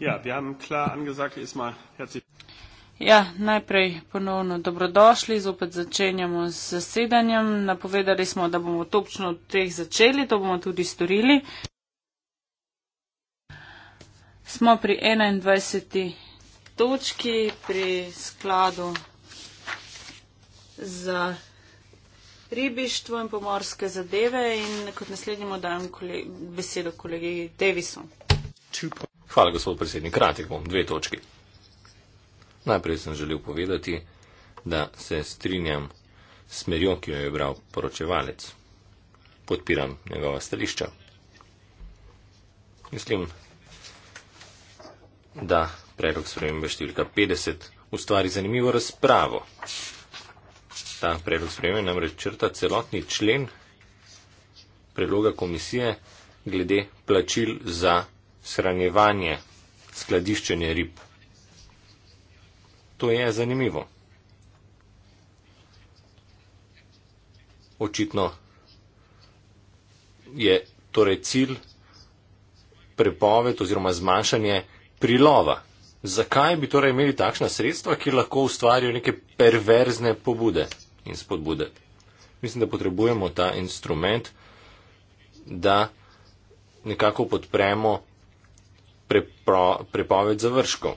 Ja, wir haben klar angesagt, erstmal herzlich. Ja, najprej ponovno dobrodošli, zopet začenjamo z zasedanjem. Napovedali smo, da bomo točno od treh začeli, to bomo tudi storili. Smo pri 21. točki, pri skladu za ribištvo in pomorske zadeve in kot naslednjemu dajem kole besedo kolegi Davisu. 2. Hvala, gospod predsednik. Kratek bom, dve točki. Najprej sem želel povedati, da se strinjam s merjo, ki jo je bral poročevalec. Podpiram njegova stališča. Mislim, da predlog spremembe številka 50 ustvari zanimivo razpravo. Ta predlog spremembe namreč črta celotni člen predloga komisije glede plačil za shranjevanje, skladiščenje rib. To je zanimivo. Očitno je torej cilj prepoved oziroma zmanjšanje prilova. Zakaj bi torej imeli takšna sredstva, ki lahko ustvarijo neke perverzne pobude in spodbude? Mislim, da potrebujemo ta instrument, da nekako podpremo prepro, prepoved završkov.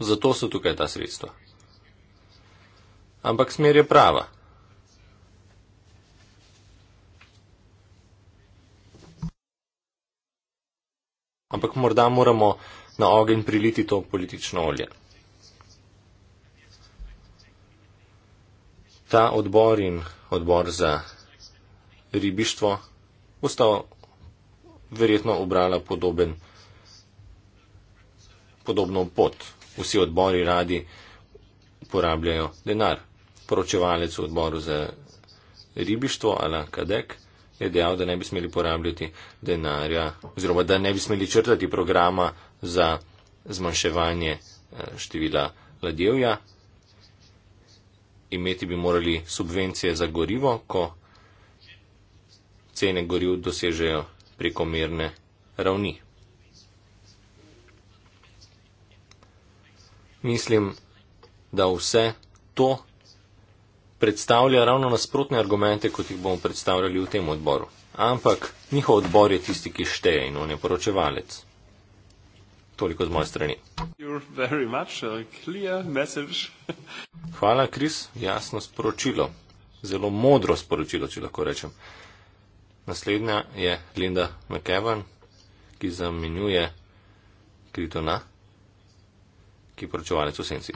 Zato so tukaj ta sredstva. Ampak smer je prava. Ampak morda moramo na ogen priliti to politično olje. Ta odbor in odbor za ribištvo bosta verjetno obrala podoben, podobno pot. Vsi odbori radi uporabljajo denar. Poročevalec v odboru za ribištvo, Ala Kadek, je dejal, da ne bi smeli porabljati denarja, oziroma da ne bi smeli črtati programa za zmanjševanje eh, števila ladjevja. Imeti bi morali subvencije za gorivo, ko cene goriv dosežejo prekomerne ravni. Mislim, da vse to predstavlja ravno nasprotne argumente, kot jih bomo predstavljali v tem odboru. Ampak njihov odbor je tisti, ki šteje in on je poročevalec. Toliko z moje strani. Hvala, Kris, jasno sporočilo. Zelo modro sporočilo, če lahko rečem. Naslednja je Linda McEwan, ki zamenjuje Kritona, ki je poročevalec v Senci.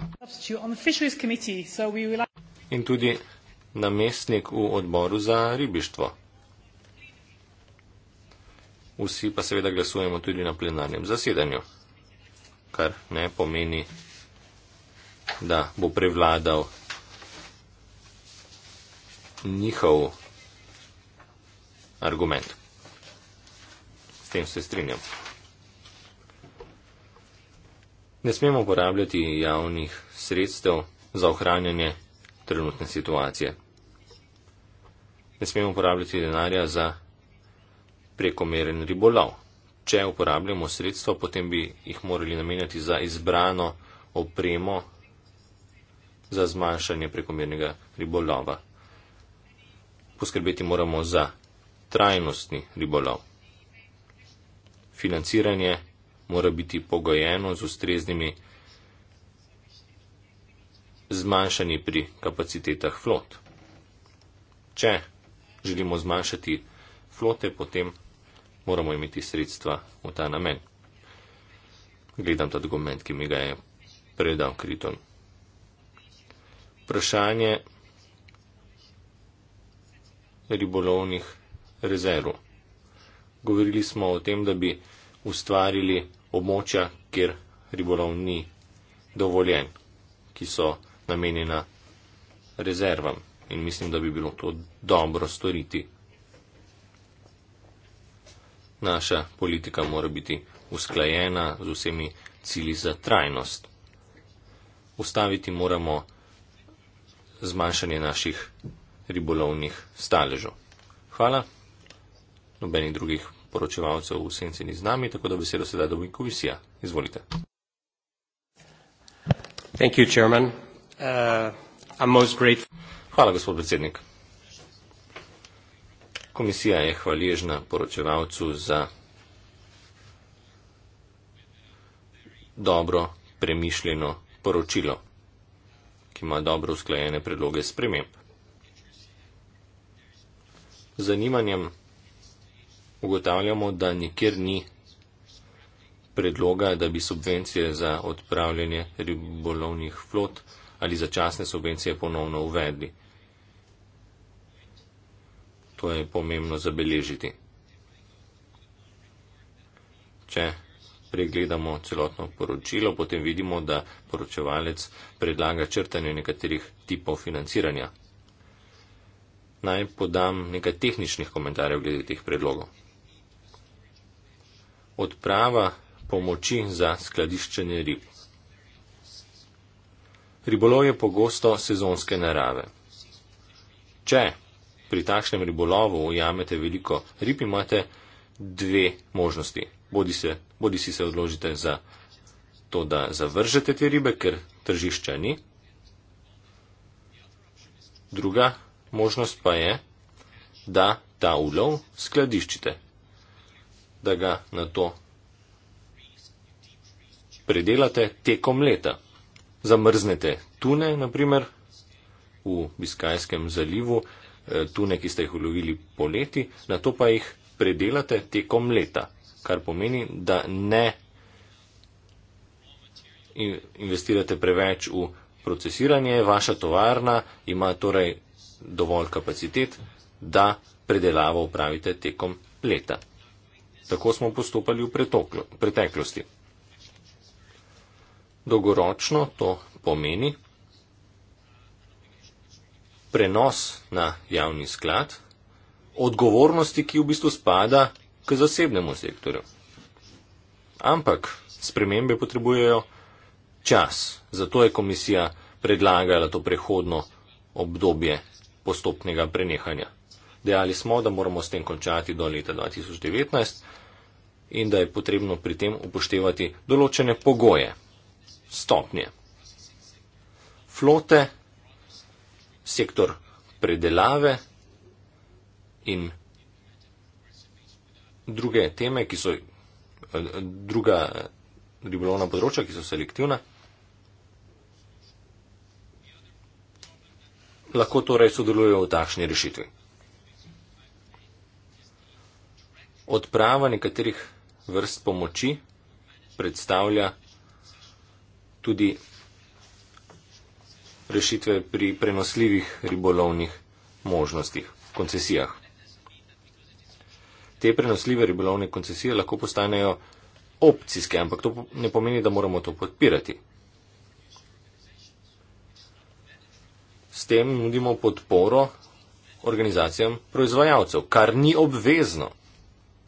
In tudi namestnik v odboru za ribištvo. Vsi pa seveda glasujemo tudi na plenarnem zasedanju, kar ne pomeni, da bo prevladal njihov argument. S tem se strinjam. Ne smemo uporabljati javnih sredstev za ohranjanje trenutne situacije. Ne smemo uporabljati denarja za prekomeren ribolov. Če uporabljamo sredstva, potem bi jih morali namenjati za izbrano opremo za zmanjšanje prekomernega ribolova. Poskrbeti moramo za trajnostni ribolov. Financiranje mora biti pogojeno z ustreznimi zmanjšanji pri kapacitetah flot. Če želimo zmanjšati flote, potem moramo imeti sredstva v ta namen. Gledam ta dokument, ki mi ga je predal Kriton. Vprašanje ribolovnih rezervo. Govorili smo o tem, da bi ustvarili območja, kjer ribolov ni dovoljen, ki so namenjena rezervam in mislim, da bi bilo to dobro storiti. Naša politika mora biti usklajena z vsemi cili za trajnost. Ustaviti moramo zmanjšanje naših ribolovnih staležev. Hvala nobenih drugih poročevalcev v senci ni z nami, tako da besedo sedaj dobi komisija. Izvolite. Thank you, chairman. Uh, I'm most grateful. Hvala, gospod predsednik. Komisija je hvaležna poročevalcu za dobro premišljeno poročilo, ki ima dobro usklajene predloge sprememb. Zanimanjem ugotavljamo, da nikjer ni predloga, da bi subvencije za odpravljanje ribolovnih flot ali začasne subvencije ponovno uvedli. To je pomembno zabeležiti. Če pregledamo celotno poročilo, potem vidimo, da poročevalec predlaga črtanje nekaterih tipov financiranja. Naj podam nekaj tehničnih komentarjev glede teh predlogov odprava pomoči za skladiščenje rib. Ribolov je pogosto sezonske narave. Če pri takšnem ribolovu ujamete veliko rib, imate dve možnosti. Bodi, se, bodi si se odložite za to, da zavržete te ribe, ker tržišča ni. Druga možnost pa je, da ta ulov skladiščite, da ga na to predelate tekom leta. Zamrznete tune, naprimer, v Biskajskem zalivu, eh, tune, ki ste jih ulovili poleti, na to pa jih predelate tekom leta, kar pomeni, da ne investirate preveč v procesiranje, vaša tovarna ima torej dovolj kapacitet, da predelavo upravite tekom leta. Tako smo postopali v preteklosti. Dolgoročno to pomeni prenos na javni sklad odgovornosti, ki v bistvu spada k zasebnemu sektorju. Ampak spremembe potrebujejo čas, zato je komisija predlagala to prehodno obdobje postopnega prenehanja. Dejali smo, da moramo s tem končati do leta 2019 in da je potrebno pri tem upoštevati določene pogoje, stopnje. Flote, sektor predelave in druge teme, ki so druga ribolovna področja, ki so selektivna. lahko torej sodelujo v takšni rešitvi. Odprava nekaterih vrst pomoči predstavlja tudi rešitve pri prenosljivih ribolovnih možnostih, koncesijah. Te prenosljive ribolovne koncesije lahko postanejo opcijske, ampak to ne pomeni, da moramo to podpirati. S tem nudimo podporo organizacijam proizvajalcev, kar ni obvezno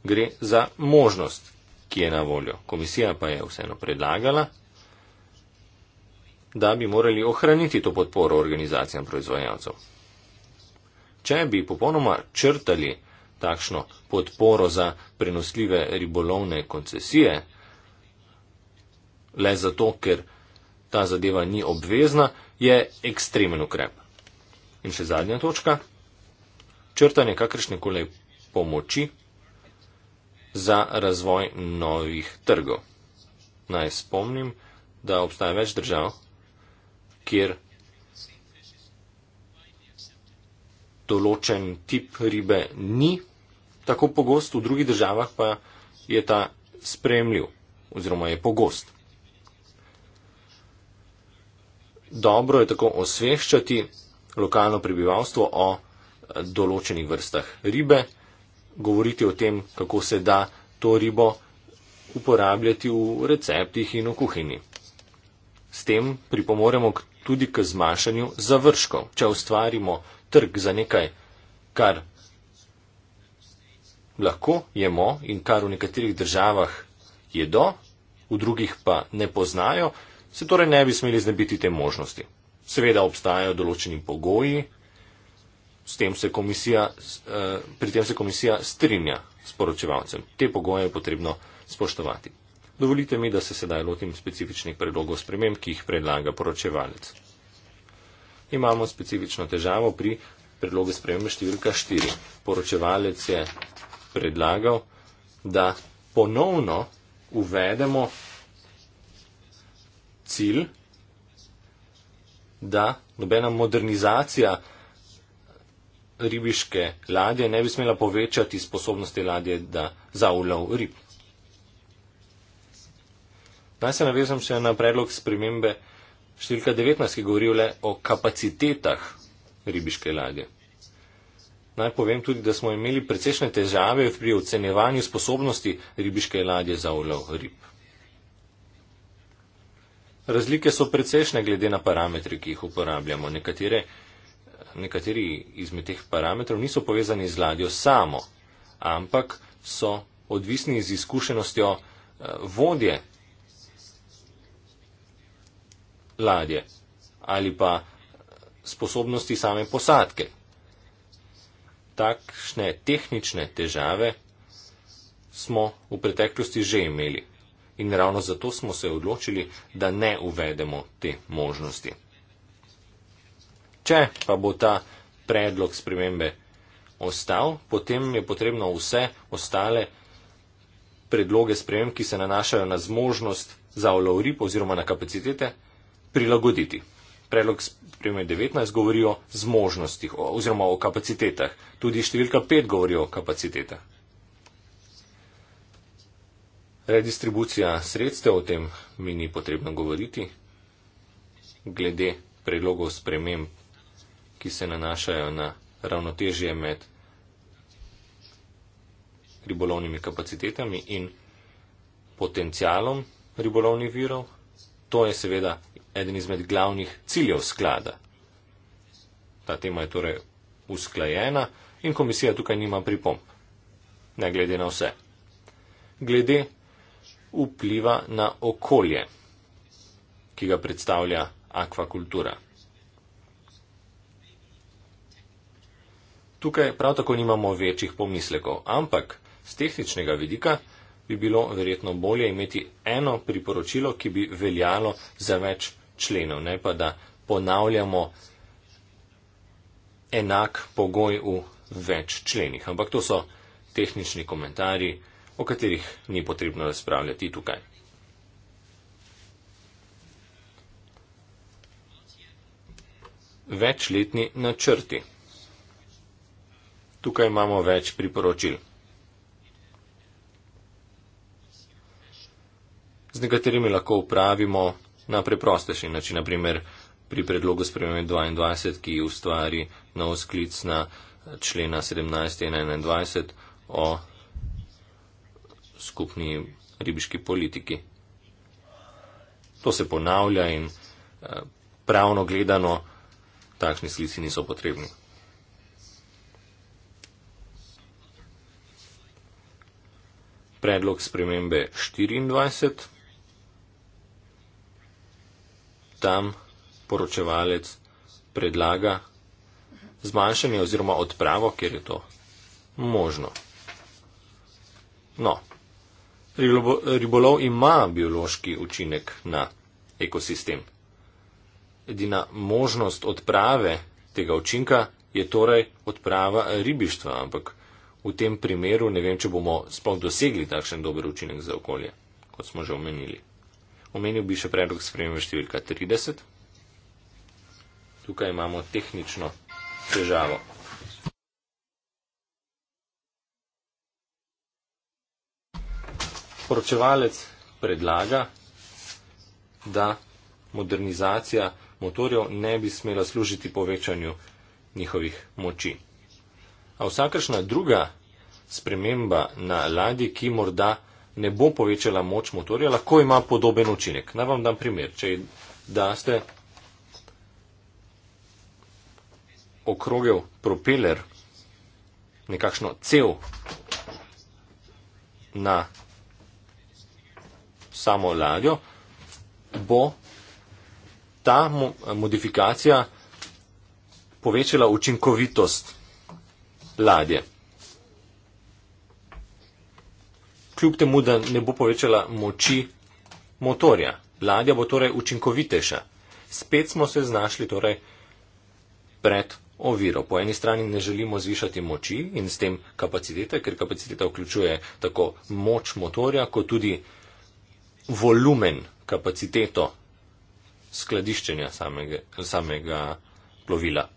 gre za možnost, ki je na voljo. Komisija pa je vseeno predlagala, da bi morali ohraniti to podporo organizacijam proizvajalcev. Če bi popolnoma črtali takšno podporo za prenosljive ribolovne koncesije, le zato, ker ta zadeva ni obvezna, je ekstremen ukrep. In še zadnja točka. Črtanje kakršne koli pomoči za razvoj novih trgov. Naj spomnim, da obstaja več držav, kjer določen tip ribe ni tako pogost, v drugih državah pa je ta spremljiv oziroma je pogost. Dobro je tako osveščati lokalno prebivalstvo o določenih vrstah ribe govoriti o tem, kako se da to ribo uporabljati v receptih in v kuhinji. S tem pripomoremo tudi k zmanjšanju završkov. Če ustvarimo trg za nekaj, kar lahko jemo in kar v nekaterih državah jedo, v drugih pa ne poznajo, se torej ne bi smeli znebiti te možnosti. Seveda obstajajo določeni pogoji, tem komisija, eh, pri tem se komisija strinja s poročevalcem. Te pogoje je potrebno spoštovati. Dovolite mi, da se sedaj lotim specifičnih predlogov sprememb, ki jih predlaga poročevalec. Imamo specifično težavo pri predlogu spremembe številka 4. Poročevalec je predlagal, da ponovno uvedemo cilj, da nobena modernizacija ribiške ladje ne bi smela povečati sposobnosti ladje da za ulov rib. Naj se navezam še na predlog spremembe številka 19, ki govori le o kapacitetah ribiške ladje. Naj povem tudi, da smo imeli precejšnje težave pri ocenevanju sposobnosti ribiške ladje za ulov rib. Razlike so precejšnje glede na parametre, ki jih uporabljamo. Nekatere nekateri izmed teh parametrov niso povezani z ladjo samo, ampak so odvisni z izkušenostjo eh, vodje ladje ali pa eh, sposobnosti same posadke. Takšne tehnične težave smo v preteklosti že imeli in ravno zato smo se odločili, da ne uvedemo te možnosti. Če pa bo ta predlog spremembe ostal, potem je potrebno vse ostale predloge sprejem, ki se nanašajo na zmožnost za olovrip oziroma na kapacitete, prilagoditi. Predlog spremembe 19 govori o zmožnostih oziroma o kapacitetah. Tudi številka 5 govori o kapacitetah. Redistribucija sredstev, o tem mi ni potrebno govoriti, glede predlogov sprememb ki se nanašajo na ravnotežje med ribolovnimi kapacitetami in potencialom ribolovnih virov. To je seveda eden izmed glavnih ciljev sklada. Ta tema je torej usklajena in komisija tukaj nima pripomp, ne glede na vse. Glede vpliva na okolje, ki ga predstavlja akvakultura. Tukaj prav tako nimamo večjih pomislekov, ampak z tehničnega vidika bi bilo verjetno bolje imeti eno priporočilo, ki bi veljalo za več členov, ne pa da ponavljamo enak pogoj v več členih. Ampak to so tehnični komentarji, o katerih ni potrebno razpravljati tukaj. Večletni načrti. Tukaj imamo več priporočil. Z nekaterimi lahko upravimo na preprostejši način, naprimer pri predlogu spremembe 22, ki ustvari nov sklic na člena 17 in 21 o skupni ribiški politiki. To se ponavlja in eh, pravno gledano takšni sklici niso potrebni. predlog spremembe 24. Tam poročevalec predlaga zmanjšanje oziroma odpravo, ker je to možno. No, ribolov ima biološki učinek na ekosistem. Edina možnost odprave tega učinka je torej odprava ribištva, ampak v tem primeru ne vem, če bomo sploh dosegli takšen dober učinek za okolje, kot smo že omenili. Omenil bi še predlog spremembe številka 30. Tukaj imamo tehnično težavo. Poročevalec predlaga, da modernizacija motorjev ne bi smela služiti povečanju njihovih moči. A vsakršna druga sprememba na ladji, ki morda ne bo povečala moč motorja, lahko ima podoben učinek. Naj vam dam primer. Če daste okrogel propeler, nekakšno cel na samo ladjo, bo ta modifikacija povečala učinkovitost ladje. Kljub temu, da ne bo povečala moči motorja. Ladja bo torej učinkovitejša. Spet smo se znašli torej pred oviro. Po eni strani ne želimo zvišati moči in s tem kapacitete, ker kapaciteta vključuje tako moč motorja, kot tudi volumen, kapaciteto skladiščenja samega, samega plovila.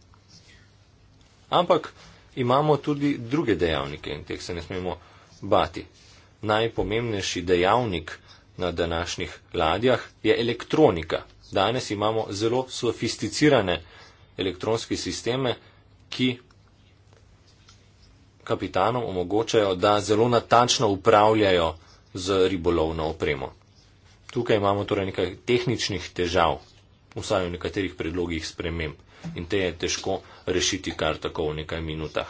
Ampak imamo tudi druge dejavnike in teh se ne smemo bati. Najpomembnejši dejavnik na današnjih ladjah je elektronika. Danes imamo zelo sofisticirane elektronske sisteme, ki kapitanom omogočajo, da zelo natančno upravljajo z ribolovno opremo. Tukaj imamo torej nekaj tehničnih težav, vsaj v nekaterih predlogih sprememb in te je težko rešiti kar tako v nekaj minutah.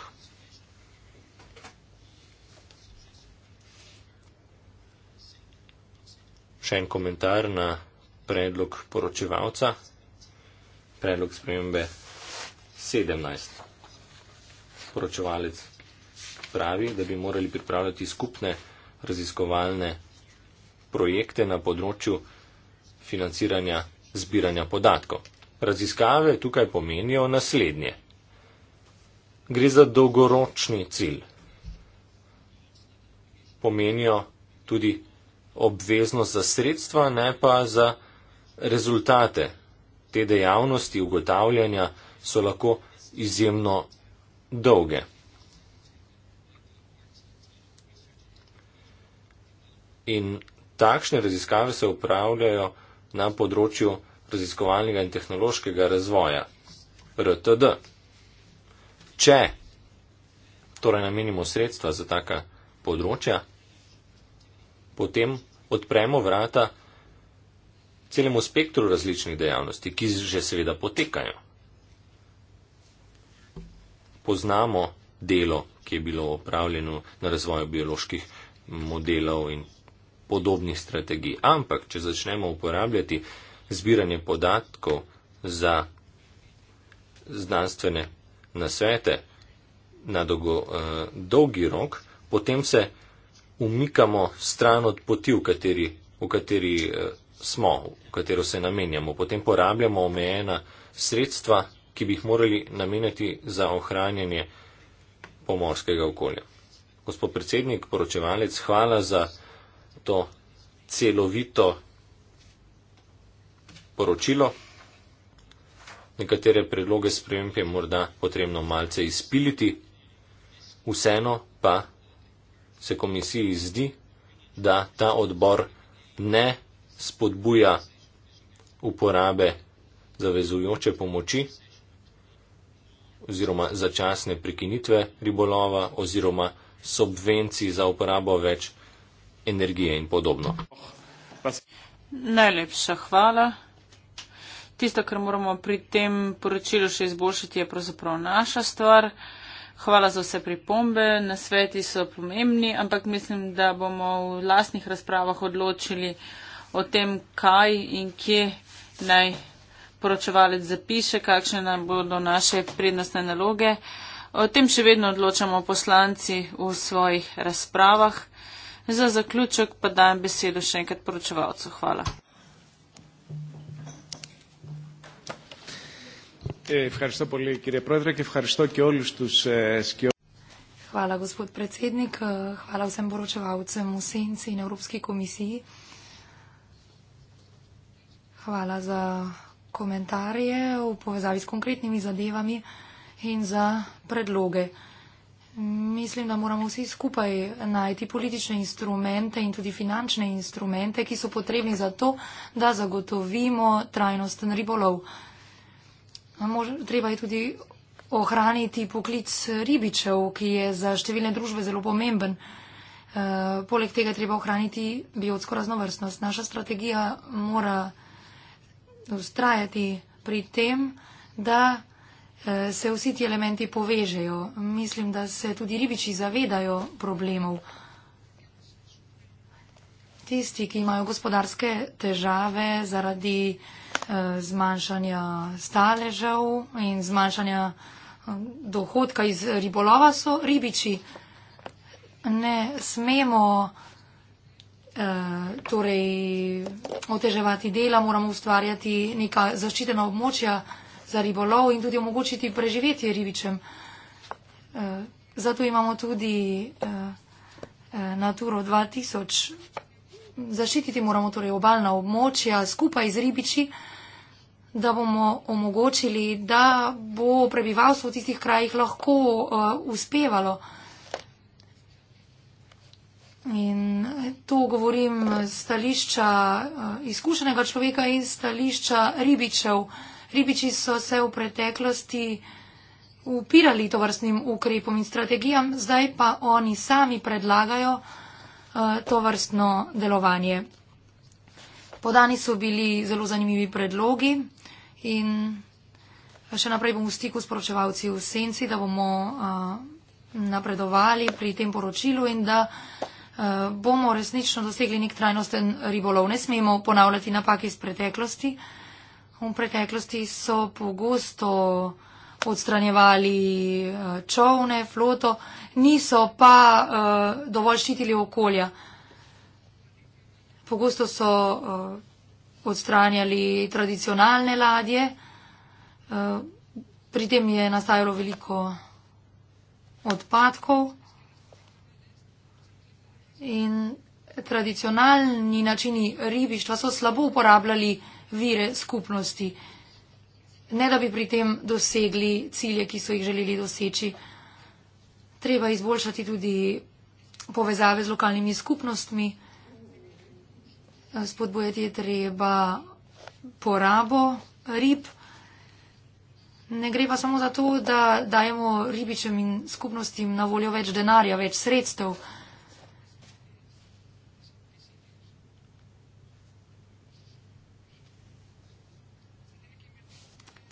Še en komentar na predlog poročevalca, predlog spremembe 17. Poročevalec pravi, da bi morali pripravljati skupne raziskovalne projekte na področju financiranja zbiranja podatkov. Raziskave tukaj pomenijo naslednje. Gre za dolgoročni cilj. Pomenijo tudi obveznost za sredstva, ne pa za rezultate. Te dejavnosti ugotavljanja so lahko izjemno dolge. In takšne raziskave se upravljajo na področju raziskovalnega in tehnološkega razvoja, RTD. Če torej namenimo sredstva za taka področja, potem odpremo vrata celemu spektru različnih dejavnosti, ki že seveda potekajo. Poznamo delo, ki je bilo opravljeno na razvoju bioloških modelov in podobnih strategij. Ampak, če začnemo uporabljati zbiranje podatkov za znanstvene nasvete na dolgo, eh, dolgi rok, potem se umikamo stran od poti, v kateri, v kateri eh, smo, v katero se namenjamo. Potem porabljamo omejena sredstva, ki bi jih morali namenjati za ohranjanje pomorskega okolja. Gospod predsednik, poročevalec, hvala za to celovito poročilo. Nekatere predloge sprememb je morda potrebno malce izpiliti, vseeno pa se komisiji zdi, da ta odbor ne spodbuja uporabe zavezujoče pomoči oziroma začasne prekinitve ribolova oziroma subvencij za uporabo več energije in podobno. Najlepša hvala. Tisto, kar moramo pri tem poročilu še izboljšati, je pravzaprav naša stvar. Hvala za vse pripombe, na sveti so pomembni, ampak mislim, da bomo v lasnih razpravah odločili o tem, kaj in kje naj poročevalec zapiše, kakšne nam bodo naše prednostne naloge. O tem še vedno odločamo poslanci v svojih razpravah. Za zaključek pa dajem besedo še enkrat poročevalcu. Hvala. Ευχαριστώ πολύ κύριε Πρόεδρε και ευχαριστώ και όλους τους σκιώδους. Hvala, gospod predsednik. Hvala vsem poročevalcem v Senci in Evropski komisiji. Hvala za komentarje v povezavi s konkretnimi zadevami in za predloge. Mislim, da moramo vsi skupaj najti politične instrumente in tudi finančne instrumente, ki so potrebni za to, da zagotovimo trajnosten ribolov. Mož, treba je tudi ohraniti poklic ribičev, ki je za številne družbe zelo pomemben. E, poleg tega treba ohraniti biotsko raznovrstnost. Naša strategija mora ustrajati pri tem, da eh, se vsi ti elementi povežejo. Mislim, da se tudi ribiči zavedajo problemov tisti, ki imajo gospodarske težave zaradi eh, zmanjšanja staležev in zmanjšanja eh, dohodka iz ribolova, so ribiči. Ne smemo eh, torej oteževati dela, moramo ustvarjati neka zaščitena območja za ribolov in tudi omogočiti preživetje ribičem. Eh, zato imamo tudi eh, eh Naturo 2000 zaščititi moramo torej obaljna območja skupaj z ribiči, da bomo omogočili, da bo prebivalstvo v tistih krajih lahko uh, uspevalo. In eh, to govorim stališča uh, izkušenega človeka in stališča ribičev. Ribiči so se v preteklosti upirali tovrstnim ukrepom in strategijam, zdaj pa oni sami predlagajo, Eh, to vrstno delovanje. Podani so bili zelo zanimivi predlogi in še naprej bom v stiku s poročevalci v senci, da bomo eh, napredovali pri tem poročilu in da eh, bomo resnično dosegli nek trajnosten ribolov. Ne smemo ponavljati napake iz preteklosti. V preteklosti so pogosto odstranjevali eh, čovne, floto, niso pa uh, dovolj ščitili okolja. Pogosto so uh, odstranjali tradicionalne ladje, uh, pri tem je nastajalo veliko odpadkov in tradicionalni načini ribištva so slabo uporabljali vire skupnosti. Uh, ne da bi pri tem dosegli cilje, ki so jih želeli doseči. Treba izboljšati tudi povezave z lokalnimi skupnostmi, spodbojati je treba porabo rib. Ne gre pa samo za to, da dajemo ribičem in skupnostim na voljo več denarja, več sredstev.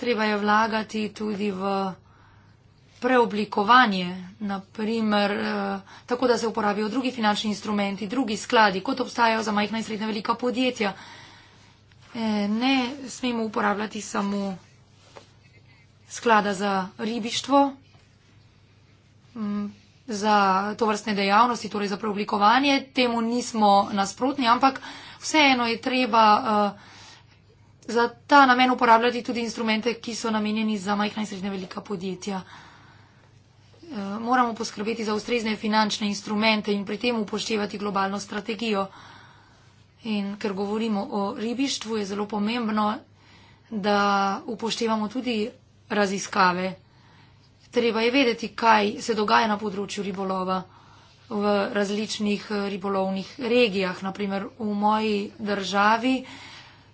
treba je vlagati tudi v preoblikovanje, naprimer, eh, tako da se uporabijo drugi finančni instrumenti, drugi skladi, kot obstajajo za majhna in srednja velika podjetja. Eh, ne smemo uporabljati samo sklada za ribištvo, mm, za to vrstne dejavnosti, torej za preoblikovanje, temu nismo nasprotni, ampak vseeno je treba uh, za ta namen uporabljati tudi instrumente, ki so namenjeni za majhna in srednja velika podjetja. Eh, moramo poskrbeti za ustrezne finančne instrumente in pri tem upoštevati globalno strategijo. In ker govorimo o ribištvu, je zelo pomembno, da upoštevamo tudi raziskave. Treba je vedeti, kaj se dogaja na področju ribolova v različnih eh, ribolovnih regijah. Naprimer, v moji državi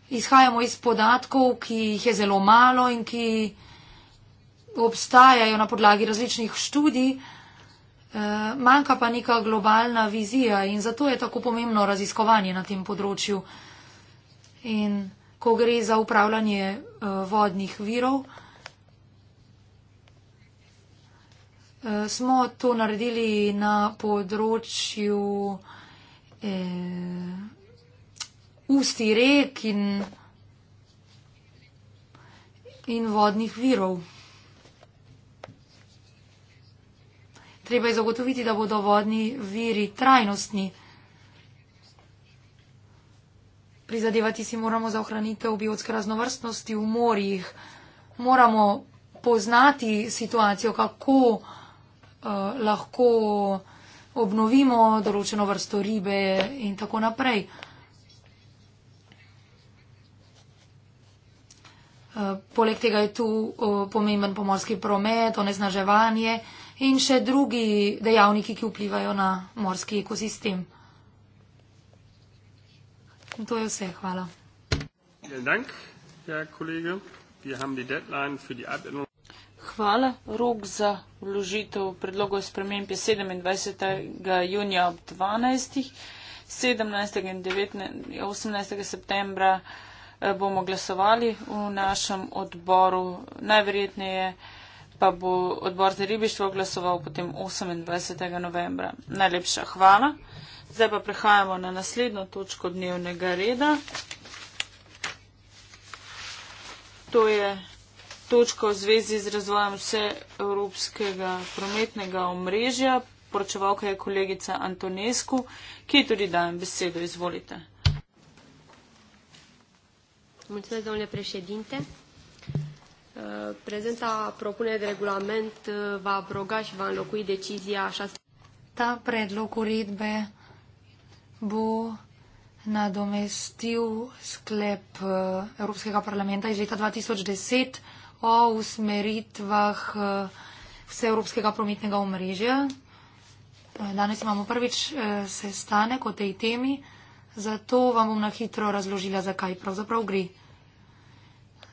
izhajamo iz podatkov, ki jih je zelo malo in ki obstajajo na podlagi različnih študij, eh, manjka pa neka globalna vizija in zato je tako pomembno raziskovanje na tem področju. In ko gre za upravljanje eh, vodnih virov, eh, smo to naredili na področju. Eh, usti rek in, in vodnih virov. Treba je zagotoviti, da bodo vodni viri trajnostni. Prizadevati si moramo za ohranitev biotske raznovrstnosti v morjih. Moramo poznati situacijo, kako uh, lahko obnovimo določeno vrsto ribe in tako naprej. Eh, poleg tega je tu eh, pomemben pomorski promet, oneznaževanje in še drugi dejavniki, ki vplivajo na morski ekosistem. In to je vse. Hvala. Hvala. Rok za vložitev predlogo sprememb je 27. junija ob 12. 17. in 19, 18. septembra. Eh, bomo glasovali v našem odboru. Najverjetneje pa bo odbor za ribištvo glasoval potem 28. novembra. Najlepša hvala. Zdaj pa prehajamo na naslednjo točko dnevnega reda. To je točka v zvezi z razvojem vseevropskega prometnega omrežja. Poročevalka je kolegica Antonesku, ki tudi dajem besedo. Izvolite. Mulțumesc, domnule președinte. Uh, prezenta propunere de regulament uh, va abroga și va înlocui decizia așa. Ta pred locurit be bu na domestiu sklep uh, Europskega parlamenta iz leta 2010 o usmeritvah vseevropskega prometnega omrežja. Danes imamo prvič sestanek o tej temi. Zato vam bom na hitro razložila, zakaj pravzaprav gre.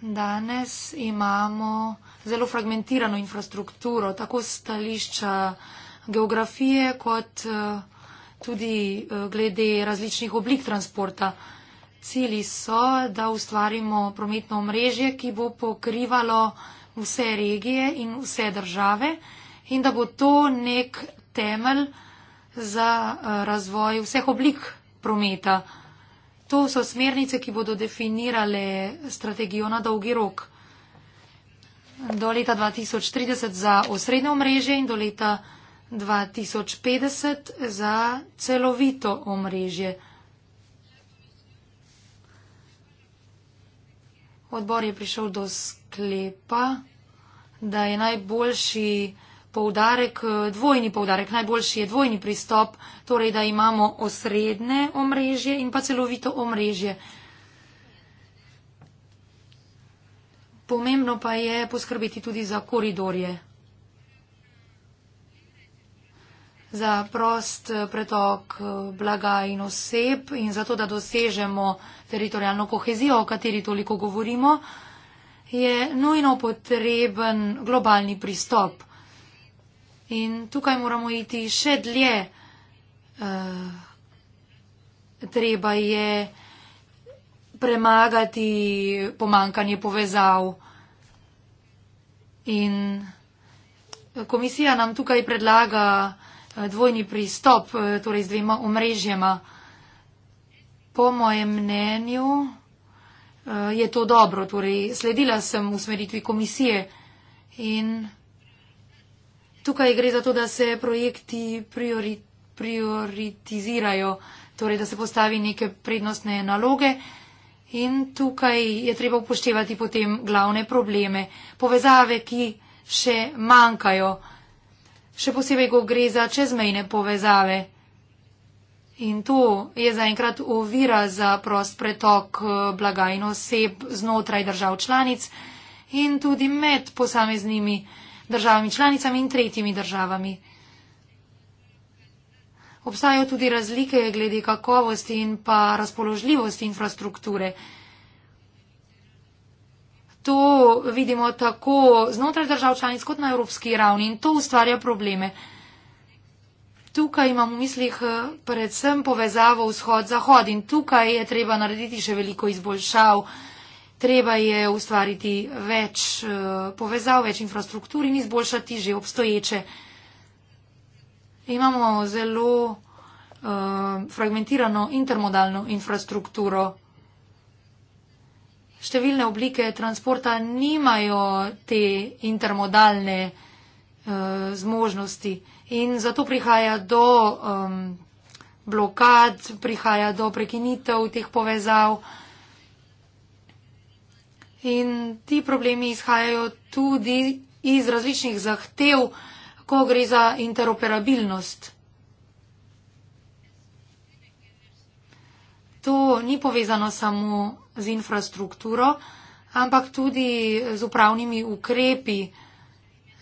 Danes imamo zelo fragmentirano infrastrukturo, tako stališča geografije, kot eh, tudi eh, glede različnih oblik transporta. Cili so, da ustvarimo prometno omrežje, ki bo pokrivalo vse regije in vse države in da bo to nek temelj za eh, razvoj vseh oblik prometa. To so smernice, ki bodo definirale strategijo na dolgi rok. Do leta 2030 za osrednjo omrežje in do leta 2050 za celovito omrežje. Odbor je prišel do sklepa, da je najboljši poudarek, eh, dvojni poudarek, najboljši je dvojni pristop, torej da imamo osredne omrežje in pa celovito omrežje. Pomembno pa je poskrbeti tudi za koridorje, za prost eh, pretok eh, blaga in oseb in zato, da dosežemo teritorijalno kohezijo, o kateri toliko govorimo, je nujno potreben globalni pristop. In tukaj moramo iti še dlje. Uh, treba je premagati pomankanje povezav. In komisija nam tukaj predlaga eh, dvojni pristop, eh, torej z dvema omrežjema. Po mojem mnenju je to dobro, torej sledila sem usmeritvi komisije in tukaj gre za to, da se projekti priori, prioritizirajo, torej da se postavi neke prednostne naloge in tukaj je treba upoštevati potem glavne probleme, povezave, ki še manjkajo, še posebej, ko gre za čezmejne povezave. In to je zaenkrat ovira za prost pretok eh, blaga in oseb znotraj držav članic in tudi med posameznimi državami državami članicami in tretjimi državami. Obstajajo tudi razlike glede kakovosti in pa razpoložljivosti infrastrukture. To vidimo tako znotraj držav članic kot na evropski ravni in to ustvarja probleme. Tukaj imam v mislih eh, predvsem povezavo vzhod-zahod in tukaj je treba narediti še veliko izboljšav treba je ustvariti več eh, povezav, več infrastruktur in izboljšati že obstoječe. Imamo zelo eh, fragmentirano intermodalno infrastrukturo. Številne oblike transporta nimajo te intermodalne uh, zmožnosti in zato prihaja do um, blokad, prihaja do prekinitev teh povezav. Uh, In ti problemi izhajajo tudi iz različnih zahtev, ko gre za interoperabilnost. To ni povezano samo z infrastrukturo, ampak tudi z upravnimi ukrepi.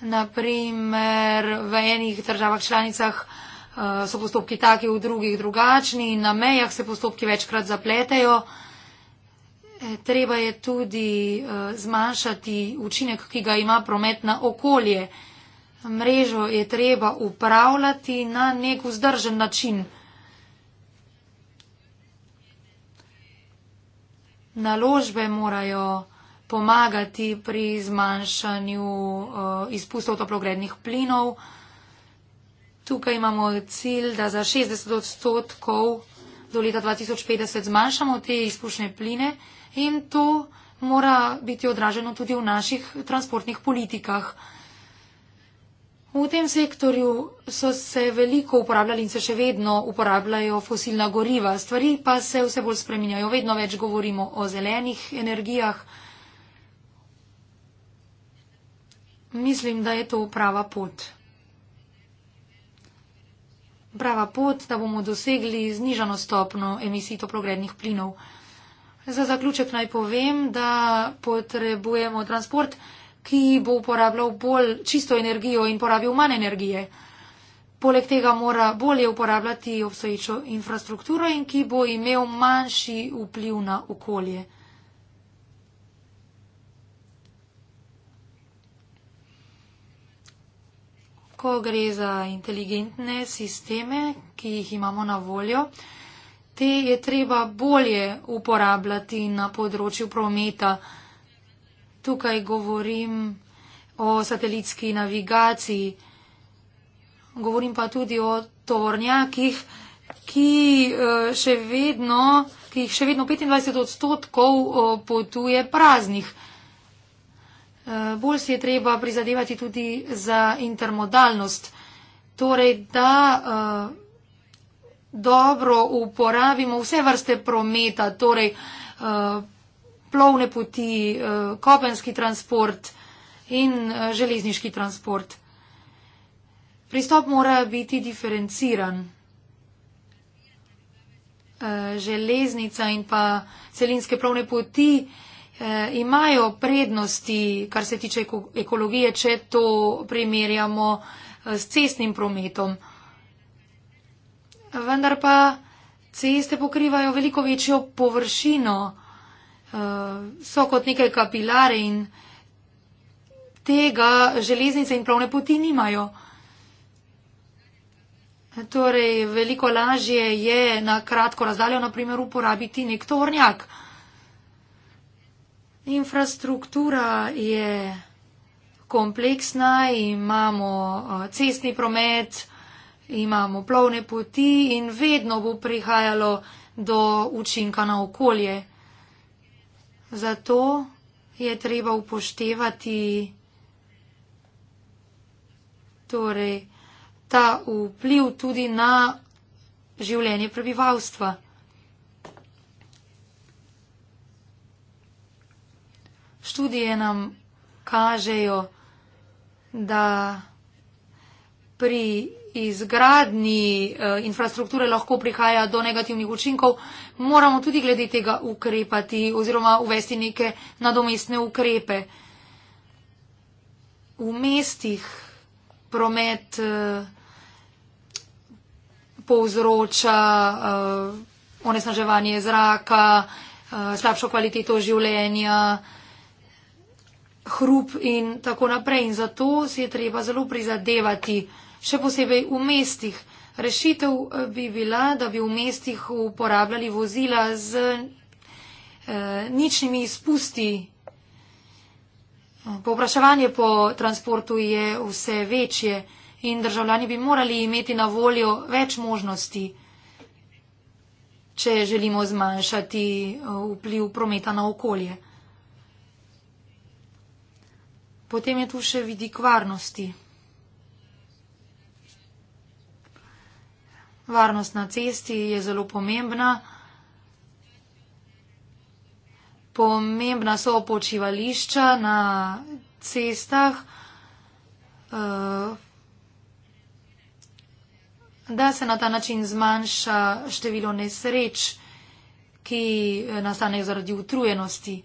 Naprimer, v enih državah članicah eh, so postopki taki, v drugih drugačni, na mejah se postopki večkrat zapletejo. E, treba je tudi e, zmanjšati učinek, ki ga ima promet na okolje. Mrežo je treba upravljati na nek vzdržen način. Naložbe morajo pomagati pri zmanjšanju e, izpustov toplogrednih plinov. Tukaj imamo cilj, da za 60 odstotkov do leta 2050 zmanjšamo te izpušne pline in to mora biti odraženo tudi v naših transportnih politikah. V tem sektorju so se veliko uporabljali in se še vedno uporabljajo fosilna goriva. Stvari pa se vse bolj spreminjajo. Vedno več govorimo o zelenih energijah. Mislim, da je to prava pot. Prava pot, da bomo dosegli znižano stopno emisij toplogrednih plinov. Za zaključek naj povem, da potrebujemo transport, ki bo uporabljal bolj čisto energijo in porabil manj energije. Poleg tega mora bolje uporabljati obstoječo infrastrukturo in ki bo imel manjši vpliv na okolje. Ko gre za inteligentne sisteme, ki jih imamo na voljo, te je treba bolje uporabljati na področju prometa. Tukaj govorim o satelitski navigaciji, govorim pa tudi o tovornjakih, ki eh, še vedno, ki jih še vedno 25 odstotkov eh, potuje praznih. Eh, bolj si je treba prizadevati tudi za intermodalnost, torej da dobro uporabimo vse vrste prometa, torej eh, plovne poti, eh, kopenski transport in eh, železniški transport. Pristop mora biti diferenciran. Železnica in pa celinske plovne poti imajo prednosti, kar se tiče ekologije, če to primerjamo s cestnim prometom vendar pa ceste pokrivajo veliko večjo površino, eh, so kot nekaj kapilare in tega železnice in pravne poti nimajo. Torej, veliko lažje je na kratko razdaljo, na primer, uporabiti nek tornjak. Infrastruktura je kompleksna, imamo eh, cestni promet, imamo plovne poti in vedno bo prihajalo do učinka na okolje. Zato je treba upoštevati torej, ta vpliv tudi na življenje prebivalstva. Študije nam kažejo, da pri izgradni eh, infrastrukture lahko prihaja do negativnih učinkov, moramo tudi glede tega ukrepati oziroma uvesti neke nadomestne ukrepe. V mestih promet eh, povzroča eh, onesnaževanje zraka, slabšo kvaliteto življenja, hrup in tako naprej. In zato si je treba zelo prizadevati, še posebej v mestih. Rešitev eh, bi bila, da bi v mestih uporabljali vozila z eh, ničnimi izpusti. Popraševanje po transportu je vse večje in državljani bi morali imeti na voljo več možnosti, če želimo zmanjšati eh, vpliv prometa na okolje. Potem je tu še vidik varnosti. Varnost na cesti je zelo pomembna. Pomembna so počivališča na cestah, eh, da se na ta način zmanjša število nesreč, ki nastanejo zaradi utrujenosti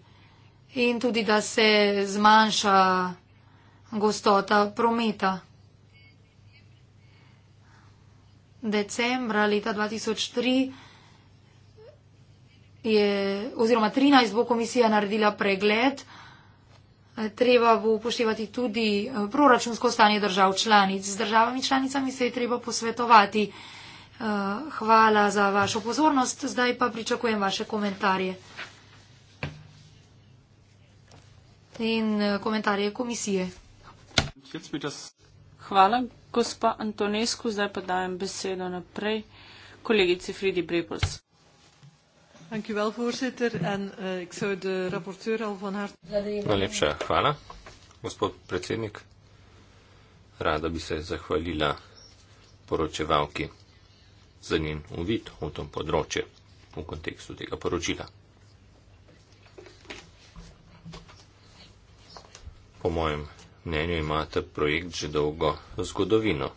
in tudi da se zmanjša gostota prometa. decembra leta 2003 je, oziroma 13 bo komisija naredila pregled, treba bo upoštevati tudi eh, proračunsko stanje držav članic. Z državami članicami se je treba posvetovati. Eh, hvala za vašo pozornost, zdaj pa pričakujem vaše komentarje. In eh, komentarje komisije. Let's be just... Hvala. Gospa Antonesku, zdaj pa dajem besedo naprej kolegici Fridi Brepels. Eh, Najlepša hvala, gospod predsednik. Rada bi se zahvalila poročevalki za njen uvid v tom področju v kontekstu tega poročila. Po mojem mnenju ima ta projekt že dolgo zgodovino.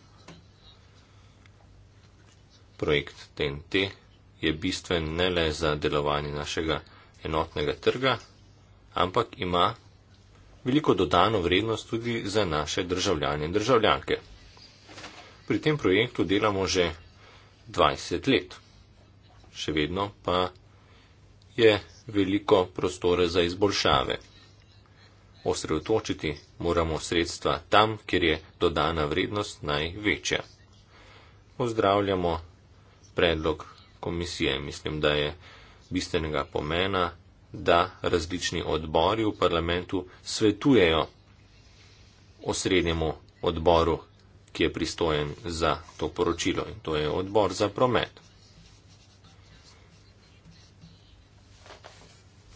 Projekt TNT je bistven ne le za delovanje našega enotnega trga, ampak ima veliko dodano vrednost tudi za naše državljane in državljanke. Pri tem projektu delamo že 20 let, še vedno pa je veliko prostora za izboljšave osredotočiti moramo sredstva tam, kjer je dodana vrednost največja. Pozdravljamo predlog komisije. Mislim, da je bistvenega pomena, da različni odbori v parlamentu svetujejo osrednjemu odboru, ki je pristojen za to poročilo in to je odbor za promet.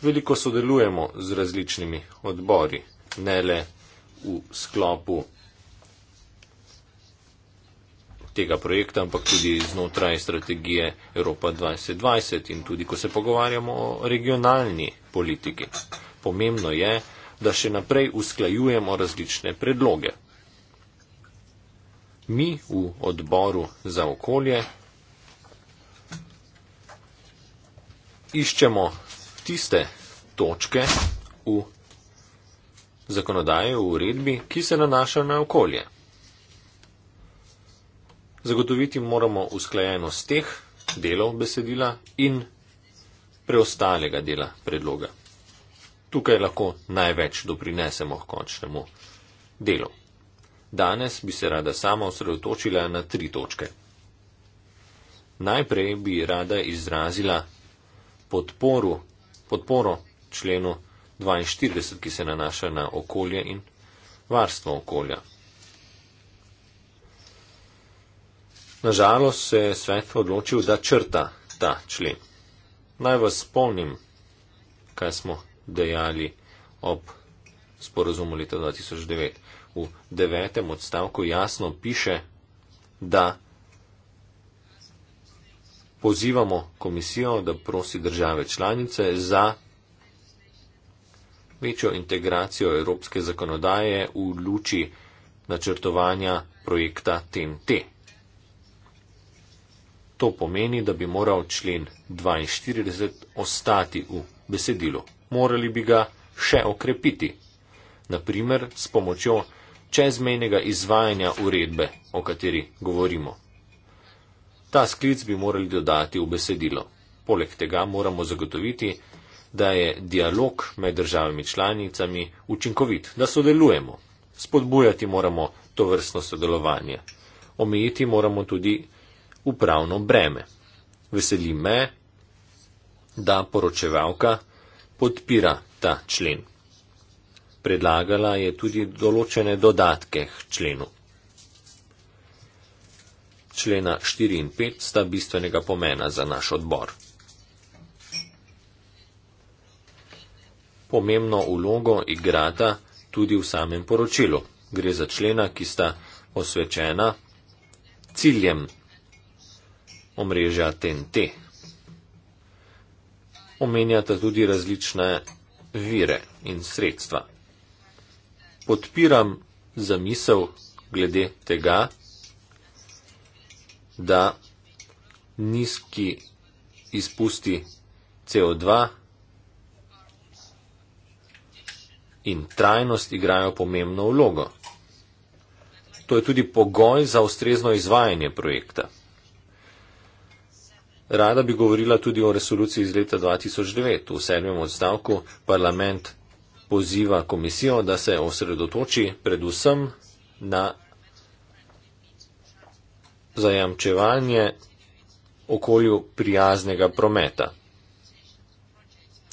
veliko sodelujemo z različnimi odbori, ne le v sklopu tega projekta, ampak tudi znotraj strategije Evropa 2020 in tudi, ko se pogovarjamo o regionalni politiki. Pomembno je, da še naprej usklajujemo različne predloge. Mi v odboru za okolje iščemo tiste točke v zakonodaji, v uredbi, ki se nanašajo na okolje. Zagotoviti moramo usklajenost teh delov besedila in preostalega dela predloga. Tukaj lahko največ doprinesemo k končnemu delu. Danes bi se rada sama osredotočila na tri točke. Najprej bi rada izrazila podporu podporo členu 42, ki se nanaša na okolje in varstvo okolja. Nažalost se je svet odločil, da črta ta člen. Naj vas spomnim, kaj smo dejali ob sporozumu leta 2009. V devetem odstavku jasno piše, da pozivamo komisijo, da prosi države članice za večjo integracijo evropske zakonodaje v luči načrtovanja projekta TNT. To pomeni, da bi moral člen 42 ostati v besedilu. Morali bi ga še okrepiti, naprimer s pomočjo čezmejnega izvajanja uredbe, o kateri govorimo. Ta sklic bi morali dodati v besedilo. Poleg tega moramo zagotoviti, da je dialog med državami članicami učinkovit, da sodelujemo. Spodbujati moramo to vrstno sodelovanje. Omejiti moramo tudi upravno breme. Veseli me, da poročevalka podpira ta člen. Predlagala je tudi določene dodatke k členu člena 4 in 5 sta bistvenega pomena za naš odbor. Pomembno vlogo igrata tudi v samem poročilu. Gre za člena, ki sta osvečena ciljem omrežja TNT. Omenjata tudi različne vire in sredstva. Podpiram zamisel glede tega, da nizki izpusti CO2 in trajnost igrajo pomembno vlogo. To je tudi pogoj za ustrezno izvajanje projekta. Rada bi govorila tudi o resoluciji iz leta 2009. V sedmem odstavku parlament poziva komisijo, da se osredotoči predvsem na zajamčevanje okolju prijaznega prometa.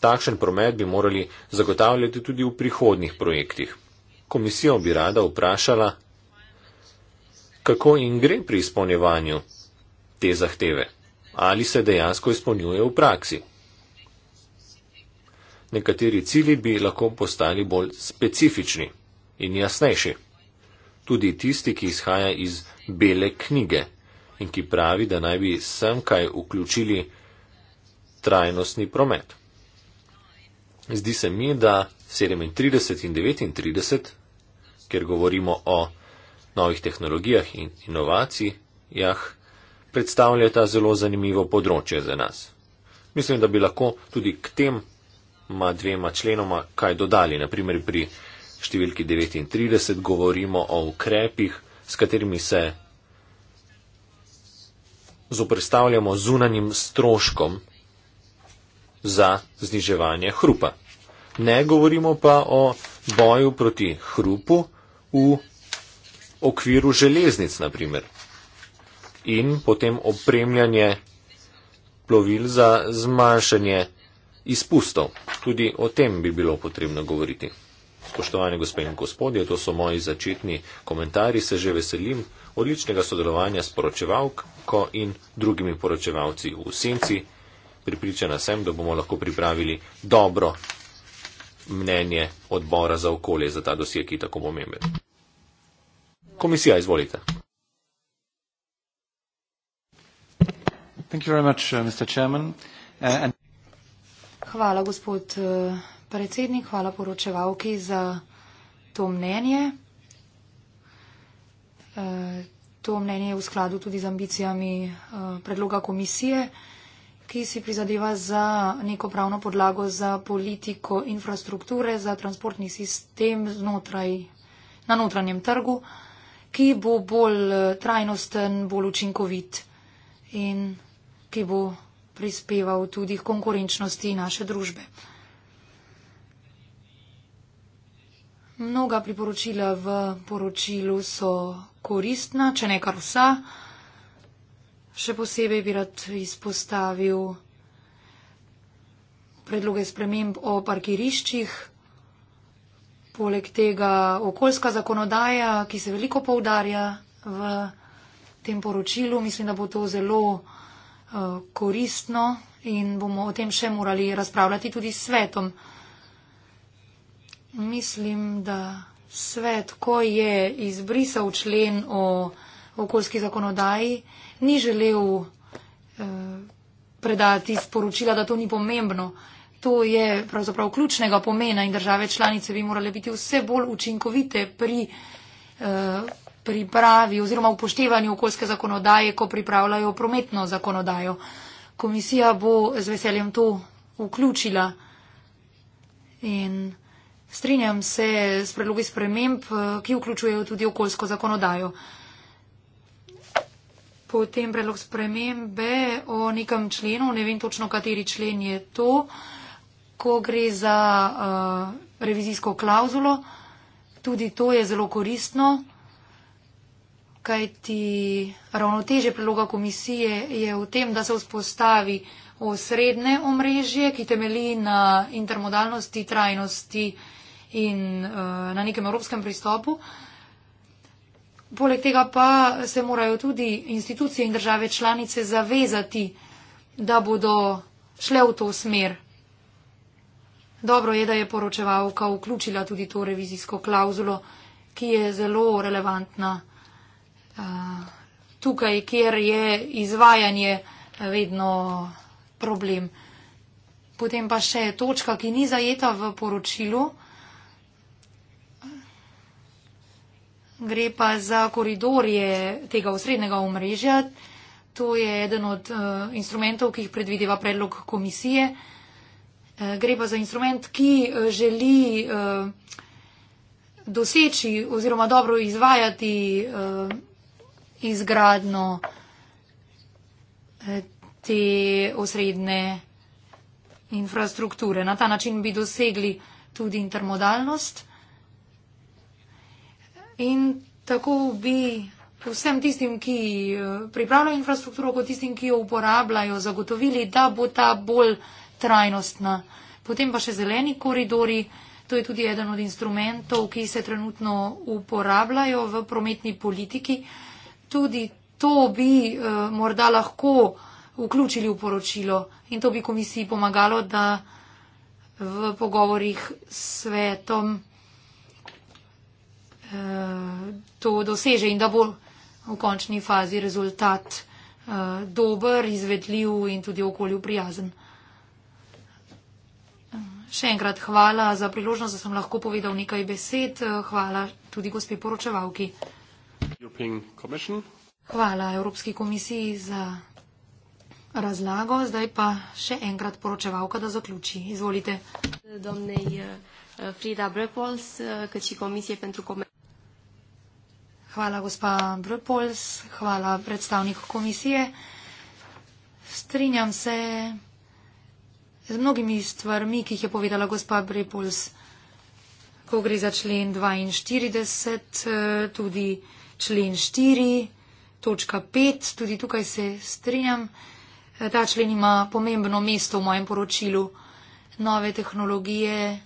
Takšen promet bi morali zagotavljati tudi v prihodnih projektih. Komisijo bi rada vprašala, kako in gre pri izpolnjevanju te zahteve, ali se dejansko izpolnjuje v praksi. Nekateri cili bi lahko postali bolj specifični in jasnejši, tudi tisti, ki izhaja iz bele knjige in ki pravi, da naj bi sem kaj vključili trajnostni promet. Zdi se mi, da 37 in 39, ker govorimo o novih tehnologijah in inovacijah, predstavljata zelo zanimivo področje za nas. Mislim, da bi lahko tudi k tem ma dvema členoma kaj dodali. Naprimer, pri številki 39 govorimo o ukrepih, s katerimi se zoprstavljamo zunanim stroškom za zniževanje hrupa. Ne govorimo pa o boju proti hrupu v okviru železnic, naprimer, in potem opremljanje plovil za zmanjšanje izpustov. Tudi o tem bi bilo potrebno govoriti. Spoštovane gospe in gospodje, to so moji začetni komentarji, se že veselim odličnega sodelovanja s poročevalko in drugimi poročevalci v senci. Pripričana sem, da bomo lahko pripravili dobro mnenje odbora za okolje za ta dosje, ki je tako pomemben. Komisija, izvolite. Much, uh, uh, and... Hvala, gospod uh, predsednik, hvala poročevalki za to mnenje. To mnenje je v skladu tudi z ambicijami eh, predloga komisije, ki si prizadeva za neko pravno podlago za politiko infrastrukture, za transportni sistem znotraj, na notranjem trgu, ki bo bolj eh, trajnosten, bolj učinkovit in ki bo prispeval tudi k konkurenčnosti naše družbe. Mnoga priporočila v poročilu so koristna, če ne kar vsa. Še posebej bi rad izpostavil predloge sprememb o parkiriščih. Poleg tega okoljska zakonodaja, ki se veliko poudarja v tem poročilu, mislim, da bo to zelo uh, koristno in bomo o tem še morali razpravljati tudi s svetom. Mislim, da svet, ko je izbrisal člen o okoljski zakonodaji, ni želel eh, predati sporočila, da to ni pomembno. To je pravzaprav ključnega pomena in države članice bi morale biti vse bolj učinkovite pri eh, pripravi oziroma upoštevanju okoljske zakonodaje, ko pripravljajo prometno zakonodajo. Komisija bo z veseljem to vključila. In Strinjam se s predlogi sprememb, eh, ki vključujejo tudi okoljsko zakonodajo. Potem predlog spremembe o nekem členu, ne vem točno, kateri člen je to, ko gre za uh, revizijsko klauzulo. Tudi to je zelo koristno, kajti ravnoteže predloga komisije je v tem, da se vzpostavi uh, osrednje omrežje, ki temeli na intermodalnosti, trajnosti in eh, na nekem evropskem pristopu. Poleg tega pa se morajo tudi institucije in države članice zavezati, da bodo šle v to smer. Dobro je, da je poročevalka vključila tudi to revizijsko klauzulo, ki je zelo relevantna eh, tukaj, kjer je izvajanje eh, vedno problem. Potem pa še točka, ki ni zajeta v poročilu. Gre pa za koridorje tega osrednjega omrežja. To je eden od uh, instrumentov, ki jih predvideva predlog komisije. Uh, gre pa za instrument, ki eh, želi uh, doseči oziroma dobro izvajati uh, izgradno uh, te osrednje infrastrukture. Na ta način bi dosegli tudi intermodalnost in tako bi vsem tistim, ki eh, pripravljajo infrastrukturo, kot tistim, ki jo uporabljajo, zagotovili, da bo ta bolj trajnostna. Potem pa še zeleni koridori, to je tudi eden od instrumentov, ki se trenutno uporabljajo v prometni politiki. Tudi to bi uh, morda lahko uh, vključili v poročilo in to bi komisiji pomagalo, da v pogovorih s svetom eh, to doseže in da bo v končni fazi rezultat eh, dober, izvedljiv in tudi okolju prijazen. Še enkrat hvala za priložnost, da sem lahko povedal nekaj besed. Hvala tudi gospe poročevalki. Hvala Evropski komisiji za razlago. Zdaj pa še enkrat poročevalka, da zaključi. Izvolite. Domnej eh, eh, Frida Brepols, kači eh, komisije pentru komentar. Hvala, gospa Brpols, hvala predstavnik komisije. Strinjam se z mnogimi stvarmi, ki jih je povedala gospa Brpols, ko gre za člen 42, tudi člen 4, točka 5, tudi tukaj se strinjam. Ta člen ima pomembno mesto v mojem poročilu. Nove tehnologije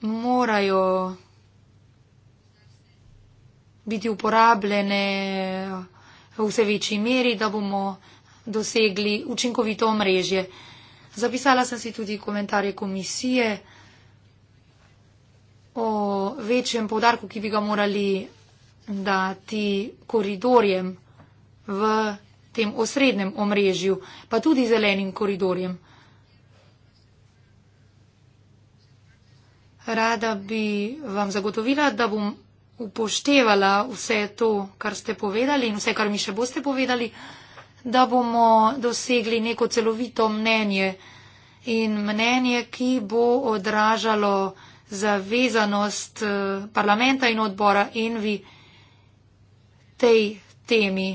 morajo biti uporabljene v vse večji meri, da bomo dosegli učinkovito omrežje. Zapisala sem si tudi komentarje komisije o večjem povdarku, ki bi ga morali dati koridorjem v tem osrednjem omrežju, pa tudi zelenim koridorjem. Rada bi vam zagotovila, da bom upoštevala vse to, kar ste povedali in vse, kar mi še boste povedali, da bomo dosegli neko celovito mnenje in mnenje, ki bo odražalo zavezanost eh, parlamenta in odbora Envi tej temi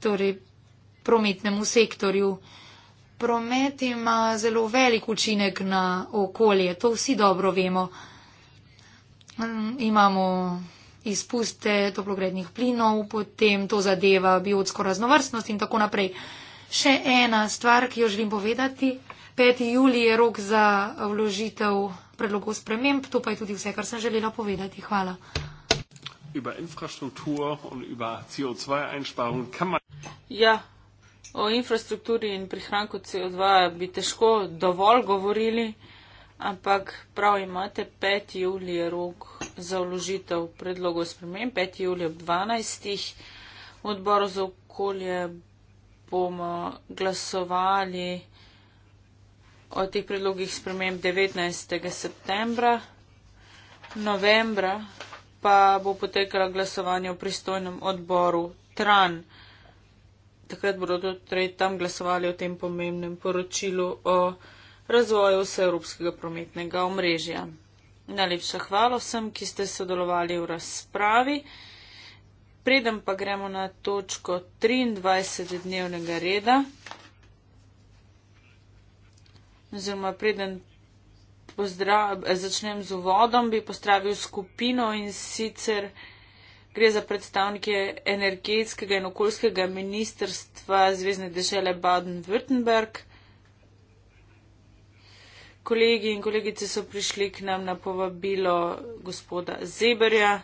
torej prometnemu sektorju. Promet ima zelo velik učinek na okolje, to vsi dobro vemo. Imamo izpuste toplogrednih plinov, potem to zadeva biotsko raznovrstnost in tako naprej. Še ena stvar, ki jo želim povedati. 5. juli je rok za vložitev predlogov sprememb, to pa je tudi vse, kar sem želela povedati. Hvala über Infrastruktur und über CO2-Einsparungen kann man. Ja, o infrastrukturi in prihranku CO2 bi težko dovolj govorili, ampak prav imate 5. julij je rok za vložitev predlogov spremen, 5. julij ob 12. V odboru za okolje bomo glasovali o teh predlogih spremem 19. septembra, novembra pa bo potekalo glasovanje v pristojnem odboru Tran. Takrat bodo tudi torej tam glasovali o tem pomembnem poročilu o razvoju vseevropskega prometnega omrežja. Najlepša hvala vsem, ki ste sodelovali v razpravi. Preden pa gremo na točko 23 dnevnega reda, oziroma preden začnem z uvodom, bi postavil skupino in sicer gre za predstavnike energetskega in okoljskega ministrstva Zvezdne države Baden-Württemberg. Kolegi in kolegice so prišli k nam na povabilo gospoda Zeberja.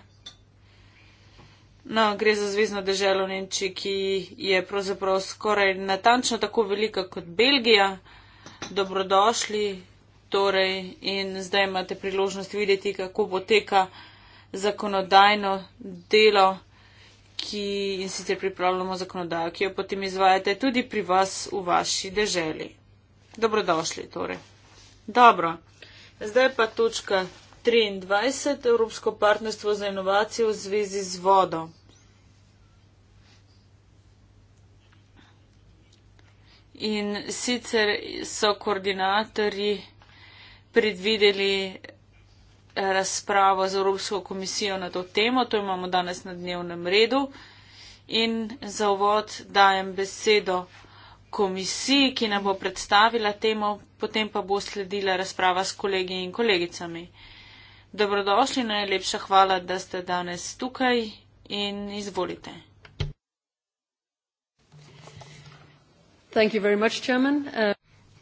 No, gre za Zvezdno državo Nemčije, ki je pravzaprav skoraj natančno tako velika kot Belgija. Dobrodošli, torej in zdaj imate priložnost videti, kako poteka zakonodajno delo, ki in sicer pripravljamo zakonodajo, ki jo potem izvajate tudi pri vas v vaši deželi. Dobrodošli, torej. Dobro. Zdaj pa točka 23. Evropsko partnerstvo za inovacijo v zvezi z vodo. In sicer so koordinatorji predvideli eh, razpravo z Evropsko komisijo na to temo. To imamo danes na dnevnem redu. In za uvod dajem besedo komisiji, ki nam bo predstavila temo, potem pa bo sledila razprava s kolegi in kolegicami. Dobrodošli, najlepša hvala, da ste danes tukaj in izvolite. Thank you very much, Chairman. Uh...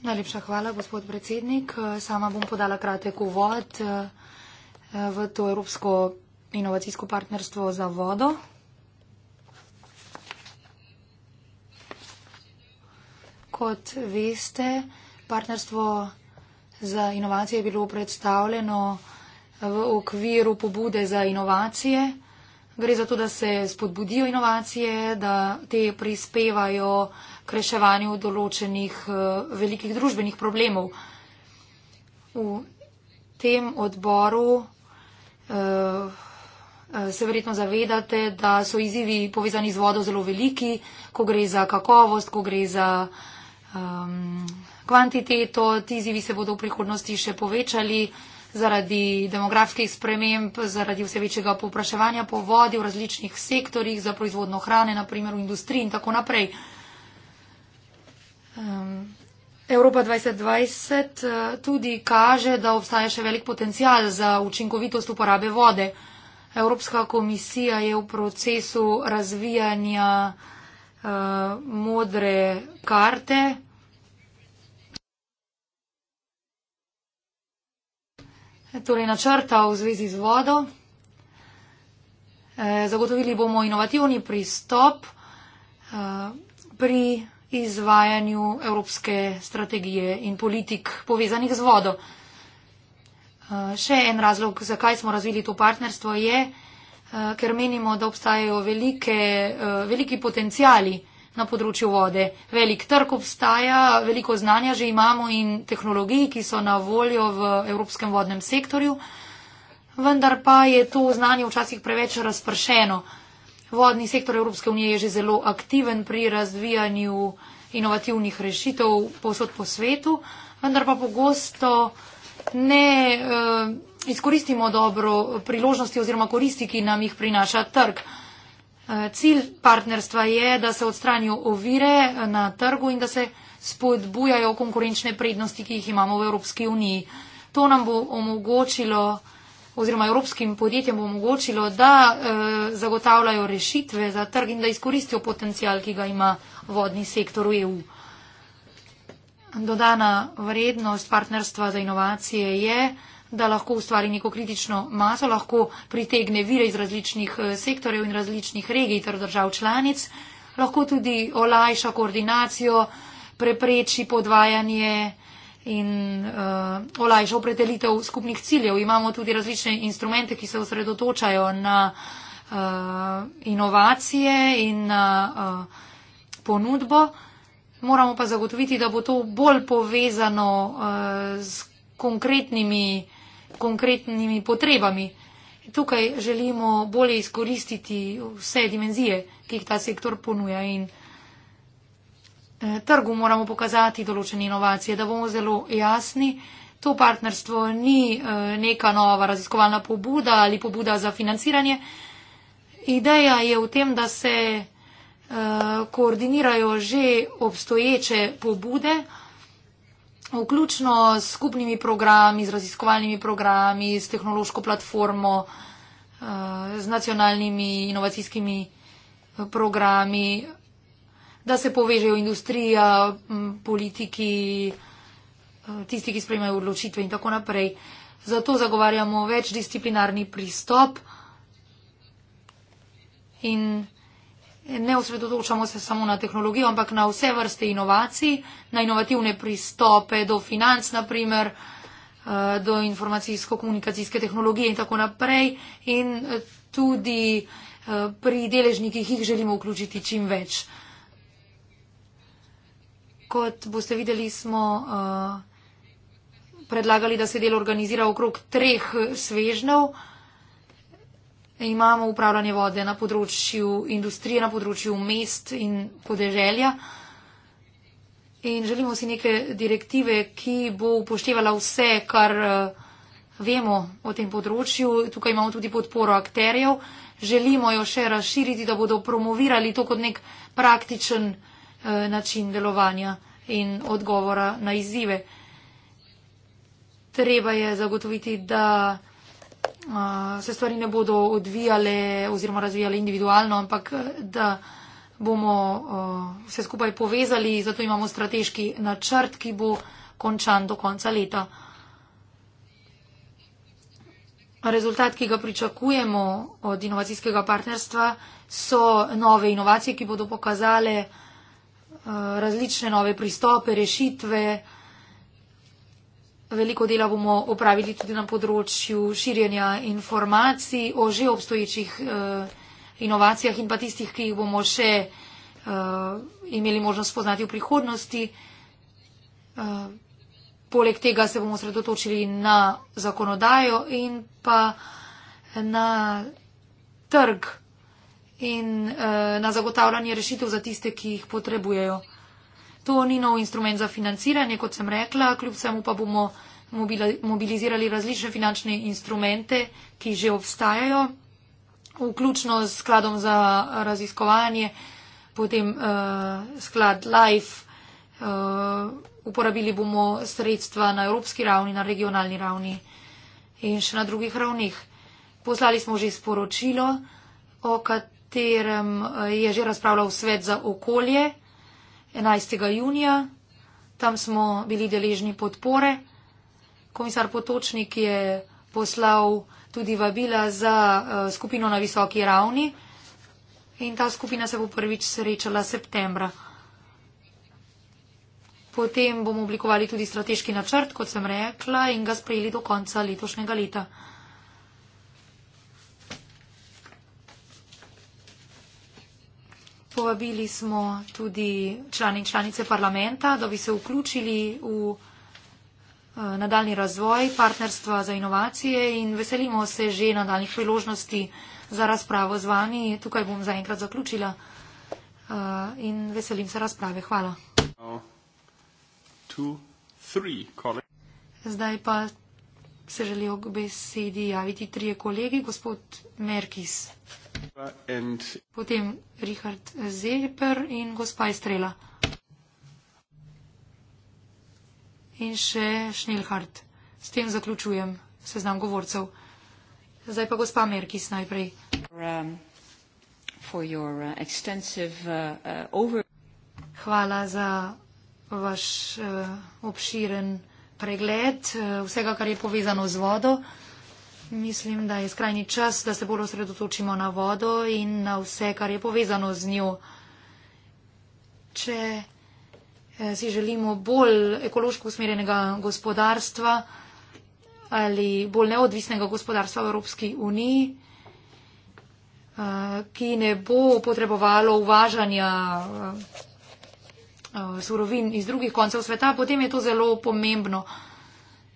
Najlepša hvala, gospod predsednik. Sama bom podala kratek uvod eh, v to Evropsko inovacijsko partnerstvo za vodo. Kot veste, partnerstvo za inovacije je bilo predstavljeno eh, v okviru pobude za inovacije. Gre za to, da se spodbudijo inovacije, da te prispevajo uh, k reševanju določenih eh, velikih družbenih problemov. V tem odboru eh, eh, se verjetno zavedate, da so izzivi povezani z vodo zelo veliki, ko gre za kakovost, ko gre za um, kvantiteto. Ti izzivi se bodo v prihodnosti še povečali zaradi demografskih sprememb, zaradi vse večjega popraševanja po vodi v različnih sektorjih, za proizvodno hrane, naprimer v industriji in tako naprej. Uh, Um, Evropa 2020 eh, tudi kaže, da obstaja še velik potencial za učinkovitost uporabe vode. Evropska komisija je v procesu razvijanja uh, modre karte. Torej, načrta v zvezi z vodo. Eh, zagotovili bomo inovativni pristop pri izvajanju evropske strategije in politik povezanih z vodo. Uh, še en razlog, zakaj smo razvili to partnerstvo, je, uh, ker menimo, da obstajajo velike, uh, veliki potencijali na področju vode. Velik trg obstaja, veliko znanja že imamo in tehnologij, ki so na voljo v evropskem vodnem sektorju, vendar pa je to znanje včasih preveč razpršeno. Vodni sektor Evropske unije je že zelo aktiven pri razvijanju inovativnih rešitev povsod po svetu, vendar pa pogosto ne uh, izkoristimo dobro priložnosti oziroma koristi, ki nam jih prinaša trg. Eh, cilj partnerstva je, da se odstranijo ovire na trgu in da se spodbujajo konkurenčne prednosti, ki jih imamo v Evropski uniji. To nam bo omogočilo oziroma evropskim podjetjem omogočilo, da eh, zagotavljajo rešitve za trg in da izkoristijo potencial, ki ga ima vodni sektor v EU. Dodana vrednost partnerstva za inovacije je, da lahko ustvari neko kritično maso, lahko pritegne vire iz različnih eh, sektorjev in različnih regij ter držav članic, lahko tudi olajša koordinacijo, prepreči podvajanje eh, in uh, eh, olajša opredelitev skupnih ciljev. Imamo tudi različne instrumente, ki se osredotočajo na uh, inovacije in na uh, ponudbo. Moramo pa zagotoviti, da bo to bolj povezano uh, z konkretnimi, konkretnimi potrebami. Tukaj želimo bolje izkoristiti vse dimenzije, ki jih ta sektor ponuja in Eh, trgu moramo pokazati določene inovacije, da bomo zelo jasni. To partnerstvo ni eh, neka nova raziskovalna pobuda ali pobuda za financiranje. Ideja je v tem, da se eh, koordinirajo že obstoječe pobude, vključno s skupnimi programi, z raziskovalnimi programi, s tehnološko platformo, z nacionalnimi inovacijskimi programi da se povežejo industrija, politiki, eh, tisti, ki sprejmejo odločitve in tako naprej. Zato zagovarjamo večdisciplinarni pristop in ne osredotočamo se samo na tehnologijo, ampak na vse vrste inovacij, na inovativne pristope do financ, na primer, eh, do informacijsko-komunikacijske tehnologije in tako naprej in eh, tudi pri deležnikih jih želimo vključiti čim več. Kot boste videli, smo eh, predlagali, da se del organizira okrog treh eh, svežnev. Imamo upravljanje vode na področju industrije, na področju mest in podeželja. In želimo si neke direktive, ki bo upoštevala vse, kar eh, vemo o tem področju. Tukaj imamo tudi podporo akterjev. Želimo jo še razširiti, da bodo promovirali to kot nek praktičen. Eh, način delovanja in odgovora na izzive. Treba je zagotoviti, da eh, se stvari ne bodo odvijale oziroma razvijale individualno, ampak eh, da bomo vse skupaj povezali, zato imamo strateški načrt, ki bo končan do konca leta. Rezultat, ki ga pričakujemo od inovacijskega partnerstva, so nove inovacije, ki bodo pokazale, Eh, različne nove pristope, rešitve. Veliko dela bomo opravili tudi na področju širjenja informacij o že obstoječih eh, inovacijah in pa tistih, ki jih bomo še eh, imeli možnost spoznati v prihodnosti. Poleg tega se bomo sredotočili na zakonodajo in pa na trg in uh, na zagotavljanje rešitev za tiste, ki jih potrebujejo. To ni nov instrument za financiranje, kot sem rekla, kljub vsemu pa bomo mobilizirali različne finančne instrumente, ki že obstajajo, vključno s skladom za raziskovanje, potem uh, sklad Life. Uh, uporabili bomo sredstva na evropski ravni, na regionalni ravni in še na drugih ravnih. Poslali smo že sporočilo, o kat, katerem eh, je že razpravljal svet za okolje 11. junija. Tam smo bili deležni podpore. Komisar Potočnik je poslal tudi vabila za eh, skupino na visoki ravni in ta skupina se bo prvič srečala septembra. Potem bomo oblikovali tudi strateški načrt, kot sem rekla, in ga sprejeli do konca letošnjega leta. Povabili smo tudi člani in članice parlamenta, da bi se vključili v eh, nadaljni razvoj partnerstva za inovacije in veselimo se že nadaljnih priložnosti za razpravo z vami. Tukaj bom zaenkrat zaključila eh, in veselim se razprave. Hvala. Zdaj pa se želijo k besedi javiti trije kolegi, gospod Merkis. Potem Richard Zeper in gospa Estrela. In še Schnellhardt. S tem zaključujem seznam govorcev. Zdaj pa gospa Merkis najprej. For, um, for uh, extensive, uh, uh, over... Hvala za vaš uh, obširen pregled uh, vsega, kar je povezano z vodo mislim, da je skrajni čas, da se bolj osredotočimo na vodo in na vse, kar je povezano z njo. Če eh, si želimo bolj ekološko usmerjenega gospodarstva ali bolj neodvisnega gospodarstva v Evropski uniji, eh, ki ne bo potrebovalo uvažanja eh, surovin iz drugih koncev sveta, potem je to zelo pomembno.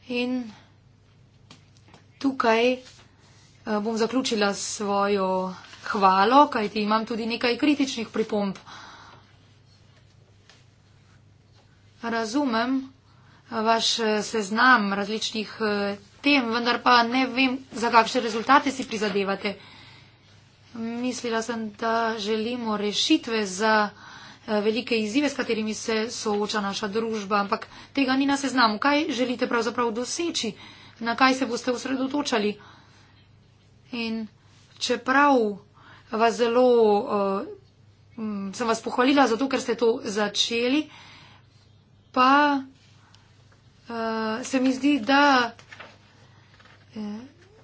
In tukaj eh, bom zaključila svojo hvalo, kajti imam tudi nekaj kritičnih pripomb. Razumem eh, vaš eh, seznam različnih tem, vendar pa ne vem, za kakšne rezultate si prizadevate. Mislila sem, da želimo rešitve za velike izzive, s katerimi se sooča naša družba, ampak tega ni na seznamu. Kaj želite pravzaprav doseči? na kaj se boste usredotočali. In čeprav vas zelo, uh, sem vas pohvalila zato, ker ste to začeli, pa uh, se mi zdi, da eh,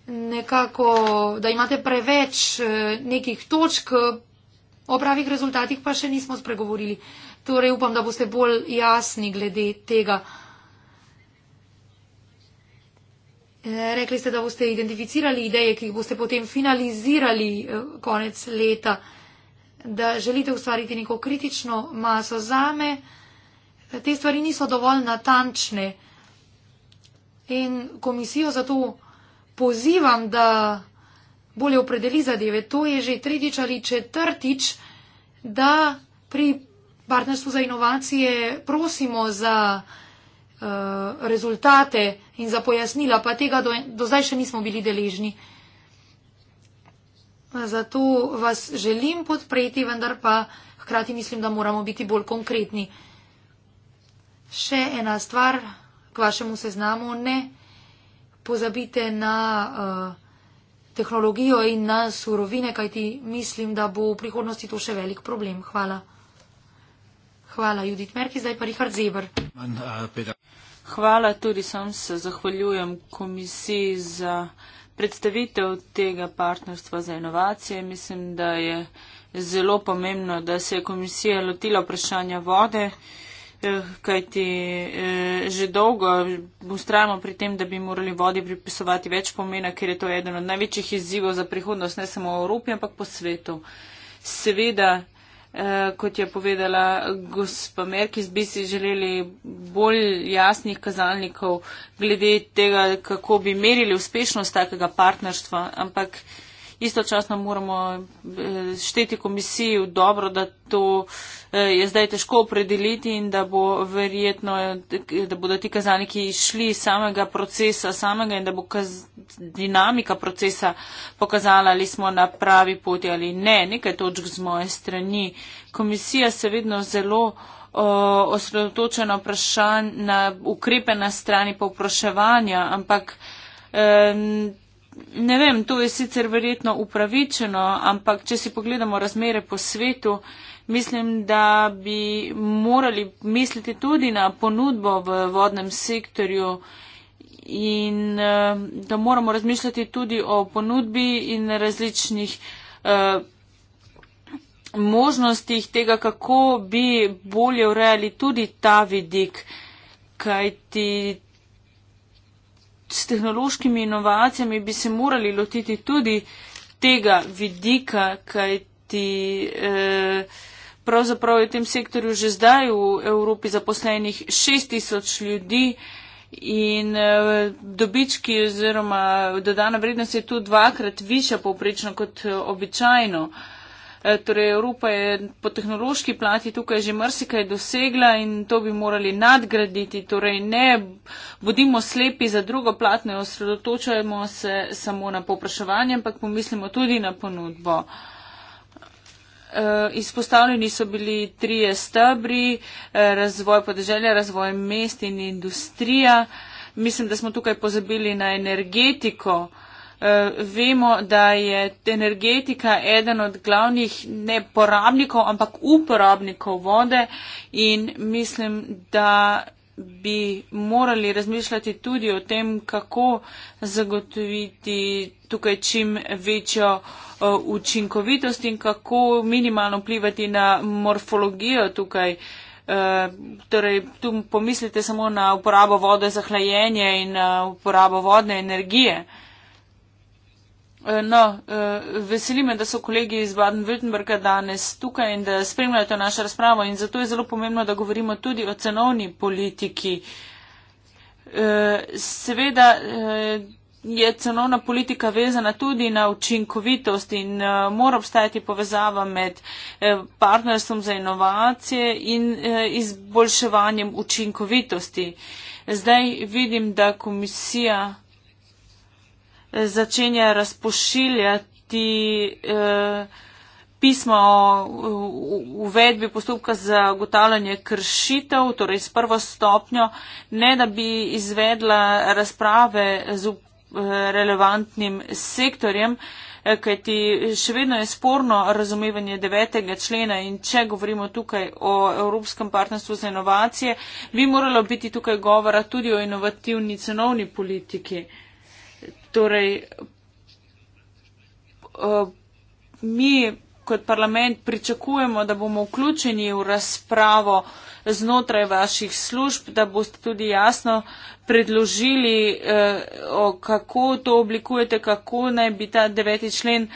nekako, da imate preveč nekih točk, o pravih rezultatih pa še nismo spregovorili. Torej upam, da boste bolj jasni glede tega. Eh, rekli ste, da boste identificirali ideje, ki jih boste potem finalizirali eh, konec leta, da želite ustvariti neko kritično maso zame. Eh, te stvari niso dovolj natančne in komisijo zato pozivam, da bolje opredeli zadeve. To je že tretjič ali četrtič, da pri partnerstvu za inovacije prosimo za. Eh, rezultate in za pojasnila, pa tega do, do zdaj še nismo bili deležni. Eh, zato vas želim podpreti, vendar pa hkrati mislim, da moramo biti bolj konkretni. Še ena stvar k vašemu seznamu. Ne pozabite na uh, tehnologijo in na surovine, kajti mislim, da bo v prihodnosti to še velik problem. Hvala. Hvala, Judit Merki, zdaj pa Richard Zeber. Hvala, tudi sam se zahvaljujem komisiji za predstavitev tega partnerstva za inovacije. Mislim, da je zelo pomembno, da se je komisija lotila vprašanja vode, eh, kajti eh, že dolgo ustrajamo pri tem, da bi morali vodi pripisovati več pomena, ker je to eden od največjih izzivov za prihodnost ne samo v Evropi, ampak po svetu. Seveda Eh, kot je povedala gospa Merkis, bi si želeli bolj jasnih kazalnikov glede tega, kako bi merili uspešnost takega partnerstva, ampak istočasno moramo eh, šteti komisiji v dobro, da to eh, je zdaj težko opredeliti in da, bo verjetno, eh, da bodo ti kazaniki išli iz samega procesa samega in da bo kaz, dinamika procesa pokazala, ali smo na pravi poti ali ne. Nekaj točk z moje strani. Komisija se vedno zelo osredotočeno vprašanje na ukrepe na strani povpraševanja, ampak ne vem, to je sicer verjetno upravičeno, ampak če si pogledamo razmere po svetu, mislim, da bi morali misliti tudi na ponudbo v vodnem sektorju in eh, da moramo razmišljati tudi o ponudbi in različnih eh, možnostih tega, kako bi bolje urejali tudi ta vidik, kajti s tehnološkimi inovacijami bi se morali lotiti tudi tega vidika, kajti eh, pravzaprav je v tem sektorju že zdaj v Evropi zaposlenih 6000 ljudi in eh, dobički oziroma dodana vrednost je tu dvakrat višja poprečno kot eh, običajno. Eh, torej, Evropa je po tehnološki plati tukaj že mrsikaj dosegla in to bi morali nadgraditi. Torej, ne bodimo slepi za drugo platno, osredotočajmo se samo na popraševanje, ampak pomislimo tudi na ponudbo. Eh, izpostavljeni so bili trije stebri, eh, razvoj podeželja, razvoj mest in industrija. Mislim, da smo tukaj pozabili na energetiko. Eh, vemo, da je energetika eden od glavnih ne porabnikov, ampak uporabnikov vode in mislim, da bi morali razmišljati tudi o tem, kako zagotoviti tukaj čim večjo eh, učinkovitost in kako minimalno vplivati na morfologijo tukaj. Eh, torej, tu pomislite samo na uporabo vode za hlajenje in uporabo vodne energije. Eh, no, eh, veseli me, da so kolegi iz Baden-Württemberga danes tukaj in da spremljajo to našo razpravo in zato je zelo pomembno, da govorimo tudi o cenovni politiki. Eh, seveda je cenovna politika vezana tudi na učinkovitost in mora obstajati povezava med partnerstvom za inovacije in izboljševanjem učinkovitosti. Zdaj vidim, da komisija začenja razpošiljati eh, pismo o uvedbi postopka za ugotavljanje kršitev, torej s prvo stopnjo, ne da bi izvedla razprave z eh, relevantnim sektorjem, eh, kajti še vedno je sporno razumevanje devetega člena in če govorimo tukaj o Evropskem partnerstvu za inovacije, bi moralo biti tukaj govora tudi o inovativni cenovni politiki. Torej, eh, mi kot parlament pričakujemo, da bomo vključeni v razpravo znotraj vaših služb, da boste tudi jasno predložili, eh, kako to oblikujete, kako naj bi ta deveti člen eh,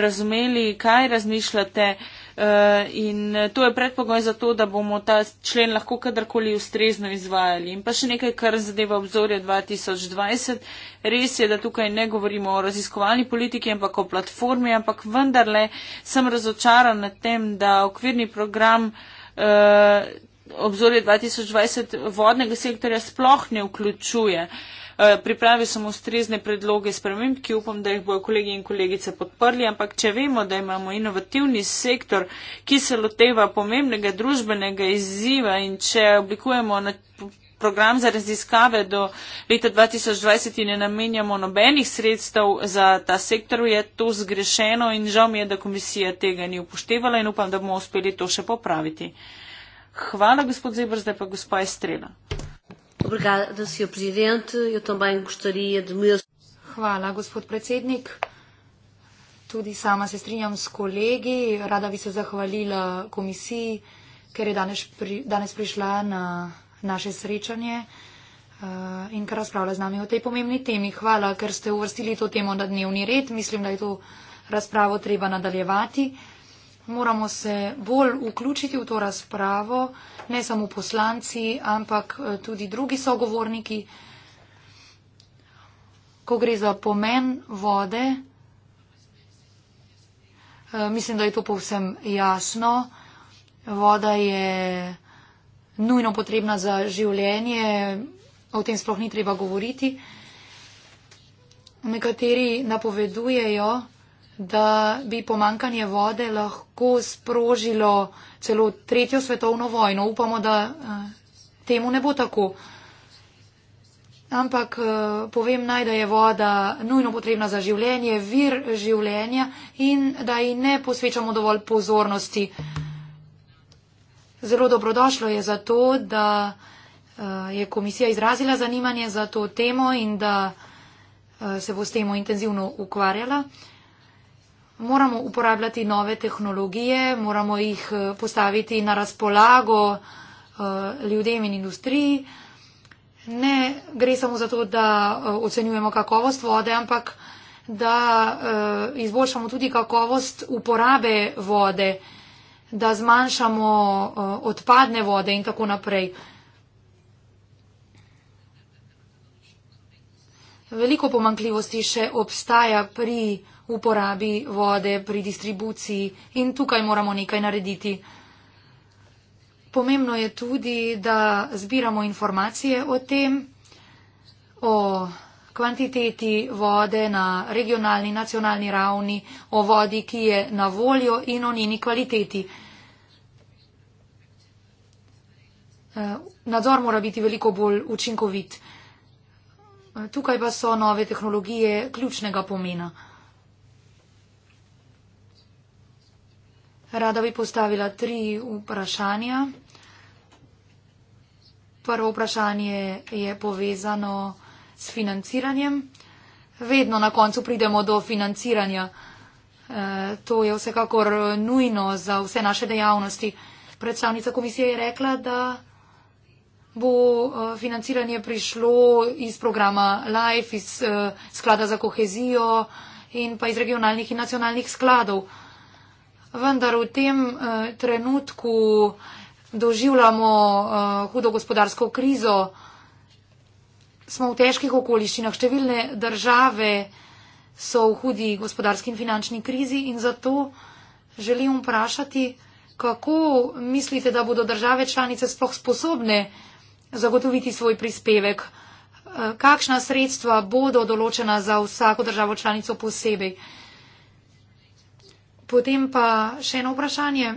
razumeli, kaj razmišljate. Eh, in eh, to je predpogoj za to, da bomo ta člen lahko kadarkoli ustrezno izvajali. In pa še nekaj, kar zadeva obzorje 2020. Res je, da tukaj ne govorimo o raziskovalni politiki, ampak o platformi, ampak vendarle sem razočaran nad tem, da okvirni program uh, obzorje 2020 vodnega sektorja sploh ne vključuje. Uh, Eh, pripravil sem ustrezne predloge sprememb, ki upam, da jih bojo kolegi in kolegice podprli, ampak če vemo, da imamo inovativni sektor, ki se loteva pomembnega družbenega izziva in če oblikujemo na program za raziskave do leta 2020 in ne namenjamo nobenih sredstev za ta sektor, je to zgrešeno in žal mi je, da komisija tega ni upoštevala in upam, da bomo uspeli to še popraviti. Hvala, gospod Zebr, zdaj pa gospa Estrela. Obrigada, senhor presidente. Eu também gostaria de me. Hvala, gospod predsednik. Tudi sama se strinjam s kolegi. Rada bi se zahvalila komisiji, ker je danes, pri, danes prišla na naše srečanje uh, in ker razpravlja z nami o tej pomembni temi. Hvala, ker ste uvrstili to temo na dnevni red. Mislim, da je to razpravo treba nadaljevati moramo se bolj vključiti v to razpravo, ne samo poslanci, ampak eh, tudi drugi sogovorniki. Ko gre za pomen vode, eh, mislim, da je to povsem jasno. Voda je nujno potrebna za življenje, o tem sploh ni treba govoriti. Nekateri napovedujejo, da bi pomankanje vode lahko sprožilo celo tretjo svetovno vojno. Upamo, da uh, temu ne bo tako. Ampak uh, povem naj, da je voda nujno potrebna za življenje, vir življenja in da ji ne posvečamo dovolj pozornosti. Zelo dobrodošlo je zato, da uh, je komisija izrazila zanimanje za to temo in da uh, se bo s temo intenzivno ukvarjala. Uh, moramo uporabljati nove tehnologije, moramo jih eh, postaviti na razpolago eh, ljudem in industriji. Ne gre samo za to, da eh, ocenjujemo kakovost vode, ampak da izboljšamo tudi kakovost uporabe vode, da zmanjšamo odpadne vode in tako naprej. Veliko pomankljivosti še obstaja pri uporabi vode, pri distribuciji in tukaj moramo nekaj narediti. Pomembno je tudi, da zbiramo informacije o tem, o kvantiteti vode na regionalni, nacionalni ravni, o vodi, ki je na voljo in o njeni kvaliteti. Eh, nadzor mora biti veliko bolj učinkovit. Tukaj pa so nove tehnologije ključnega pomena. Rada bi postavila tri vprašanja. Prvo vprašanje je povezano s financiranjem. Vedno na koncu pridemo do financiranja. E, to je vsekakor nujno za vse naše dejavnosti. Predstavnica komisije je rekla, da bo eh, financiranje prišlo iz programa LIFE, iz eh, sklada za kohezijo in pa iz regionalnih in nacionalnih skladov. Vendar v tem eh, trenutku doživljamo hudo gospodarsko krizo. Smo v težkih okoliščinah. Številne države so v hudi gospodarski in finančni krizi in zato želim vprašati, kako mislite, da bodo države članice sploh sposobne zagotoviti svoj prispevek. Eh, kakšna sredstva bodo določena za vsako državo članico posebej? Potem pa še eno vprašanje.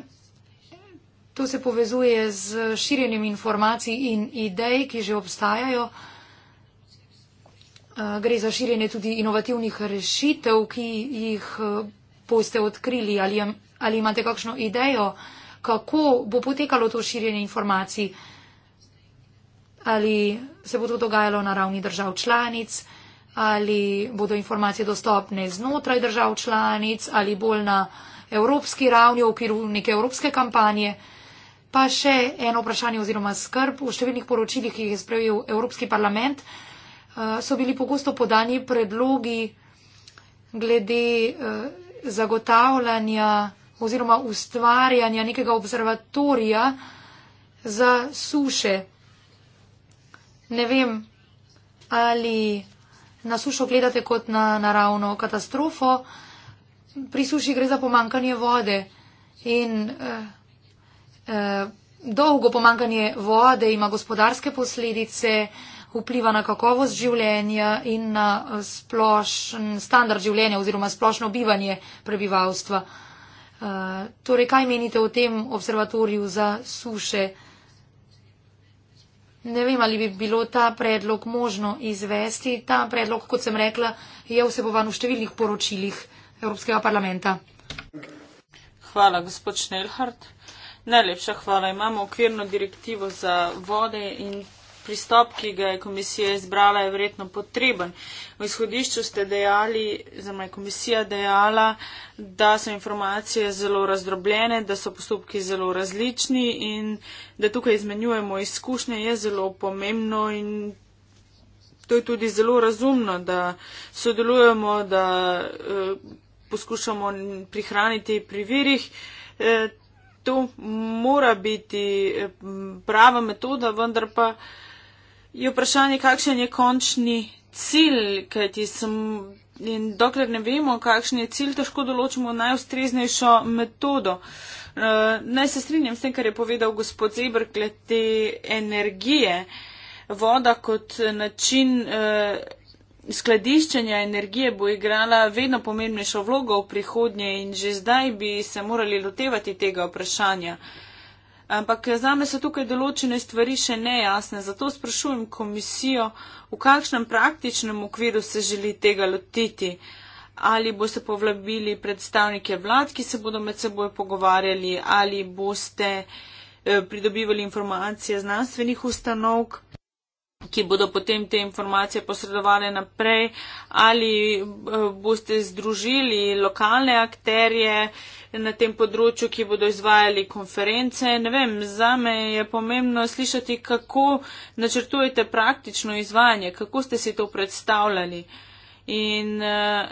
To se povezuje z širjenjem informacij in idej, ki že obstajajo. Eh, gre za širjenje tudi inovativnih rešitev, ki jih eh, boste odkrili ali, ali imate kakšno idejo, kako bo potekalo to širjenje informacij ali se bo to dogajalo na ravni držav članic, ali bodo informacije dostopne znotraj držav članic, ali bolj na evropski ravni v okviru neke evropske kampanje. Pa še eno vprašanje oziroma skrb. V številnih poročilih, ki jih je sprejel Evropski parlament, eh, so bili pogosto podani predlogi glede eh, zagotavljanja oziroma ustvarjanja nekega observatorija za suše ne vem, ali na sušo gledate kot na naravno katastrofo. Pri suši gre za pomankanje vode in eh, eh, dolgo pomankanje vode ima gospodarske posledice, vpliva na kakovost življenja in na eh, splošen standard življenja oziroma splošno bivanje prebivalstva. Eh, torej, kaj menite o tem observatoriju za suše? Ne vem, ali bi bilo ta predlog možno izvesti. Ta predlog, kot sem rekla, je vsebovan v številnih poročilih Evropskega parlamenta. Hvala, gospod Šnelhardt. Najlepša hvala. Imamo okvirno direktivo za vode in pristop, ki ga je komisija izbrala, je verjetno potreben. V izhodišču ste dejali, oziroma je komisija dejala, da so informacije zelo razdrobljene, da so postopki zelo različni in da tukaj izmenjujemo izkušnje je zelo pomembno in. To je tudi zelo razumno, da sodelujemo, da eh, poskušamo prihraniti pri virih. Eh, to mora biti eh, prava metoda, vendar pa. Eh, je vprašanje, kakšen je končni cilj, kajti sem in dokler ne vemo, kakšen je cilj, težko določimo najustreznejšo metodo. E, naj se strinjam s tem, kar je povedal gospod Zebr, glede energije. Voda kot način e, skladiščenja energije bo igrala vedno pomembnejšo vlogo v prihodnje in že zdaj bi se morali lotevati tega vprašanja. E, Ampak za me so tukaj določene stvari še nejasne, zato sprašujem komisijo, v kakšnem praktičnem okviru se želi tega lotiti. Ali boste povlabili predstavnike vlad, ki se bodo med seboj pogovarjali, ali boste eh, pridobivali informacije znanstvenih ustanov ki bodo potem te informacije posredovali naprej, ali eh, boste združili lokalne akterje na tem področju, ki bodo izvajali konference. Ne vem, za me je pomembno slišati, kako načrtujete praktično izvajanje, kako ste si to predstavljali. In eh,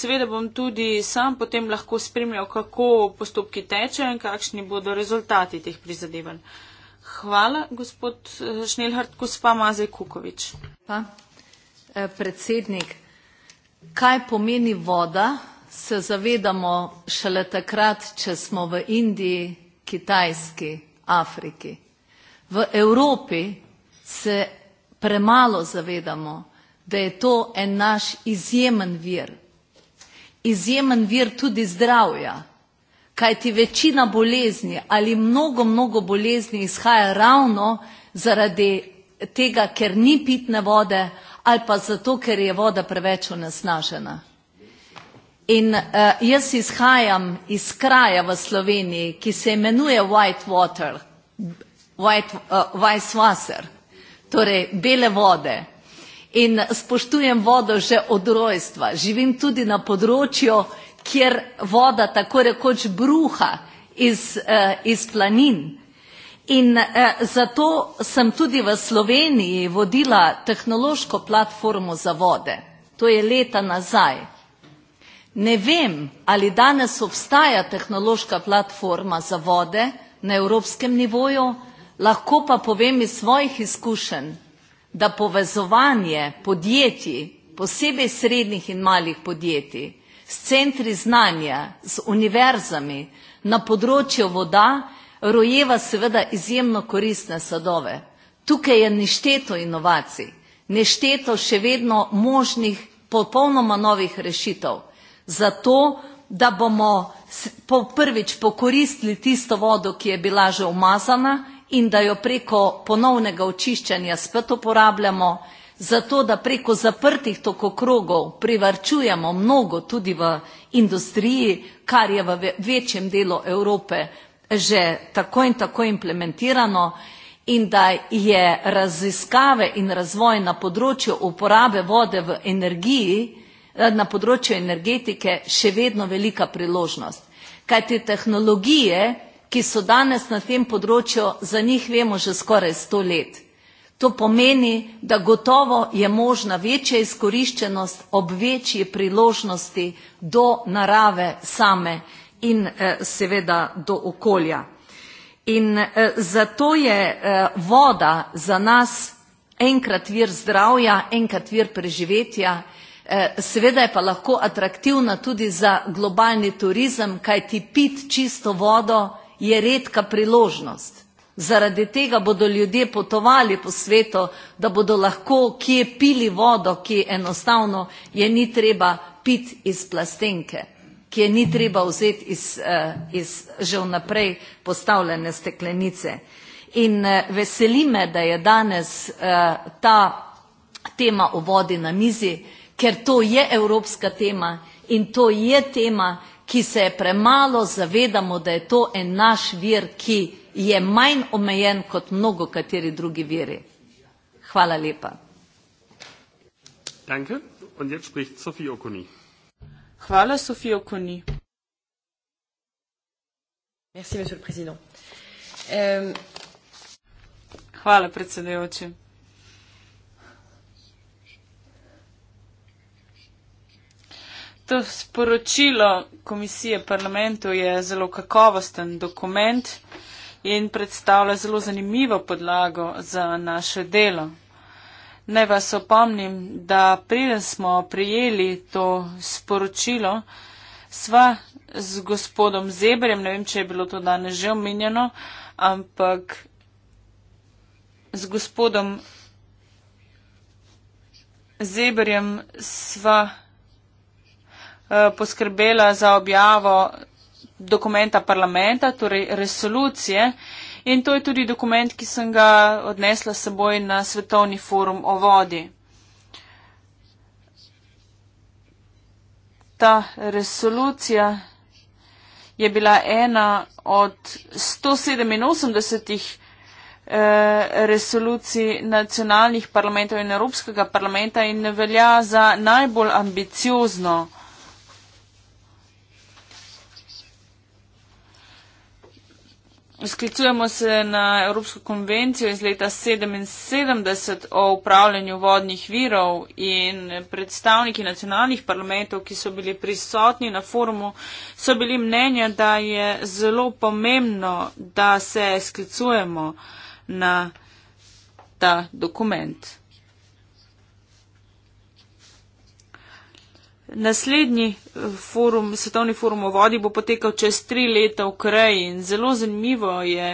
seveda bom tudi sam potem lahko spremljal, kako postopki tečejo in kakšni bodo rezultati teh prizadevanj. Hvala, gospod eh, Šnelhart, gospa Mazej Kukovič. Pa, eh, predsednik, kaj pomeni voda, se zavedamo šele takrat, če smo v Indiji, Kitajski, Afriki. V Evropi se premalo zavedamo, da je to en naš izjemen vir. Izjemen vir tudi zdravja. Kaj ti večina bolezni ali mnogo, mnogo bolezni izhaja ravno zaradi tega, ker ni pitne vode ali pa zato, ker je voda preveč onesnažena. In eh, jaz izhajam iz kraja v Sloveniji, ki se imenuje White Water, White uh, Weiss Wasser, torej bele vode. In spoštujem vodo že od rojstva. Živim tudi na področju, kjer voda tako rekoč bruha iz, eh, iz planin. In eh, zato sem tudi v Sloveniji vodila tehnološko platformo za vode. To je leta nazaj. Ne vem, ali danes obstaja tehnološka platforma za vode na evropskem nivoju, lahko pa povem iz svojih izkušenj, da povezovanje podjetij, posebej srednjih in malih podjetij, s centri znanja, z univerzami na področju voda rojeva seveda izjemno koristne sadove. Tukaj je nešteto inovacij, nešteto še vedno možnih popolnoma novih rešitev, zato da bomo po prvič pokoristili tisto vodo, ki je bila že umazana in da jo preko ponovnega očiščanja spet uporabljamo, zato da preko zaprtih tokokrogov privarčujemo mnogo tudi v industriji, kar je v večjem delu Evrope že tako in tako implementirano in da je raziskave in razvoj na področju uporabe vode v energiji, eh, na področju energetike še vedno velika priložnost. Kaj te tehnologije, ki so danes na tem področju, za njih vemo že skoraj sto let. To pomeni, da gotovo je možna večja izkoriščenost ob večji priložnosti do narave same in eh, seveda do okolja. In eh, zato je eh, voda za nas enkrat vir zdravja, enkrat vir preživetja, seveda je pa lahko atraktivna tudi za globalni turizem, kajti piti čisto vodo je redka priložnost. Zaradi tega bodo ljudje potovali po svetu, da bodo lahko kje pili vodo, ki enostavno je ni treba piti iz plastenke, ki je ni treba vzeti iz, eh, iz že vnaprej postavljene steklenice. In eh, veseli me, da je danes eh, ta tema o vodi na mizi, ker to je evropska tema in to je tema, ki se je premalo zavedamo, da je to en naš vir, ki je manj omejen kot mnogo kateri drugi viri. Hvala lepa. Danke. Und jetzt spricht Sophie Okuni. Hvala, Sophie Okuni. Merci, monsieur le président. Euh... Hvala, predsedujoči. To sporočilo komisije parlamentu je zelo kakovosten dokument. Uh, in predstavlja zelo zanimivo podlago za naše delo. Naj vas opomnim, da preden smo prijeli to sporočilo, sva z gospodom Zebrem, ne vem, če je bilo to danes že omenjeno, ampak z gospodom Zebrem sva uh, poskrbela za objavo dokumenta parlamenta, torej resolucije. In to je tudi dokument, ki sem ga odnesla seboj na svetovni forum o vodi. Ta resolucija je bila ena od 187 eh, resolucij nacionalnih parlamentov in Evropskega parlamenta in velja za najbolj ambiciozno eh, Sklicujemo se na Evropsko konvencijo iz leta 77 o upravljanju vodnih virov in predstavniki nacionalnih parlamentov, ki so bili prisotni na forumu, so bili mnenja, da je zelo pomembno, da se sklicujemo na ta dokument. Naslednji eh, forum, svetovni forum o vodi bo potekal čez tri leta v kraji in zelo zanimivo je,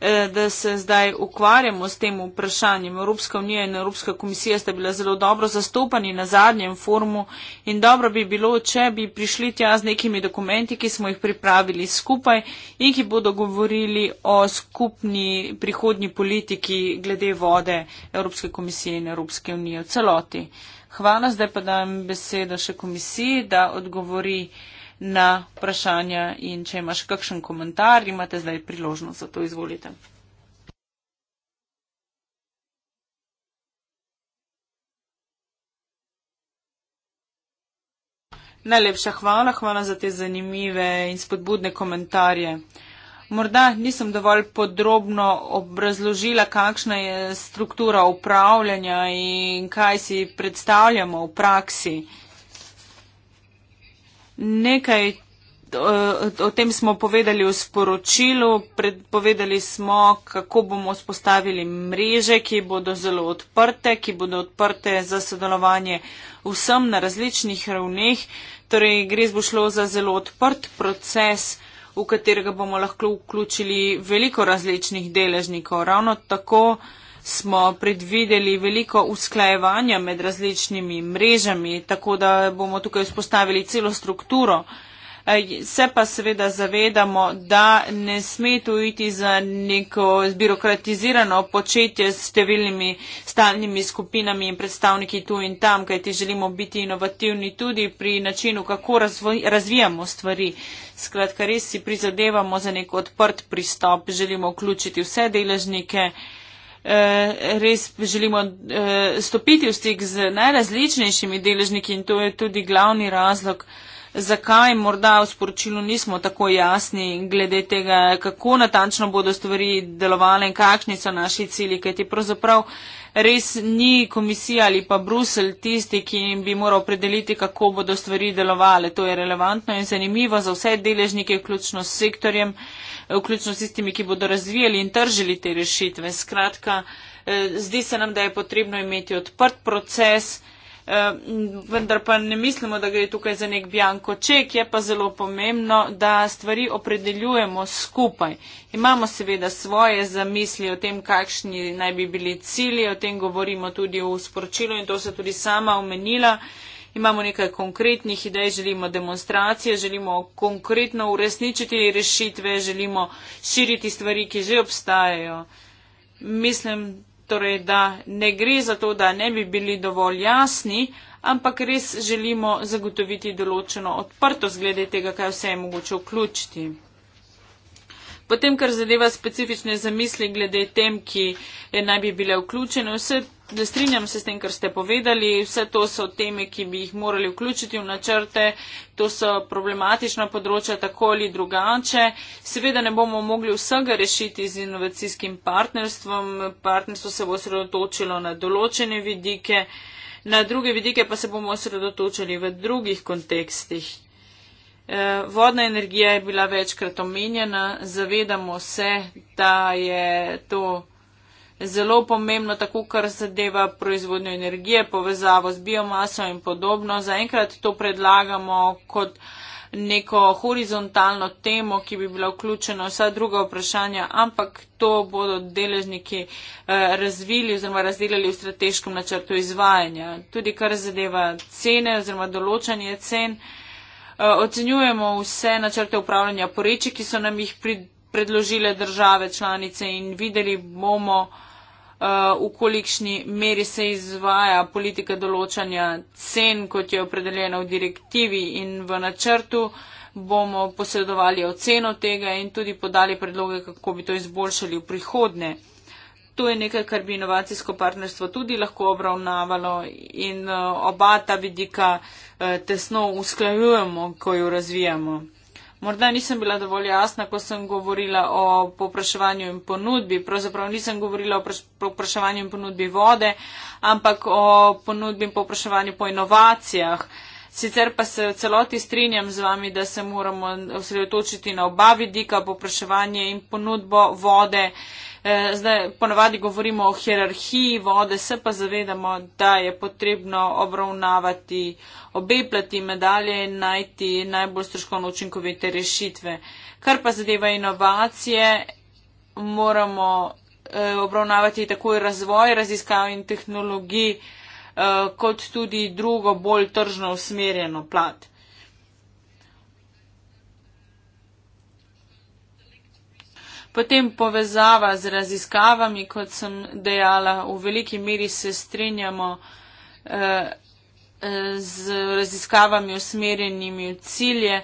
eh, da se zdaj ukvarjamo s tem vprašanjem. Evropska unija in Evropska komisija sta bila zelo dobro zastopani na zadnjem forumu in dobro bi bilo, če bi prišli tja z nekimi dokumenti, ki smo jih pripravili skupaj in ki bodo govorili o skupni prihodnji politiki glede vode Evropske komisije in Evropske unije v celoti. Hvala, zdaj pa dajem besedo še komisiji, da odgovori na vprašanja in če imaš kakšen komentar, imate zdaj priložnost za to, izvolite. Najlepša hvala, hvala za te zanimive in spodbudne komentarje. Morda nisem dovolj podrobno obrazložila, kakšna je struktura upravljanja in kaj si predstavljamo v praksi. Nekaj eh, o tem smo povedali v sporočilu, predpovedali smo, kako bomo vzpostavili mreže, ki bodo zelo odprte, ki bodo odprte za sodelovanje vsem na različnih ravneh. Torej, gre zbo šlo za zelo odprt proces v katerega bomo lahko vključili veliko različnih deležnikov. Ravno tako smo predvideli veliko usklajevanja med različnimi mrežami, tako da bomo tukaj vzpostavili celo strukturo uh, Eh, se pa seveda zavedamo, da ne sme to iti za neko zbirokratizirano početje s številnimi stalnimi skupinami in predstavniki tu in tam, kajti želimo biti inovativni tudi pri načinu, kako razvijamo stvari. Skratka, res si prizadevamo za nek odprt pristop, želimo vključiti vse deležnike. Eh, res želimo eh, stopiti v stik z najrazličnejšimi deležniki in to je tudi glavni razlog zakaj morda v sporočilu nismo tako jasni glede tega, kako natančno bodo stvari delovale in kakšni so naši cilji, kajti pravzaprav res ni komisija ali pa Bruselj tisti, ki bi moral predeliti, kako bodo stvari delovale. To je relevantno in zanimivo za vse deležnike, vključno s sektorjem, vključno s tistimi, ki bodo razvijali in tržili te rešitve. Skratka, eh, zdi se nam, da je potrebno imeti odprt proces, vendar pa ne mislimo, da gre tukaj za nek bianko ček, je pa zelo pomembno, da stvari opredeljujemo skupaj. Imamo seveda svoje zamisli o tem, kakšni naj bi bili cilji, o tem govorimo tudi v sporočilu in to se tudi sama omenila. Imamo nekaj konkretnih idej, želimo demonstracije, želimo konkretno uresničiti rešitve, želimo širiti stvari, ki že obstajajo. Mislim, torej da ne gre za to, da ne bi bili dovolj jasni, ampak res želimo zagotoviti določeno odprtost glede tega, kaj vse je mogoče vključiti. Potem, kar zadeva specifične zamisli glede tem, ki eh, naj bi bile vključene, vse Da strinjam se s tem, kar ste povedali. Vse to so teme, ki bi jih morali vključiti v načrte. To so problematična področja tako ali drugače. Seveda ne bomo mogli vsega rešiti z inovacijskim partnerstvom. Partnerstvo se bo osredotočilo na določene vidike. Na druge vidike pa se bomo osredotočili v drugih kontekstih. Eh, vodna energija je bila večkrat omenjena. Zavedamo se, da je to zelo pomembno, tako kar zadeva proizvodnjo energije, povezavo z biomaso in podobno. Zaenkrat to predlagamo kot neko horizontalno temo, ki bi bila vključena vsa druga vprašanja, ampak to bodo deležniki eh, razvili oziroma razdelili v strateškem načrtu izvajanja. Tudi kar zadeva cene oziroma določanje cen, eh, ocenjujemo vse načrte upravljanja poreči, ki so nam jih pridružile države članice in videli bomo, v kolikšni meri se izvaja politika določanja cen, kot je opredeljena v direktivi in v načrtu, bomo posredovali oceno tega in tudi podali predloge, kako bi to izboljšali v prihodnje. To je nekaj, kar bi inovacijsko partnerstvo tudi lahko obravnavalo in eh, oba ta vidika eh, tesno usklajujemo, ko jo razvijamo. Morda nisem bila dovolj jasna, ko sem govorila o popraševanju in ponudbi. Pravzaprav nisem govorila o popraševanju in ponudbi vode, ampak o ponudbi in popraševanju po inovacijah. Sicer pa se v celoti strinjam z vami, da se moramo osredotočiti na oba vidika, popraševanje in ponudbo vode. Eh, zdaj ponavadi govorimo o hierarhiji vode, se pa zavedamo, da je potrebno obravnavati obe plati medalje in najti najbolj stroškovno učinkovite rešitve. Kar pa zadeva inovacije, moramo eh, obravnavati takoj razvoj raziskav in tehnologij eh, kot tudi drugo bolj tržno usmerjeno plat. Potem povezava z raziskavami, kot sem dejala, v veliki meri se strinjamo eh, eh, z raziskavami usmerjenimi v cilje.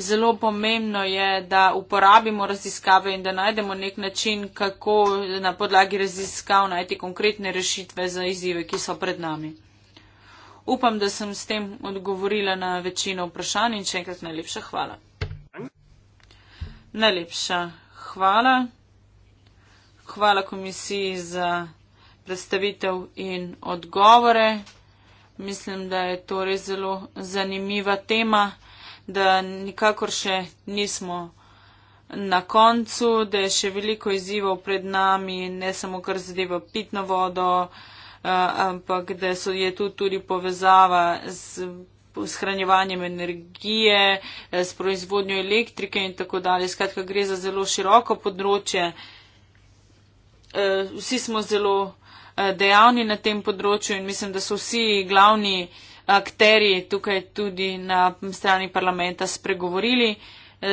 Zelo pomembno je, da uporabimo raziskave in da najdemo nek način, kako na podlagi raziskav najti konkretne rešitve za izzive, ki so pred nami. Upam, da sem s tem odgovorila na večino vprašanj in še enkrat najlepša hvala. Najlepša hvala. Hvala komisiji za predstavitev in odgovore. Mislim, da je to res zelo zanimiva tema, da nikakor še nismo na koncu, da je še veliko izzivov pred nami, ne samo kar zadeva pitno vodo, eh, ampak da je tu tudi povezava z shranjevanjem energije, eh, s proizvodnjo elektrike in tako dalje. Skratka, gre za zelo široko področje. Eh, vsi smo zelo eh, dejavni na tem področju in mislim, da so vsi glavni akteri tukaj tudi na strani parlamenta spregovorili.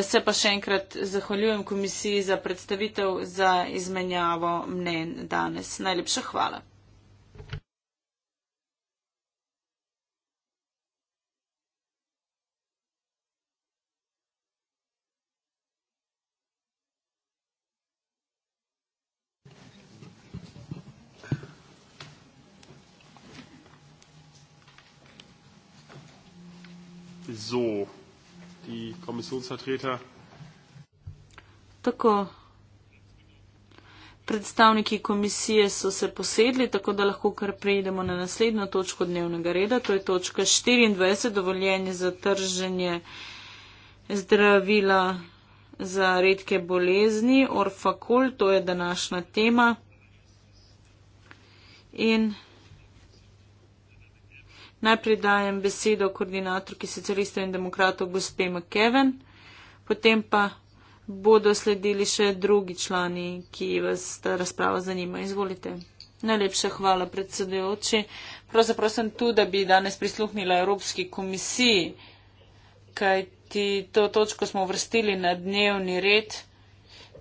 Se pa še enkrat zahvaljujem komisiji za predstavitev za izmenjavo mnen danes. Najlepša hvala. So, die Kommissionsvertreter. Tako. Predstavniki komisije so se posedli, tako da lahko kar prejdemo na naslednjo točko dnevnega reda. To je točka 24, dovoljenje za trženje zdravila za redke bolezni. Orfakol, to je današnja tema. In Najprej dajem besedo koordinatorki socialistov in demokratov gospe McKeven, potem pa bodo sledili še drugi člani, ki vas ta razprava zanima. Izvolite. Najlepša hvala, predsedujoči. Pravzaprav sem tu, da bi danes prisluhnila Evropski komisiji, kajti to točko smo vrstili na dnevni red,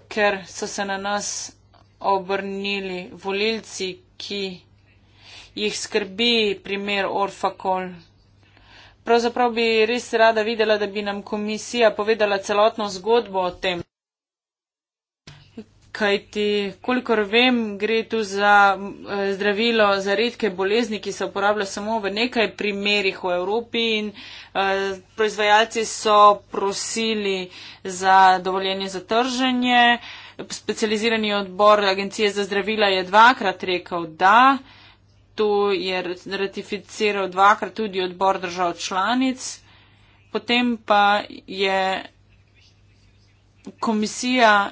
ker so se na nas obrnili volilci, ki jih skrbi primer Orfakol. Pravzaprav bi res rada videla, da bi nam komisija povedala celotno zgodbo o tem. Kaj ti, kolikor vem, gre tu za eh, zdravilo za redke bolezni, ki se uporablja samo v nekaj primerih v Evropi in eh, proizvajalci so prosili za dovoljenje za trženje. Specializirani odbor Agencije za zdravila je dvakrat rekel da. Eh, to je ratificiral dvakrat tudi odbor držav članic, potem pa je komisija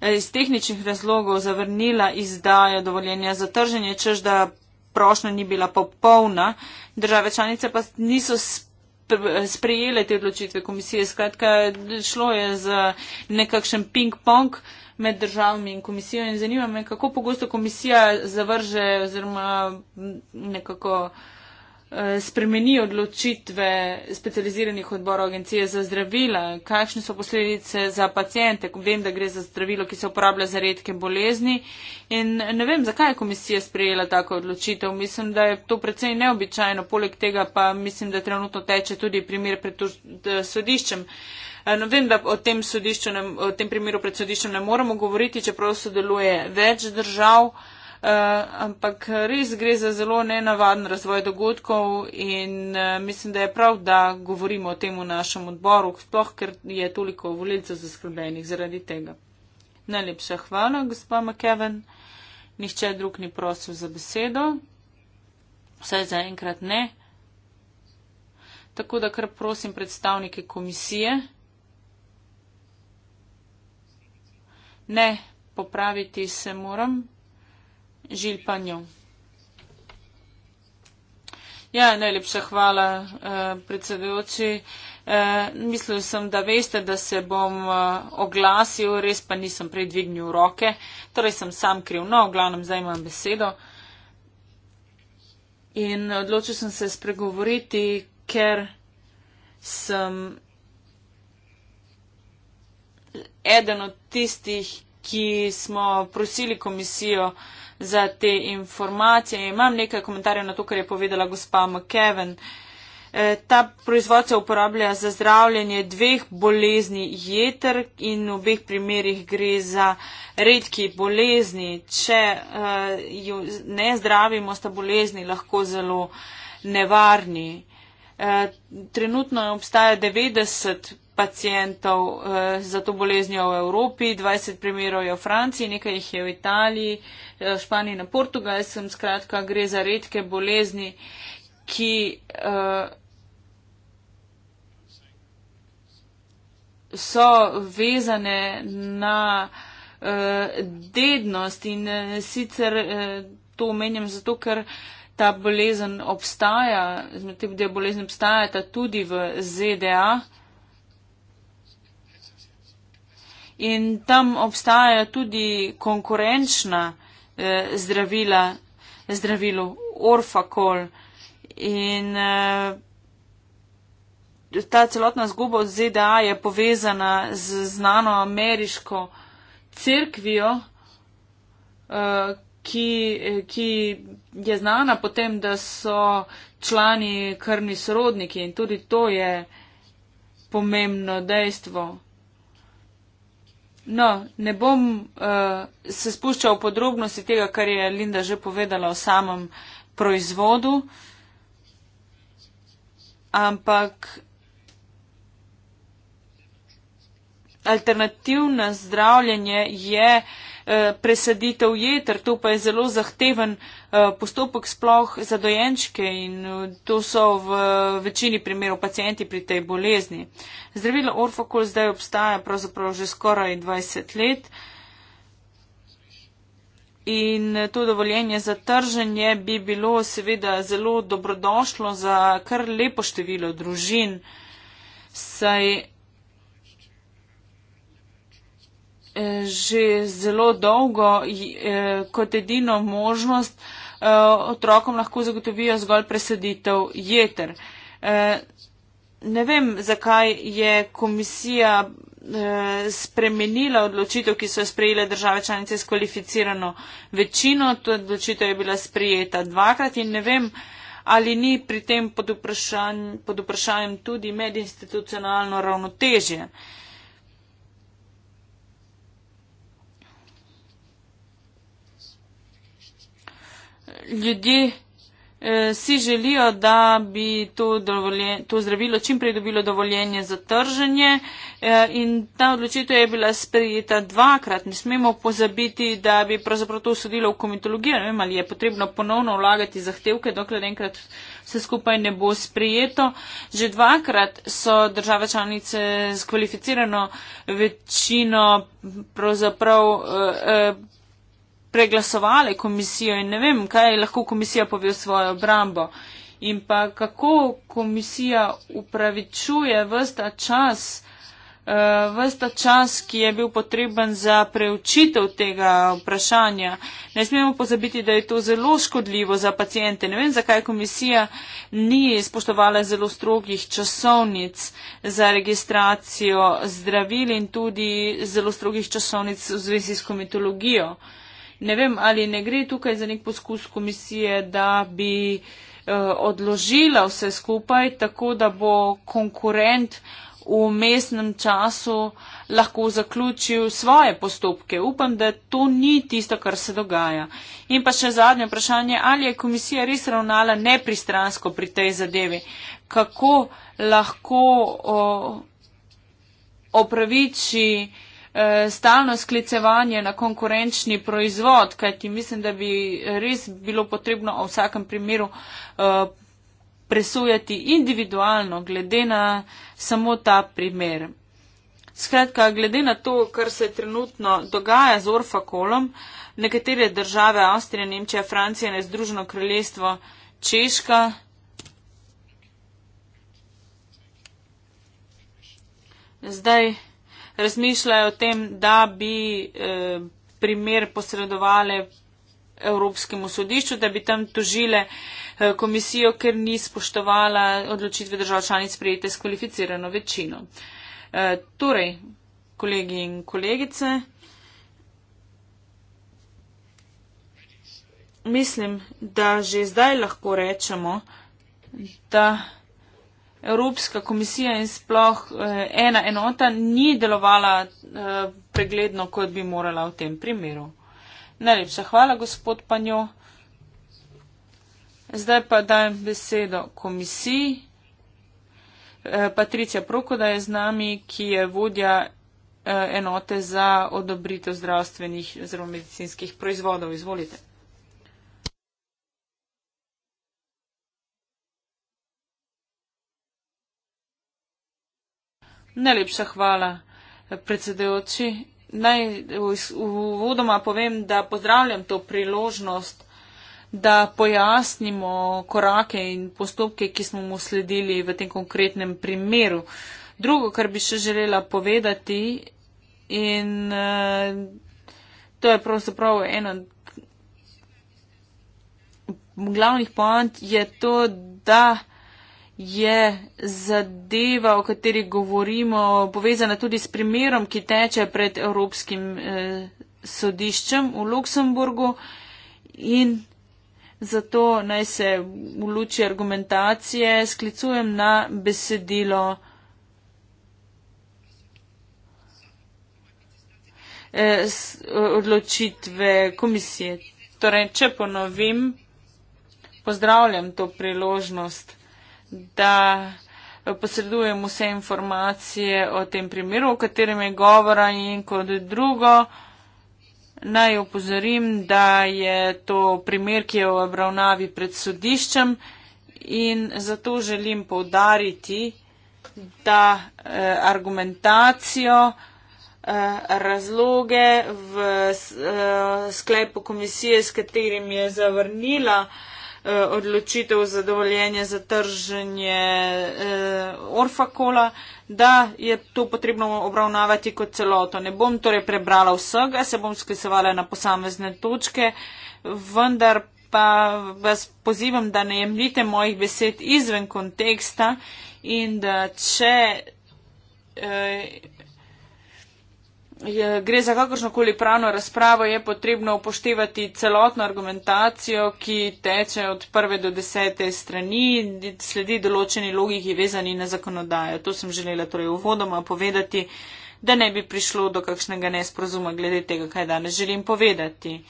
eh, iz tehničnih razlogov zavrnila izdajo dovoljenja za trženje, čež da prošnja ni bila popolna, države članice pa niso sprejele te odločitve komisije. Skratka, šlo je za nekakšen ping-pong. Uh, med državami in komisijo in zanima me, kako pogosto komisija zavrže oziroma nekako eh, spremeni odločitve specializiranih odborov agencije za zdravila, kakšne so posledice za pacijente, vem, da gre za zdravilo, ki se uporablja za redke bolezni in ne vem, zakaj je komisija sprejela tako odločitev. Mislim, da je to predvsej neobičajno, poleg tega pa mislim, da trenutno teče tudi primer pred eh, sodiščem. Uh, Eh, ne vem, da o tem, ne, o tem primeru pred sodiščem ne moremo govoriti, čeprav sodeluje več držav, eh, ampak res gre za zelo nenavaden razvoj dogodkov in eh, mislim, da je prav, da govorimo o tem v našem odboru, sploh ker je toliko volilcev zaskrbljenih zaradi tega. Najlepša hvala, gospa McKeven. Nihče drug ni prosil za besedo. Vsaj za enkrat ne. Tako da kar prosim predstavnike komisije. Ne, popraviti se moram, žil pa njo. Ja, najlepša hvala, eh, predsedujoči. Eh, mislil sem, da veste, da se bom eh, oglasil, res pa nisem predvignil roke, torej sem sam kriv, no, v glavnem zdaj imam besedo. In odločil sem se spregovoriti, ker sem eden od tistih, ki smo prosili komisijo za te informacije. Imam nekaj komentarjev na to, kar je povedala gospa McKeven. E, ta proizvod se uporablja za zdravljenje dveh bolezni jeter in v obeh primerjih gre za redki bolezni. Če uh, jo ne zdravimo, sta bolezni lahko zelo nevarni. Uh, trenutno obstaja 90 pacijentov eh, za to boleznjo v Evropi, 20 primerov je v Franciji, nekaj jih je v Italiji, eh, v Španiji, na Portugalskem. Skratka, gre za redke bolezni, ki. Eh, so vezane na eh, dednost in eh, sicer eh, to omenjam zato, ker ta bolezen obstaja, te bolezni obstajata tudi v ZDA, in tam obstajajo tudi konkurenčna eh, zdravila, zdravilo orfakol in eh, ta celotna zguba od ZDA je povezana z znano ameriško crkvijo, eh, ki, eh, ki je znana potem, da so člani krni sorodniki in tudi to je pomembno dejstvo. No, ne bom uh, se spuščal v podrobnosti tega, kar je Linda že povedala o samem proizvodu, ampak alternativno zdravljenje je uh, Eh, presaditev jeter, to pa je zelo zahteven eh, postopek sploh za dojenčke in eh, to so v večini primerov pacijenti pri tej bolezni. Zdravilo Orfokol zdaj obstaja pravzaprav že skoraj 20 let. In to dovoljenje za trženje bi bilo seveda zelo dobrodošlo za kar lepo število družin. Saj Eh, že zelo dolgo eh, kot edino možnost eh, otrokom lahko zagotovijo zgolj presaditev jeter. Ne vem, zakaj je komisija spremenila odločitev, ki so sprejele države članice s kvalificirano večino. To odločitev je bila sprijeta dvakrat in ne vem, ali ni pri tem pod, vprašanj, pod vprašanjem tudi medinstitucionalno ravnotežje. Uh, ljudje eh, si želijo, da bi to, to zdravilo čim prej dobilo dovoljenje za trženje eh, in ta odločitev je bila sprejeta dvakrat. Ne smemo pozabiti, da bi pravzaprav to usodilo v komitologijo. Ne vem, ali je potrebno ponovno vlagati zahtevke, dokler enkrat vse skupaj ne bo sprejeto. Že dvakrat so države članice z kvalificirano večino pravzaprav. Eh, eh, preglasovali komisijo in ne vem, kaj lahko komisija pove v svojo obrambo. In pa kako komisija upravičuje vsta čas, eh, vsta čas, ki je bil potreben za preučitev tega vprašanja. Ne smemo pozabiti, da je to zelo škodljivo za pacijente. Ne vem, zakaj komisija ni spoštovala zelo strogih časovnic za registracijo zdravil in tudi zelo strogih časovnic v zvezi s komitologijo ne vem, ali ne gre tukaj za nek poskus komisije, da bi eh, odložila vse skupaj, tako da bo konkurent v mestnem času lahko zaključil svoje postopke. Upam, da to ni tisto, kar se dogaja. In pa še zadnje vprašanje, ali je komisija res ravnala nepristransko pri tej zadevi? Kako lahko o, opraviči uh, Eh, stalno sklicevanje na konkurenčni proizvod, kajti mislim, da bi res bilo potrebno o vsakem primeru eh, presujati individualno, glede na samo ta primer. Skratka, glede na to, kar se trenutno dogaja z Orfakolom, nekatere države, Avstrija, Nemčija, Francija, Nezdruženo kraljestvo, Češka, zdaj razmišljajo o tem, da bi eh, primer posredovali Evropskemu sodišču, da bi tam tožile eh, komisijo, ker ni spoštovala odločitve držav članic prijete s kvalificirano večino. Eh, torej, kolegi in kolegice, mislim, da že zdaj lahko rečemo, da. Evropska komisija in sploh eh, ena enota ni delovala eh, pregledno, kot bi morala v tem primeru. Najlepša hvala, gospod Panjo. Zdaj pa dajem besedo komisiji. Eh, Patricija Prokoda je z nami, ki je vodja enote za odobritev zdravstvenih oziroma medicinskih proizvodov. Izvolite. Najlepša hvala, predsedujoči. Naj uvodoma povem, da pozdravljam to priložnost, da pojasnimo korake in postopke, ki smo mu sledili v tem konkretnem primeru. Drugo, kar bi še želela povedati, in to je pravzaprav eno od glavnih poant, je to, da je zadeva, o kateri govorimo, povezana tudi s primerom, ki teče pred Evropskim eh, sodiščem v Luksemburgu in zato naj se v luči argumentacije sklicujem na besedilo. Eh, odločitve komisije. Torej, če ponovim, pozdravljam to priložnost da posredujem vse informacije o tem primeru, o katerem je govora in kot drugo naj upozorim, da je to primer, ki je v obravnavi pred sodiščem in zato želim povdariti, da eh, argumentacijo, eh, razloge v eh, sklepu komisije, s katerim je zavrnila eh, Eh, odločitev za dovoljenje za trženje eh, Orfakola, da je to potrebno obravnavati kot celoto. Ne bom torej prebrala vsega, se bom sklicevala na posamezne točke, vendar pa vas pozivam, da ne jemljite mojih besed izven konteksta in da če. Eh, je, gre za kakršnokoli pravno razpravo, je potrebno upoštevati celotno argumentacijo, ki teče od prve do desete strani in sledi določeni logiki vezani na zakonodajo. To sem želela torej uvodoma povedati, da ne bi prišlo do kakšnega nesprozuma glede tega, kaj danes želim povedati.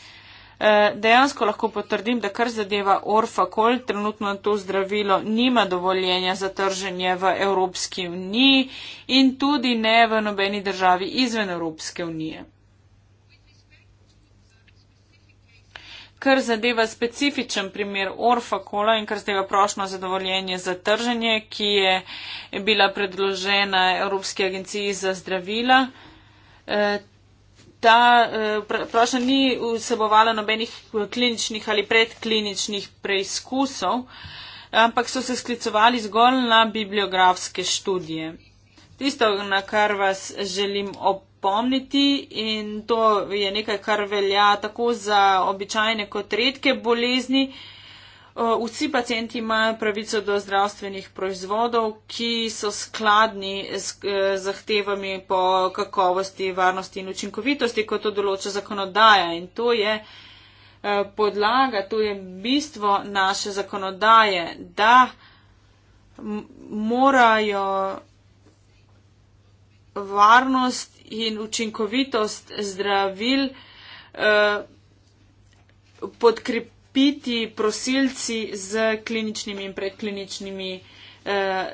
Eh, dejansko lahko potrdim, da kar zadeva Orfakol, trenutno to zdravilo nima dovoljenja za trženje v Evropski uniji in tudi ne v nobeni državi izven Evropske unije. Kar zadeva specifičen primer Orfakola in kar zadeva prošno zadovoljenje za trženje, ki je bila predložena Evropski agenciji za zdravila, eh, ta eh, prošnja ni vsebovala nobenih kliničnih ali predkliničnih preizkusov, ampak so se sklicovali zgolj na bibliografske študije. Tisto, na kar vas želim opomniti in to je nekaj, kar velja tako za običajne kot redke bolezni, Eh, vsi pacijenti imajo pravico do zdravstvenih proizvodov, ki so skladni eh, z zahtevami po kakovosti, varnosti in učinkovitosti, kot to določa zakonodaja. In to je eh, podlaga, to je bistvo naše zakonodaje, da morajo varnost in učinkovitost zdravil eh, podkrepiti biti prosilci z kliničnimi in predkliničnimi eh,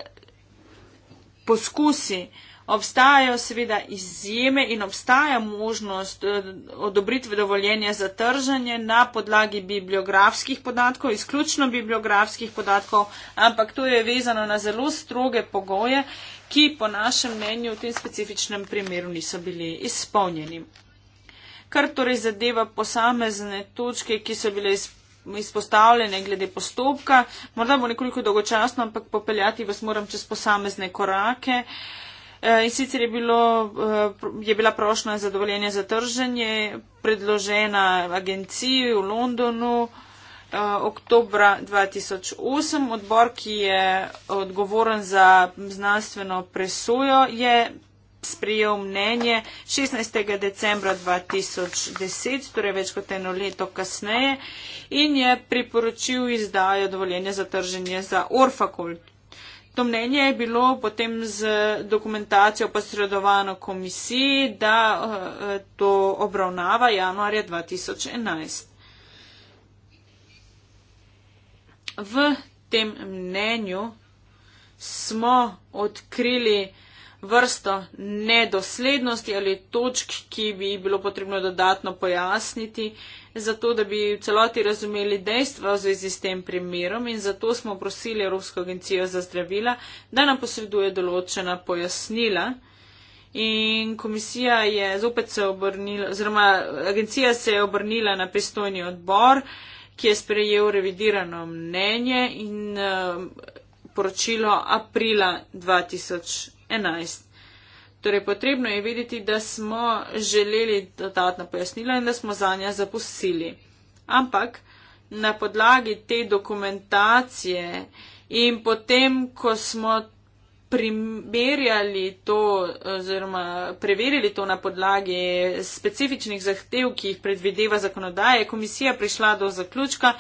poskusi. Obstajajo seveda izjeme in obstaja možnost eh, odobritve dovoljenja za trženje na podlagi bibliografskih podatkov, izključno bibliografskih podatkov, ampak to je vezano na zelo stroge pogoje, ki po našem mnenju v tem specifičnem primeru niso bili izpolnjeni. Kar torej zadeva posamezne točke, ki so bile izpolnjene, izpostavljene glede postopka. Morda bo nekoliko dolgočasno, ampak popeljati vas moram čez posamezne korake. E, in sicer je, bilo, e, je bila prošla zadovoljenja za trženje predložena agenciji v Londonu e, oktobra 2008. Odbor, ki je odgovoren za znanstveno presujo, je sprejel mnenje 16. decembra 2010, torej več kot eno leto kasneje, in je priporočil izdajo dovoljenja za trženje za Orfakol. To mnenje je bilo potem z dokumentacijo posredovano komisiji, da eh, to obravnava januarja 2011. V tem mnenju smo odkrili vrsto nedoslednosti ali točk, ki bi bilo potrebno dodatno pojasniti, zato da bi v celoti razumeli dejstva v zvezi s tem primerom in zato smo prosili Evropsko agencijo za zdravila, da nam posreduje določena pojasnila. In komisija je zopet se obrnila, oziroma agencija se je obrnila na pristojni odbor, ki je sprejel revidirano mnenje in uh, poročilo aprila 2020. 11. Torej, potrebno je vedeti, da smo želeli dodatna pojasnila in da smo za nja zapustili. Ampak na podlagi te dokumentacije in potem, ko smo primerjali to oziroma preverili to na podlagi specifičnih zahtev, ki jih predvideva zakonodaje, komisija prišla do zaključka,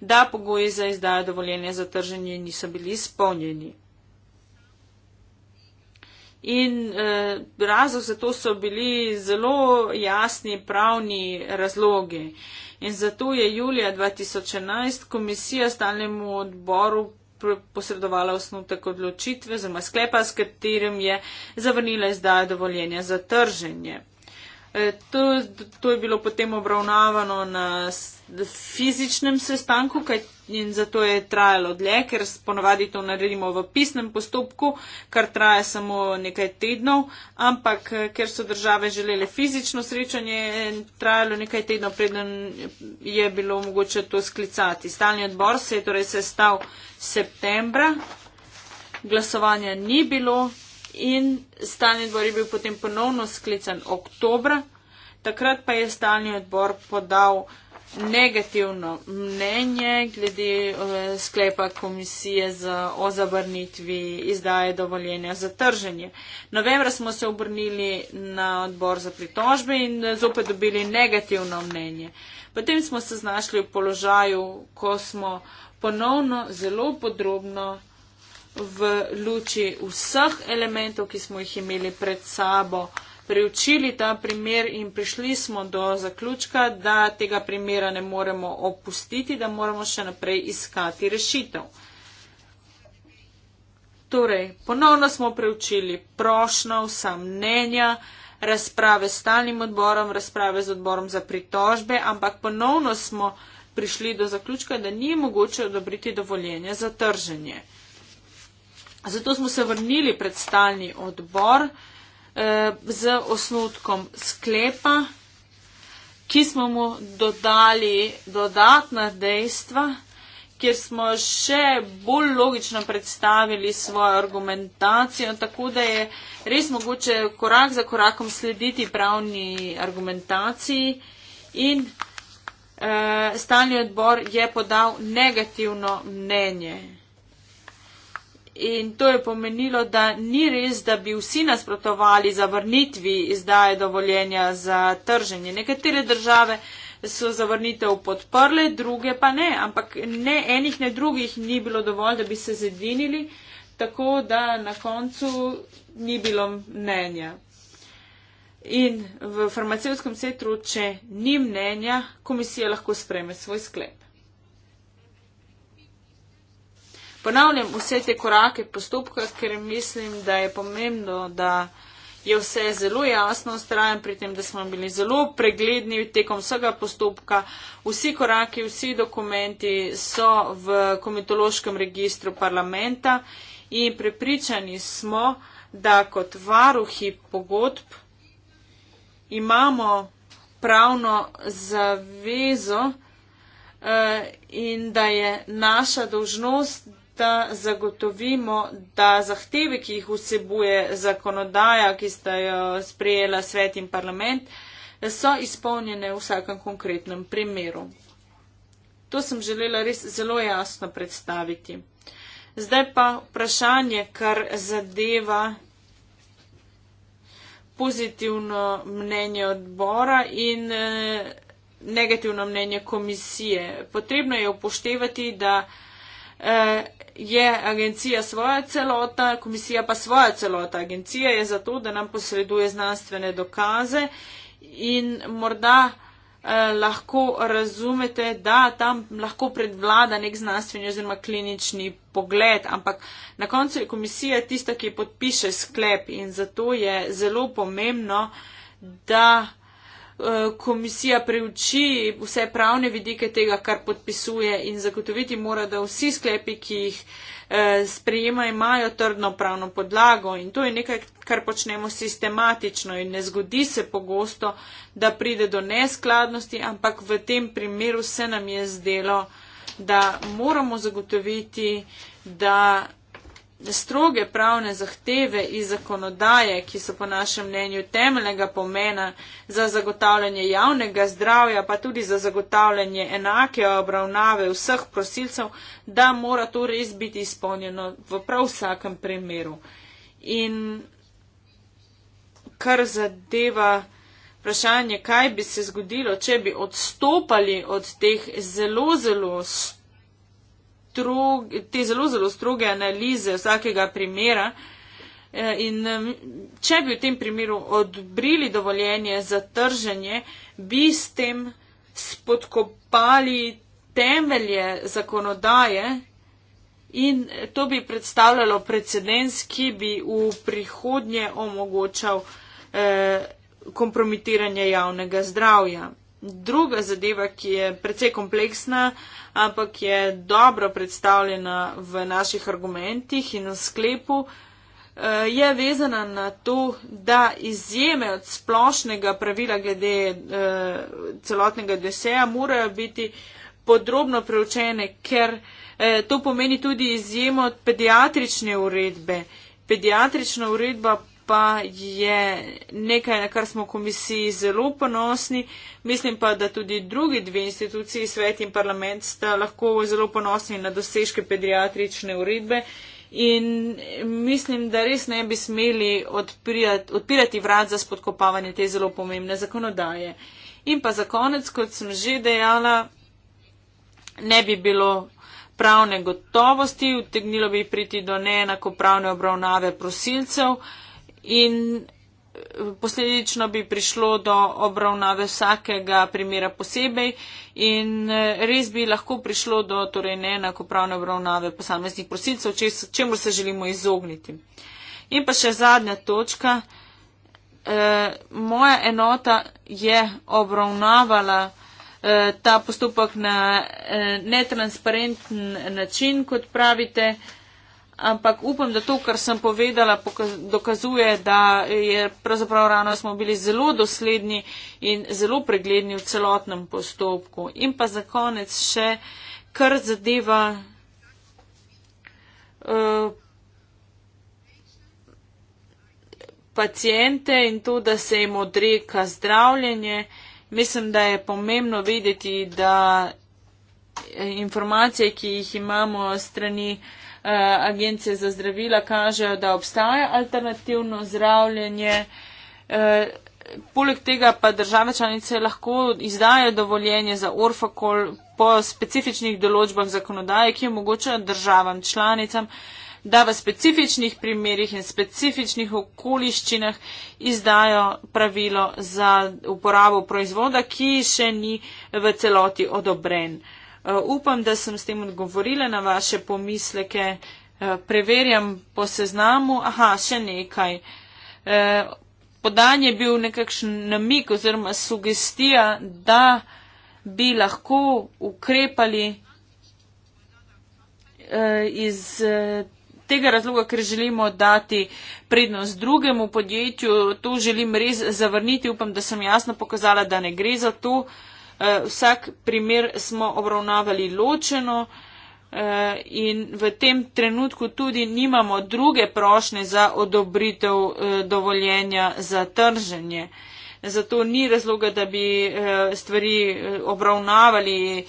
da pogoji za izdajo dovoljenja za trženje niso bili izpolnjeni. In eh, razlog za to so bili zelo jasni pravni razlogi. In zato je julija 2011 komisija stalnemu odboru posredovala osnutek odločitve za masklepa, s katerim je zavrnila izdajo dovoljenja za trženje. Eh, to, to je bilo potem obravnavano na fizičnem sestanku, kaj in zato je trajalo dlje, ker ponovadi to naredimo v pisnem postopku, kar traja samo nekaj tednov, ampak eh, ker so države želeli fizično srečanje, je eh, trajalo nekaj tednov, preden je bilo mogoče to sklicati. Stalni odbor se je torej sestav septembra, glasovanja ni bilo in stalni odbor je bil potem ponovno sklican oktobra. Takrat pa je stalni odbor podal negativno mnenje glede eh, sklepa komisije za ozabrnitvi izdaje dovoljenja za trženje. Novembra smo se obrnili na odbor za pritožbe in zopet dobili negativno mnenje. Potem smo se znašli v položaju, ko smo ponovno zelo podrobno v luči vseh elementov, ki smo jih imeli pred sabo, preučili ta primer in prišli smo do zaključka, da tega primera ne moremo opustiti, da moramo še naprej iskati rešitev. Torej, ponovno smo preučili prošno, vsa mnenja, razprave s stalnim odborom, razprave z odborom za pritožbe, ampak ponovno smo prišli do zaključka, da ni mogoče odobriti dovoljenja za trženje. Zato smo se vrnili pred stalni odbor. Eh, z osnutkom sklepa, ki smo mu dodali dodatna dejstva, kjer smo še bolj logično predstavili svojo argumentacijo, tako da je res mogoče korak za korakom slediti pravni argumentaciji in e, stalni odbor je podal negativno mnenje. In to je pomenilo, da ni res, da bi vsi nasprotovali zavrnitvi izdaje dovoljenja za trženje. Nekatere države so zavrnitev podprle, druge pa ne, ampak ne enih, ne drugih ni bilo dovolj, da bi se zedinili, tako da na koncu ni bilo mnenja. In v farmacevskem centru, če ni mnenja, komisija lahko spreme svoj sklep. ponavljam vse te korake postopka, ker mislim, da je pomembno, da je vse zelo jasno, ustrajam pri tem, da smo bili zelo pregledni tekom vsega postopka. Vsi koraki, vsi dokumenti so v komitološkem registru parlamenta in prepričani smo, da kot varuhi pogodb imamo pravno zavezo eh, in da je naša dožnost, da zagotovimo, da zahteve, ki jih vsebuje zakonodaja, ki sta jo sprejela svet in parlament, so izpolnjene v vsakem konkretnem primeru. To sem želela res zelo jasno predstaviti. Zdaj pa vprašanje, kar zadeva pozitivno mnenje odbora in eh, negativno mnenje komisije. Potrebno je upoštevati, da je agencija svoja celota, komisija pa svoja celota. Agencija je zato, da nam posreduje znanstvene dokaze in morda eh, lahko razumete, da tam lahko predvlada nek znanstveni oziroma klinični pogled, ampak na koncu je komisija tista, ki podpiše sklep in zato je zelo pomembno, da Eh, komisija preuči vse pravne vidike tega, kar podpisuje in zagotoviti mora, da vsi sklepi, ki jih eh, sprejema, imajo trdno pravno podlago. In to je nekaj, kar počnemo sistematično in ne zgodi se pogosto, da pride do neskladnosti, ampak v tem primeru se nam je zdelo, da moramo zagotoviti, da stroge pravne zahteve iz zakonodaje, ki so po našem mnenju temeljnega pomena za zagotavljanje javnega zdravja, pa tudi za zagotavljanje enake obravnave vseh prosilcev, da mora to res biti izpolnjeno v prav vsakem primeru. In kar zadeva vprašanje, kaj bi se zgodilo, če bi odstopali od teh zelo, zelo strogih, strog, te zelo, zelo stroge analize vsakega primera. Eh, in mm, če bi v tem primeru odbrili dovoljenje za trženje, bi s tem spodkopali temelje zakonodaje in to bi predstavljalo precedens, ki bi v prihodnje omogočal eh, kompromitiranje javnega zdravja. Druga zadeva, ki je precej kompleksna, ampak je dobro predstavljena v naših argumentih in v sklepu, eh, je vezana na to, da izjeme od splošnega pravila glede eh, celotnega deseja morajo biti podrobno preučene, ker eh, to pomeni tudi izjemo od pediatrične uredbe. Pediatrična uredba pa je nekaj, na kar smo v komisiji zelo ponosni. Mislim pa, da tudi drugi dve instituciji, svet in parlament, sta lahko zelo ponosni na dosežke pediatrične uredbe. In mislim, da res ne bi smeli odpirati, odpirati vrat za spodkopavanje te zelo pomembne zakonodaje. In pa za konec, kot sem že dejala, ne bi bilo pravne gotovosti, utegnilo bi priti do neenakopravne obravnave prosilcev. Uh, in eh, posledično bi prišlo do obravnave vsakega primera posebej in eh, res bi lahko prišlo do torej, neenakopravne obravnave posameznih prosilcev, čemu se želimo izogniti. In pa še zadnja točka. E, moja enota je obravnavala e, ta postopek na e, netransparenten način, kot pravite. E, ampak upam, da to, kar sem povedala, dokazuje, da je pravzaprav ravno smo bili zelo dosledni in zelo pregledni v celotnem postopku. In pa za konec še, kar zadeva uh, eh, pacijente in to, da se jim odreka zdravljenje. Mislim, da je pomembno vedeti, da eh, informacije, ki jih imamo strani uh, Eh, agencije za zdravila kažejo, da obstaja alternativno zdravljenje. Eh, poleg tega pa države članice lahko izdajo dovoljenje za orfakol po specifičnih določbah zakonodaje, ki omogočajo državam članicam, da v specifičnih primerjih in specifičnih okoliščinah izdajo pravilo za uporabo proizvoda, ki še ni v celoti odobren. Uh, Uh, upam, da sem s tem odgovorila na vaše pomisleke. Uh, preverjam po seznamu. Aha, še nekaj. Uh, Podanje je bil nekakšen namik oziroma sugestija, da bi lahko ukrepali iz tega razloga, ker želimo dati prednost drugemu podjetju. To želim res zavrniti. Upam, da sem jasno pokazala, da ne gre za to. Eh, vsak primer smo obravnavali ločeno eh, in v tem trenutku tudi nimamo druge prošnje za odobritev eh, dovoljenja za trženje. Zato ni razloga, da bi stvari obravnavali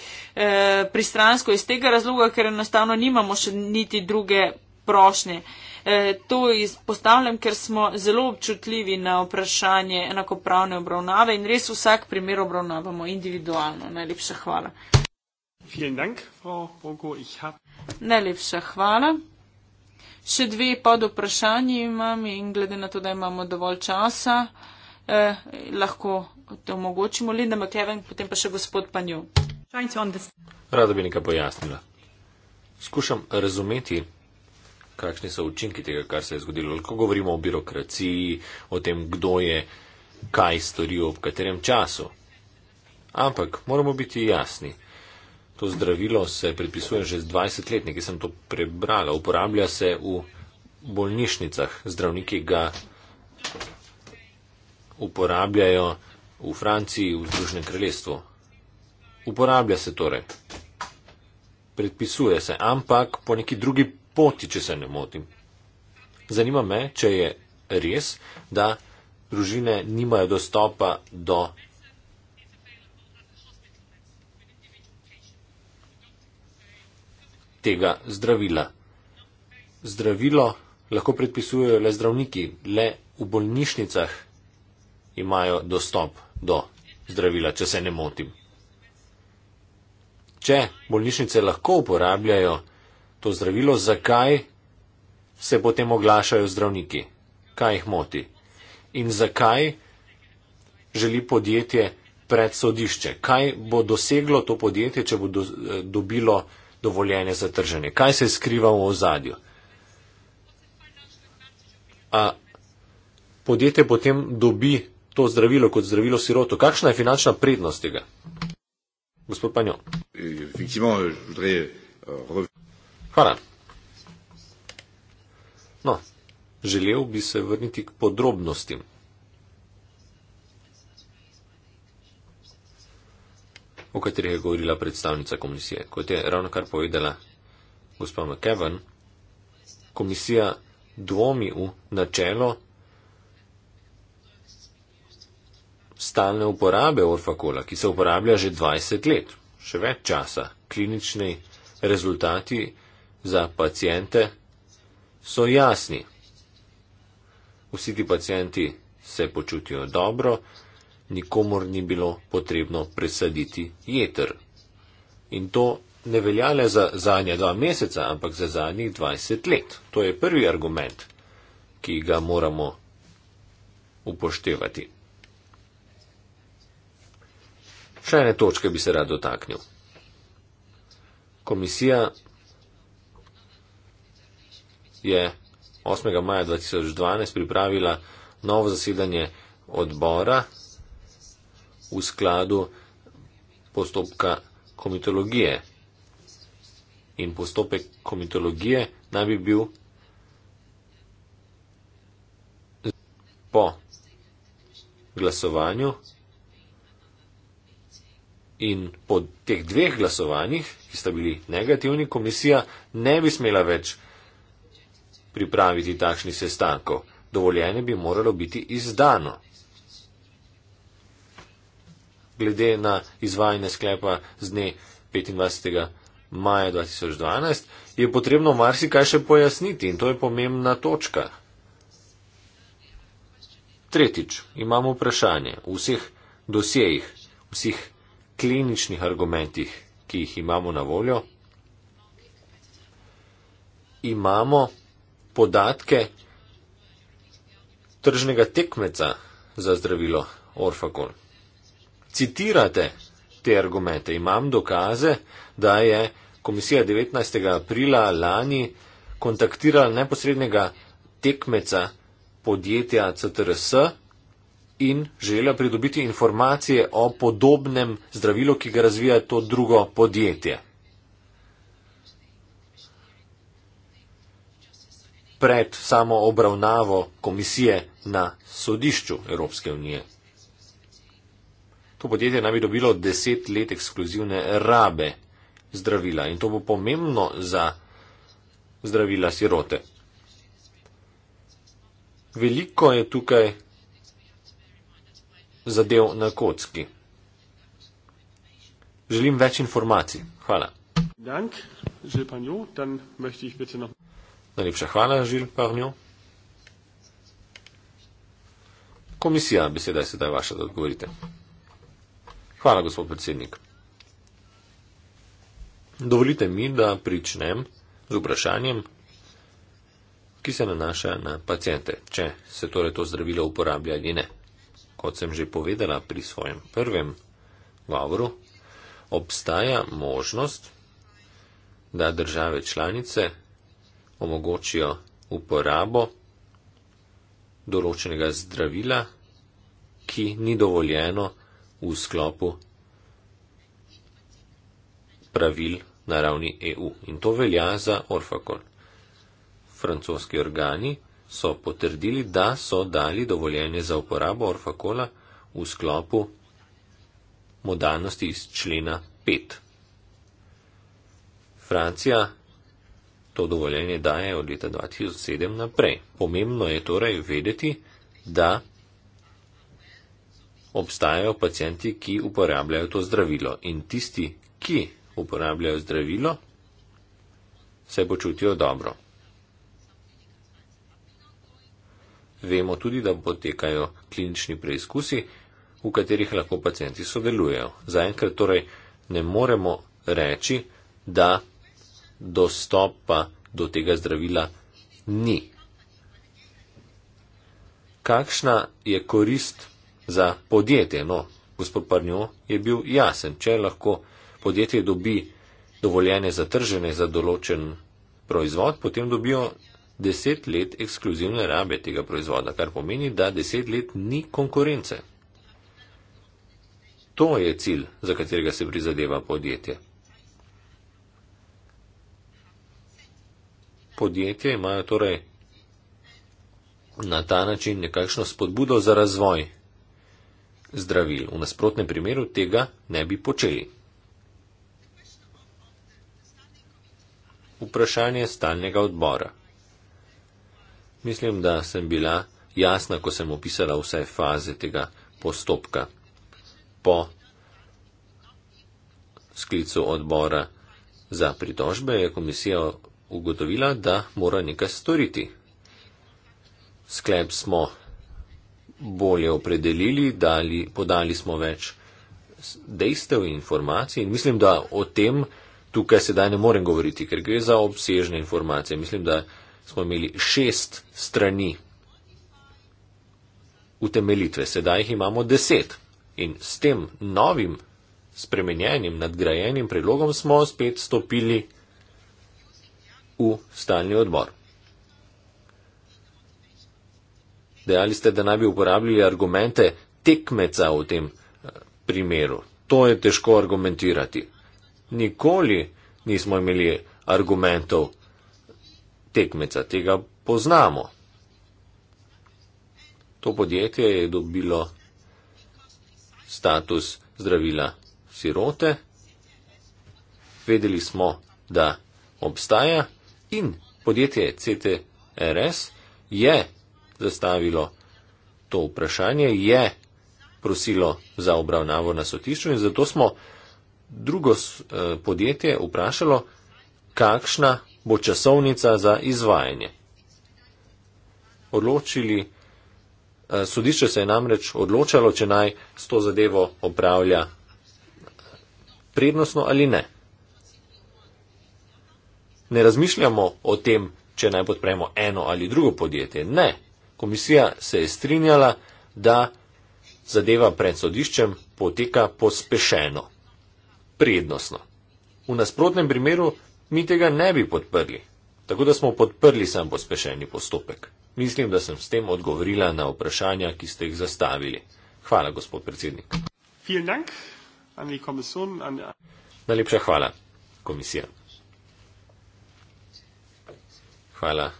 pristransko iz tega razloga, ker enostavno nimamo še niti druge prošnje. E, to izpostavljam, ker smo zelo občutljivi na vprašanje enakopravne obravnave in res vsak primer obravnavamo individualno. Najlepša hvala. Dank, Bogo, hab... Najlepša hvala. Še dve pod vprašanji imam in glede na to, da imamo dovolj časa, eh, lahko to omogočimo. Linda McKeven, potem pa še gospod Panjo. Rada bi nekaj pojasnila. Skušam razumeti kakšni so učinki tega, kar se je zgodilo. Lahko govorimo o birokraciji, o tem, kdo je kaj storil v katerem času. Ampak moramo biti jasni. To zdravilo se predpisuje že z 20 let, nekaj sem to prebrala. Uporablja se v bolnišnicah. Zdravniki ga uporabljajo v Franciji, v Združenem kraljestvu. Uporablja se torej. Predpisuje se, ampak po neki drugi poti, če se ne motim. Zanima me, če je res, da družine nimajo dostopa do tega zdravila. Zdravilo lahko predpisujejo le zdravniki, le v bolnišnicah imajo dostop do zdravila, če se ne motim. Če bolnišnice lahko uporabljajo to zdravilo, zakaj se potem oglašajo zdravniki, kaj jih moti in zakaj želi podjetje pred sodišče, kaj bo doseglo to podjetje, če bo do, eh, dobilo dovoljenje za trženje, kaj se skriva v ozadju. A podjetje potem dobi to zdravilo kot zdravilo siroto. Kakšna je finančna prednost tega? Gospod Panjo. E, Hvala. No, želel bi se vrniti k podrobnostim. O katerih je govorila predstavnica komisije. Kot je ravno kar povedala gospod McKevan, komisija dvomi v načelo stalne uporabe orfakola, ki se uporablja že 20 let, še več časa. Klinični rezultati za pacijente so jasni. Vsi ti pacijenti se počutijo dobro, nikomor ni bilo potrebno presaditi jeter. In to ne velja le za zadnja dva meseca, ampak za zadnjih 20 let. To je prvi argument, ki ga moramo upoštevati. Še ene točke bi se rad dotaknil. Komisija je 8. maja 2012 pripravila novo zasedanje odbora v skladu postopka komitologije. In postopek komitologije naj bi bil po glasovanju in po teh dveh glasovanjih, ki sta bili negativni, komisija ne bi smela več pripraviti takšni sestanko. Dovoljenje bi moralo biti izdano. Glede na izvajanje sklepa z dne 25. maja 2012 je potrebno marsikaj še pojasniti in to je pomembna točka. Tretjič, imamo vprašanje v vseh dosjejih, vseh kliničnih argumentih, ki jih imamo na voljo. Imamo podatke tržnega tekmeca za zdravilo Orfakon. Citirate te argumente. Imam dokaze, da je komisija 19. aprila lani kontaktirala neposrednega tekmeca podjetja CTRS in želela pridobiti informacije o podobnem zdravilu, ki ga razvija to drugo podjetje. pred samo obravnavo komisije na sodišču Evropske unije. To podjetje naj bi dobilo deset let ekskluzivne rabe zdravila in to bo pomembno za zdravila sirote. Veliko je tukaj zadev na kocki. Želim več informacij. Hvala. Dank, Najlepša hvala, Žil Pavnjo. Komisija, beseda je sedaj vaša, da odgovorite. Hvala, gospod predsednik. Dovolite mi, da pričnem z vprašanjem, ki se nanaša na pacijente, če se torej to zdravilo uporablja ali ne. Kot sem že povedala pri svojem prvem govoru, obstaja možnost, da države članice omogočijo uporabo določenega zdravila, ki ni dovoljeno v sklopu pravil na ravni EU. In to velja za Orfakon. Francoski organi so potrdili, da so dali dovoljenje za uporabo Orfakola v sklopu modalnosti iz člena 5. Francija To dovoljenje daje od leta 2007 naprej. Pomembno je torej vedeti, da obstajajo pacijenti, ki uporabljajo to zdravilo in tisti, ki uporabljajo zdravilo, se počutijo dobro. Vemo tudi, da potekajo klinični preizkusi, v katerih lahko pacijenti sodelujejo. Zaenkrat torej ne moremo reči, da dostopa do tega zdravila ni. Kakšna je korist za podjetje? No, gospod Parnjo je bil jasen, če lahko podjetje dobi dovoljenje za tržene za določen proizvod, potem dobijo deset let ekskluzivne rabe tega proizvoda, kar pomeni, da deset let ni konkurence. To je cilj, za katerega se prizadeva podjetje. podjetja imajo torej na ta način nekakšno spodbudo za razvoj zdravil. V nasprotnem primeru tega ne bi počeli. Vprašanje stalnega odbora. Mislim, da sem bila jasna, ko sem opisala vse faze tega postopka. Po sklicu odbora za pritožbe je komisija ugotovila, da mora nekaj storiti. Sklep smo bolje opredelili, dali, podali smo več dejstev in informacij in mislim, da o tem tukaj sedaj ne morem govoriti, ker gre za obsežne informacije. Mislim, da smo imeli šest strani utemelitve, sedaj jih imamo deset in s tem novim spremenjenim, nadgrajenim predlogom smo spet stopili v stalni odbor. Dejali ste, da naj bi uporabljali argumente tekmeca v tem eh, primeru. To je težko argumentirati. Nikoli nismo imeli argumentov tekmeca, tega poznamo. To podjetje je dobilo status zdravila sirote. Vedeli smo, da obstaja in podjetje CTRS je zastavilo to vprašanje, je prosilo za obravnavo na sotišču in zato smo drugo eh, podjetje vprašalo, kakšna bo časovnica za izvajanje. Odločili, eh, sodišče se je namreč odločalo, če naj s to zadevo opravlja eh, prednostno ali ne ne razmišljamo o tem, če naj podpremo eno ali drugo podjetje. Ne. Komisija se je strinjala, da zadeva pred sodiščem poteka pospešeno, prednostno. V nasprotnem primeru mi tega ne bi podprli. Tako da smo podprli sam pospešeni postopek. Mislim, da sem s tem odgovorila na vprašanja, ki ste jih zastavili. Hvala, gospod predsednik. Najlepša hvala, komisija hvala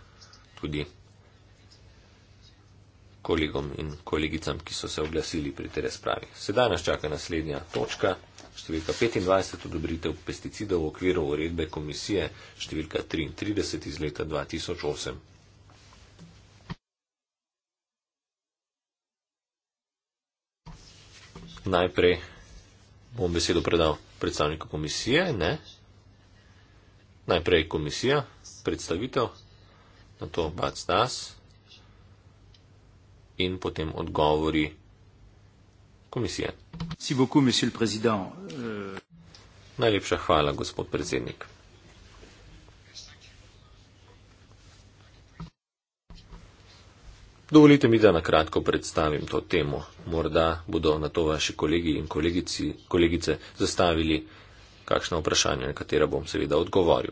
tudi kolegom in kolegicam, ki so se oglasili pri tej razpravi. Sedaj nas čaka naslednja točka, številka 25, odobritev pesticidov v okviru uredbe komisije, številka 33 iz leta 2008. Najprej bom besedo predal predstavniku komisije, ne? Najprej komisija, predstavitev na to bacdas in potem odgovori komisije. Si boku, monsieur president. Euh, Najlepša hvala, gospod predsednik. Dovolite mi, da na kratko predstavim to temo. Morda bodo na to vaši kolegi in kolegici, kolegice zastavili kakšno vprašanje, na katera bom seveda odgovoril.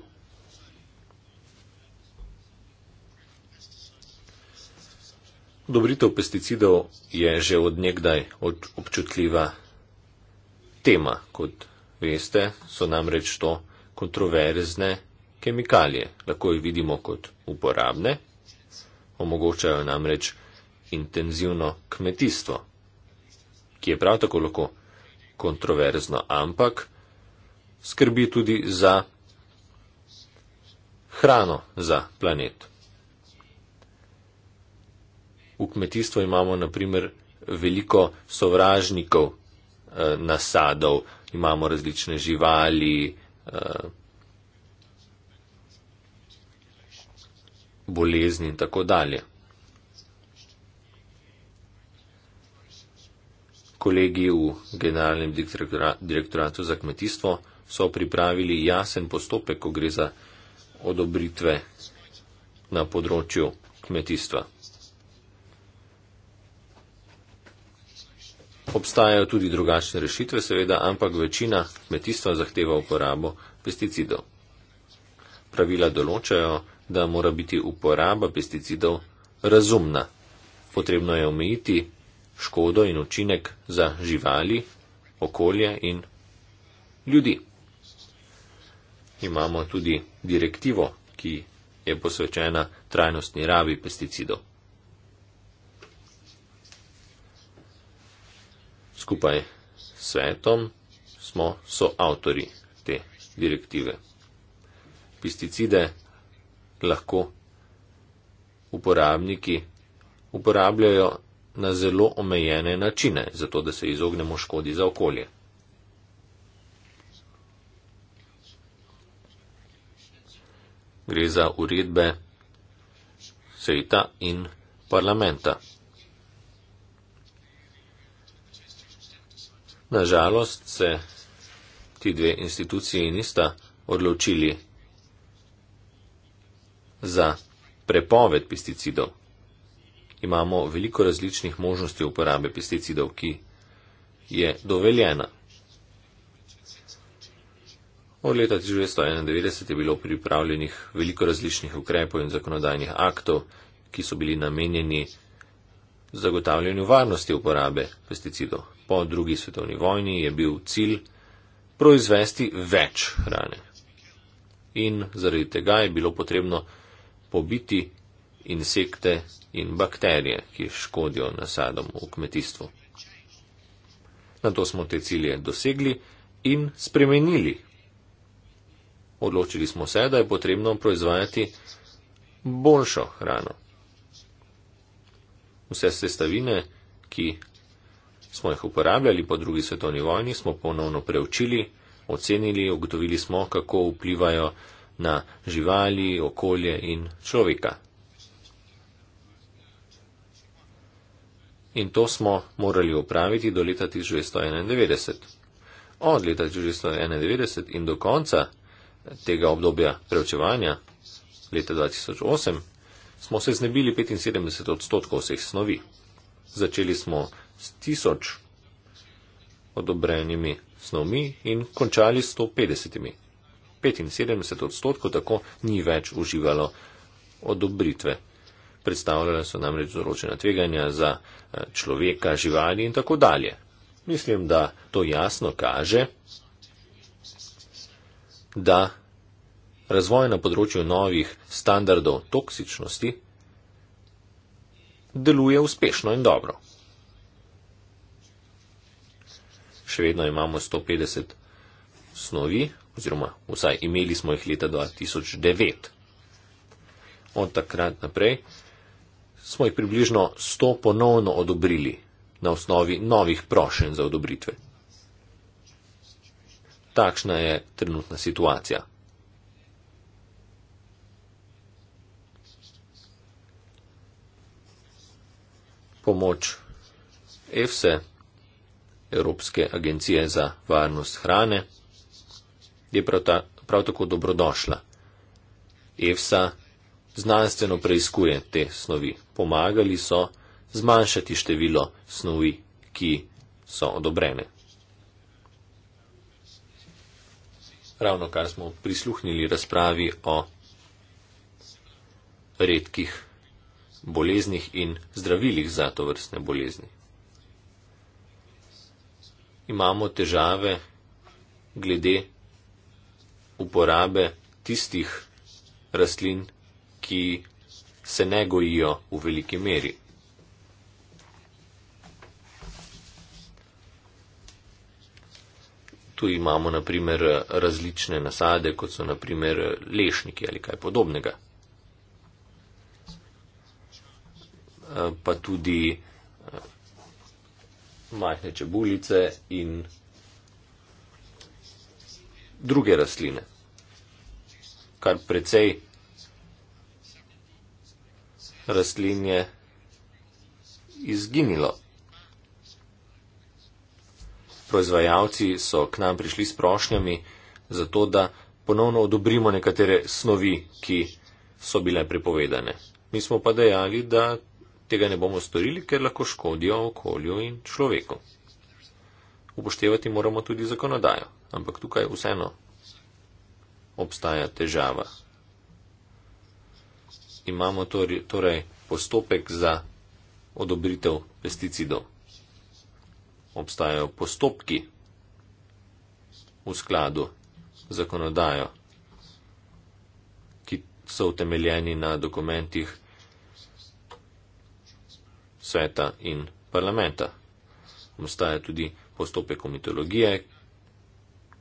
Odobritev pesticidov je že od nekdaj občutljiva tema, kot veste, so namreč to kontroverzne kemikalije. Lahko jih vidimo kot uporabne, omogočajo namreč intenzivno kmetijstvo, ki je prav tako lahko kontroverzno, ampak skrbi tudi za hrano za planet. V kmetijstvu imamo naprimer veliko sovražnikov eh, nasadov, imamo različne živali, eh, bolezni in tako dalje. Kolegi v Generalnem direktoratu za kmetijstvo so pripravili jasen postopek, ko gre za odobritve na področju kmetijstva. Obstajajo tudi drugačne rešitve, seveda, ampak večina kmetijstva zahteva uporabo pesticidov. Pravila določajo, da mora biti uporaba pesticidov razumna. Potrebno je omejiti škodo in učinek za živali, okolje in ljudi. Imamo tudi direktivo, ki je posvečena trajnostni rabi pesticidov. skupaj s svetom smo soavtori te direktive. Pesticide lahko uporabniki uporabljajo na zelo omejene načine, zato da se izognemo škodi za okolje. Gre za uredbe sveta in parlamenta. Nažalost se ti dve instituciji nista odločili za prepoved pesticidov. Imamo veliko različnih možnosti uporabe pesticidov, ki je doveljena. Od leta 1991 je bilo pripravljenih veliko različnih ukrepov in zakonodajnih aktov, ki so bili namenjeni zagotavljanju varnosti uporabe pesticidov po drugi svetovni vojni je bil cilj proizvesti več hrane. In zaradi tega je bilo potrebno pobiti insekte in bakterije, ki škodijo nasadom v kmetijstvu. Na to smo te cilje dosegli in spremenili. Odločili smo se, da je potrebno proizvajati boljšo hrano. Vse sestavine, ki smo jih uporabljali po drugi svetovni vojni, smo ponovno preučili, ocenili, ugotovili smo, kako vplivajo na živali, okolje in človeka. In to smo morali upraviti do leta 1991. Od leta 1991 in do konca tega obdobja preučevanja, leta 2008, smo se znebili 75 odstotkov vseh snovi. Začeli smo tisoč odobrenimi snovmi in končali 150. 75 odstotkov tako ni več uživalo odobritve. Predstavljale so namreč zoročena tveganja za eh, človeka, živali in tako dalje. Mislim, da to jasno kaže, da razvoj na področju novih standardov toksičnosti deluje uspešno in dobro. še vedno imamo 150 snovi, oziroma vsaj imeli smo jih leta 2009. Od takrat naprej smo jih približno 100 ponovno odobrili na osnovi novih prošenj za odobritve. Takšna je trenutna situacija. Pomoč EFSE Evropske agencije za varnost hrane, je prav, ta, prav tako dobrodošla. EFSA znanstveno preizkuje te snovi. Pomagali so zmanjšati število snovi, ki so odobrene. Ravno kar smo prisluhnili razpravi o redkih boleznih in zdravilih za to vrstne bolezni imamo težave glede uporabe tistih rastlin, ki se ne gojijo v veliki meri. Tu imamo naprimer različne nasade, kot so naprimer lešniki ali kaj podobnega. Pa tudi majhne čebulice in druge rastline, kar precej rastlin je izginilo. Proizvajalci so k nam prišli s prošnjami za to, da ponovno odobrimo nekatere snovi, ki so bile prepovedane. Mi smo pa dejali, da tega ne bomo storili, ker lahko škodijo okolju in človeku. Upoštevati moramo tudi zakonodajo, ampak tukaj vseeno obstaja težava. Imamo torej postopek za odobritev pesticidov. Obstajajo postopki v skladu z zakonodajo, ki so utemeljeni na dokumentih sveta in parlamenta. Obstaja tudi postopek komitologije,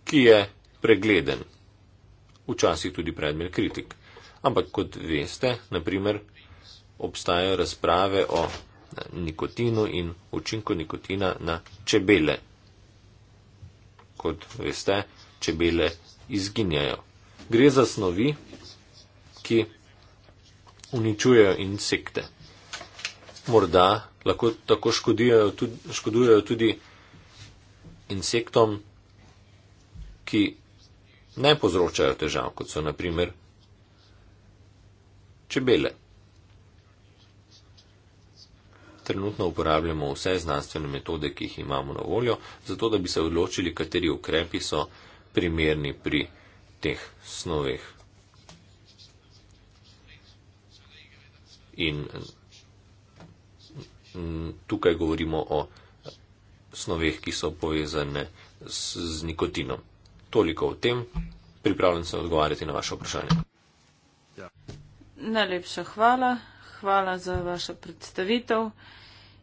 ki je pregleden, včasih tudi predmet kritik. Ampak kot veste, naprimer, obstajajo razprave o eh, nikotinu in učinko nikotina na čebele. Kot veste, čebele izginjajo. Gre za snovi, ki uničujejo insekte morda lahko tako škodujejo tudi, škodujejo tudi insektom, ki ne povzročajo težav, kot so naprimer čebele. Trenutno uporabljamo vse znanstvene metode, ki jih imamo na voljo, zato da bi se odločili, kateri ukrepi so primerni pri teh snoveh. In Mm, tukaj govorimo o snoveh, ki so povezane z, z nikotinom. Toliko o tem, pripravljen sem odgovarjati na vaše vprašanje. Ja. Najlepša hvala, hvala za vašo predstavitev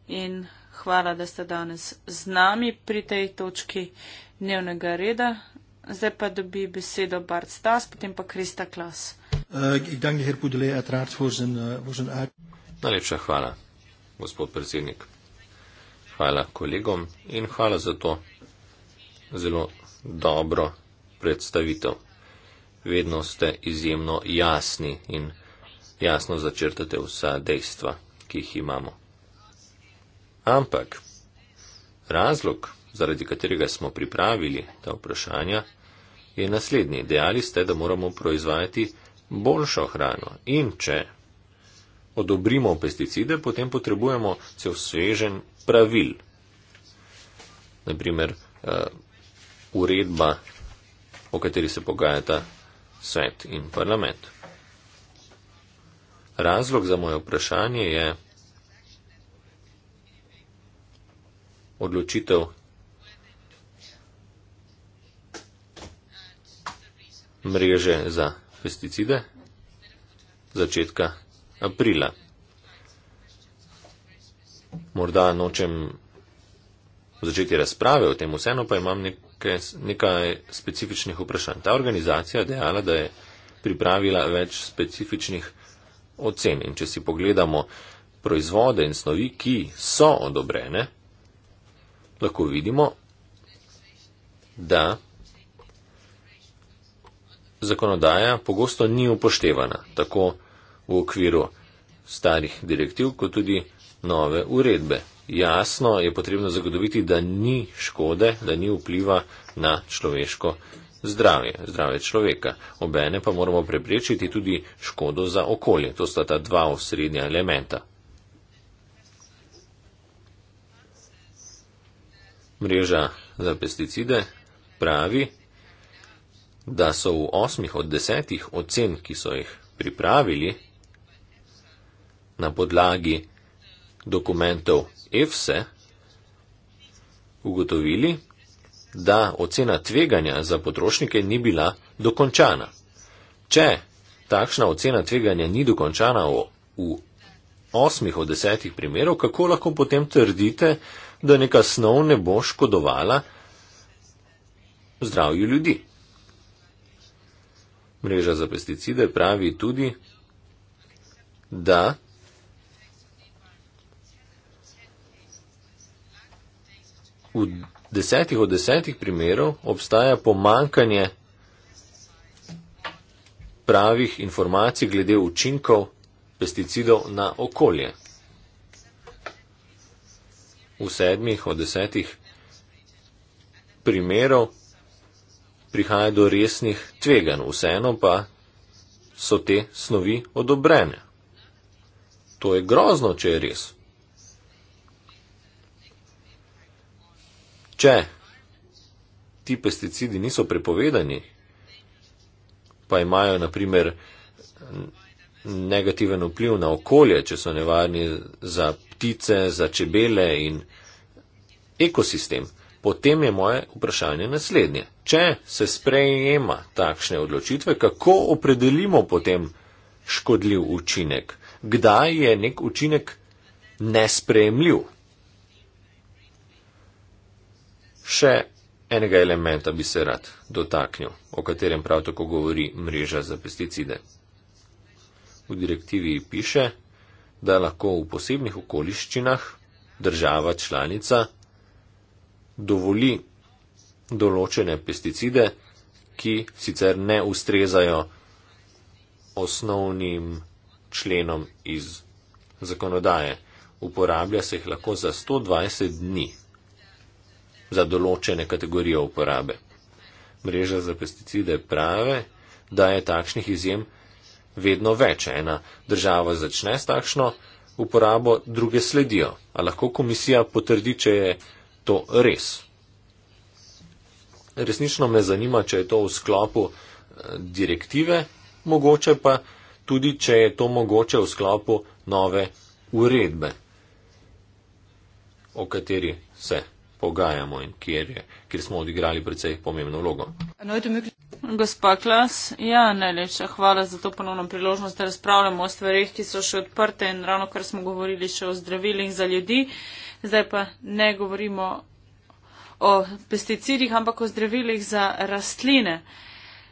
in hvala, da ste danes z nami pri tej točki dnevnega reda. Zdaj pa dobi besedo Bart Stas, potem pa Krista Klas. Uh, Najlepša hvala gospod predsednik. Hvala kolegom in hvala za to zelo dobro predstavitev. Vedno ste izjemno jasni in jasno začrtate vsa dejstva, ki jih imamo. Ampak razlog, zaradi katerega smo pripravili ta vprašanja, je naslednji. Dejali ste, da moramo proizvajati boljšo hrano in če odobrimo pesticide, potem potrebujemo cel svežen pravil. Naprimer, uh, eh, uredba, o kateri se pogajata svet in parlament. Razlog za moje vprašanje je odločitev mreže za pesticide začetka aprila. Morda nočem začeti razprave o tem, vseeno pa imam nekaj, nekaj specifičnih vprašanj. Ta organizacija je dejala, da je pripravila več specifičnih ocen in če si pogledamo proizvode in snovi, ki so odobrene, lahko vidimo, da zakonodaja pogosto ni upoštevana. Tako v okviru starih direktiv, kot tudi nove uredbe. Jasno je potrebno zagotoviti, da ni škode, da ni vpliva na človeško zdravje, zdravje človeka. Obene pa moramo preprečiti tudi škodo za okolje. To sta ta dva osrednja elementa. Mreža za pesticide pravi, da so v osmih od desetih ocen, ki so jih pripravili, na podlagi dokumentov EFSE ugotovili, da ocena tveganja za potrošnike ni bila dokončana. Če takšna ocena tveganja ni dokončana v, v osmih od desetih primerov, kako lahko potem trdite, da neka snov ne bo škodovala zdravju ljudi? Mreža za pesticide pravi tudi, da v desetih od desetih primerov obstaja pomankanje pravih informacij glede učinkov pesticidov na okolje. V sedmih od desetih primerov prihaja do resnih tvegan, vseeno pa so te snovi odobrene. To je grozno, če je res. če ti pesticidi niso prepovedani, pa imajo naprimer negativen vpliv na okolje, če so nevarni za ptice, za čebele in ekosistem, potem je moje vprašanje naslednje. Če se sprejema takšne odločitve, kako opredelimo potem škodljiv učinek? Kdaj je nek učinek nesprejemljiv? Še enega elementa bi se rad dotaknil, o katerem prav tako govori mreža za pesticide. V direktivi piše, da lahko v posebnih okoliščinah država članica dovoli določene pesticide, ki sicer ne ustrezajo osnovnim členom iz zakonodaje. Uporablja se jih lahko za 120 dni za določene kategorije uporabe. Mreža za pesticide prave, da je takšnih izjem vedno več. Ena država začne s takšno uporabo, druge sledijo. A lahko komisija potrdi, če je to res? Resnično me zanima, če je to v sklopu eh, direktive, mogoče pa tudi, če je to mogoče v sklopu nove uredbe, o kateri se pogajamo in kjer, je, kjer smo odigrali predvsej pomembno vlogo. No, Gospa Klas, ja, najlepša hvala za to ponovno priložnost, da razpravljamo o stvarih, ki so še odprte in ravno kar smo govorili še o zdravilih za ljudi. Zdaj pa ne govorimo o pesticidih, ampak o zdravilih za rastline.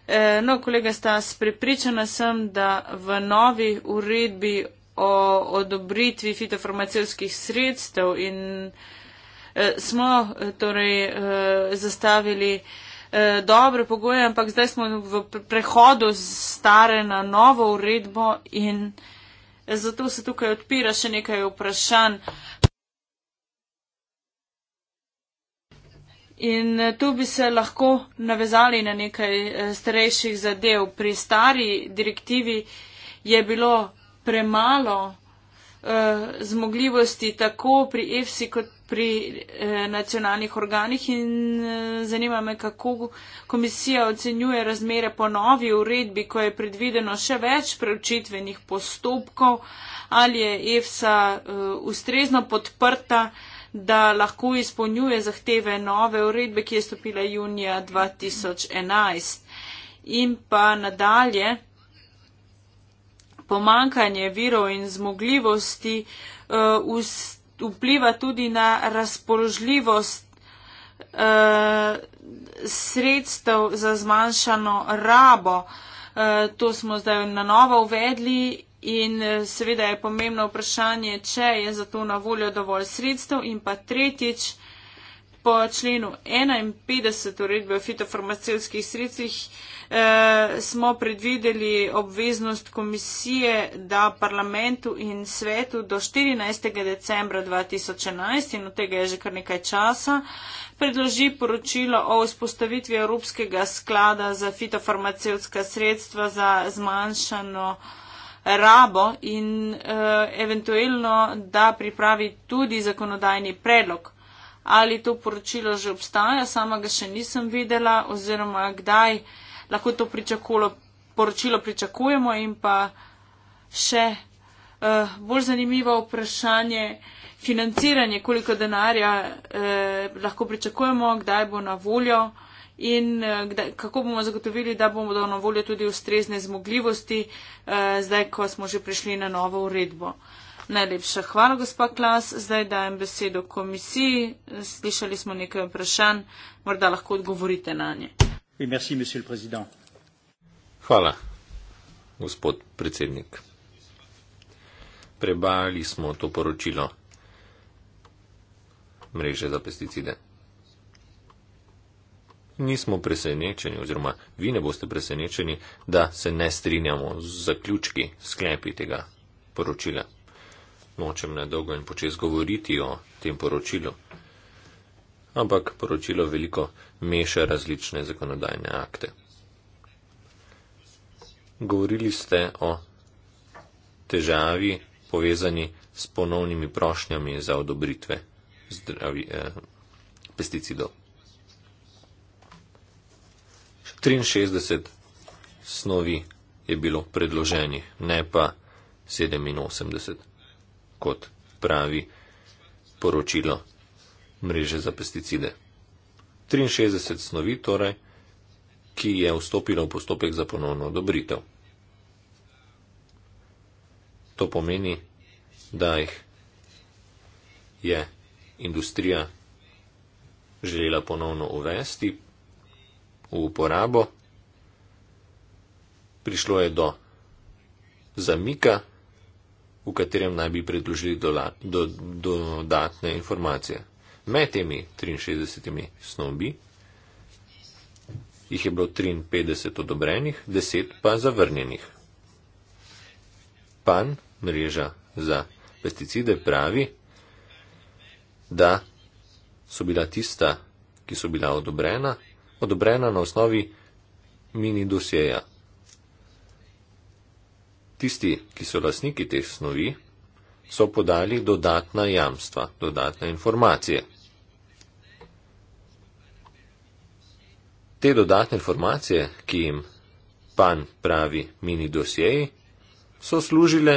E, no, kolega Stas, prepričana sem, da v novi uredbi o odobritvi fitofarmacijskih sredstev in Eh, smo eh, torej eh, zastavili dobre pogoje, ampak zdaj smo v prehodu z stare na novo uredbo in zato se tukaj odpira še nekaj vprašanj. In tu bi se lahko navezali na nekaj starejših zadev. Pri stari direktivi je bilo premalo Eh, zmogljivosti tako pri EFSI kot pri eh, nacionalnih organih in eh, zanima me, kako komisija ocenjuje razmere po novi uredbi, ko je predvideno še več preučitvenih postopkov, ali je EFSA eh, ustrezno podprta, da lahko izpolnjuje zahteve nove uredbe, ki je stopila junija 2011. In pa nadalje pomankanje virov in zmogljivosti uh, vpliva tudi na razpoložljivost uh, sredstev za zmanjšano rabo. Uh, to smo zdaj na novo uvedli in uh, seveda je pomembno vprašanje, če je za to na voljo dovolj sredstev in pa tretjič. Po členu 51 uredbe o fitofarmacevskih sredstvih uh, eh, smo predvideli obveznost komisije, da parlamentu in svetu do 14. decembra 2011, in od tega je že kar nekaj časa, predloži poročilo o vzpostavitvi Evropskega sklada za fitofarmacevtska sredstva za zmanjšano eh, rabo in eh, eventualno, da pripravi tudi zakonodajni predlog. Ali to poročilo že obstaja, sama ga še nisem videla oziroma kdaj eh, lahko to pričakolo, poročilo pričakujemo in pa še uh, bolj zanimivo vprašanje financiranje, koliko denarja uh, lahko pričakujemo, kdaj bo na voljo in uh, kdaj, kako bomo zagotovili, da bomo da na voljo tudi ustrezne zmogljivosti, uh, zdaj, ko smo že prišli na novo uredbo. Najlepša hvala, gospa Klas. Zdaj dajem besedo komisiji. Slišali smo nekaj vprašanj, morda lahko odgovorite na nje. Hvala, gospod predsednik. Prebali smo to poročilo mreže za pesticide. Nismo presenečeni, oziroma vi ne boste presenečeni, da se ne strinjamo z zaključki, sklepi tega poročila. Nočem na dolgo in počez govoriti o tem poročilu. Ampak poročilo veliko meša različne zakonodajne akte. Govorili ste o težavi povezani s ponovnimi prošnjami za odobritve zdravi, eh, pesticidov. 63 snovi je bilo predloženih, ne pa 87, kot pravi poročilo mreže za pesticide. 63 snovi torej, ki je vstopilo v postopek za ponovno odobritev. To pomeni, da jih je industrija želela ponovno uvesti v uporabo. Prišlo je do zamika, v katerem naj bi predložili dodatne informacije med temi 63 snovmi, jih je bilo 53 odobrenih, 10 pa zavrnjenih. Pan mreža za pesticide pravi, da so bila tista, ki so bila odobrena, odobrena na osnovi mini dosjeja. Tisti, ki so lasniki teh snovi, so podali dodatna jamstva, dodatne informacije. te dodatne informacije, ki jim pan pravi mini dosjeji, so služile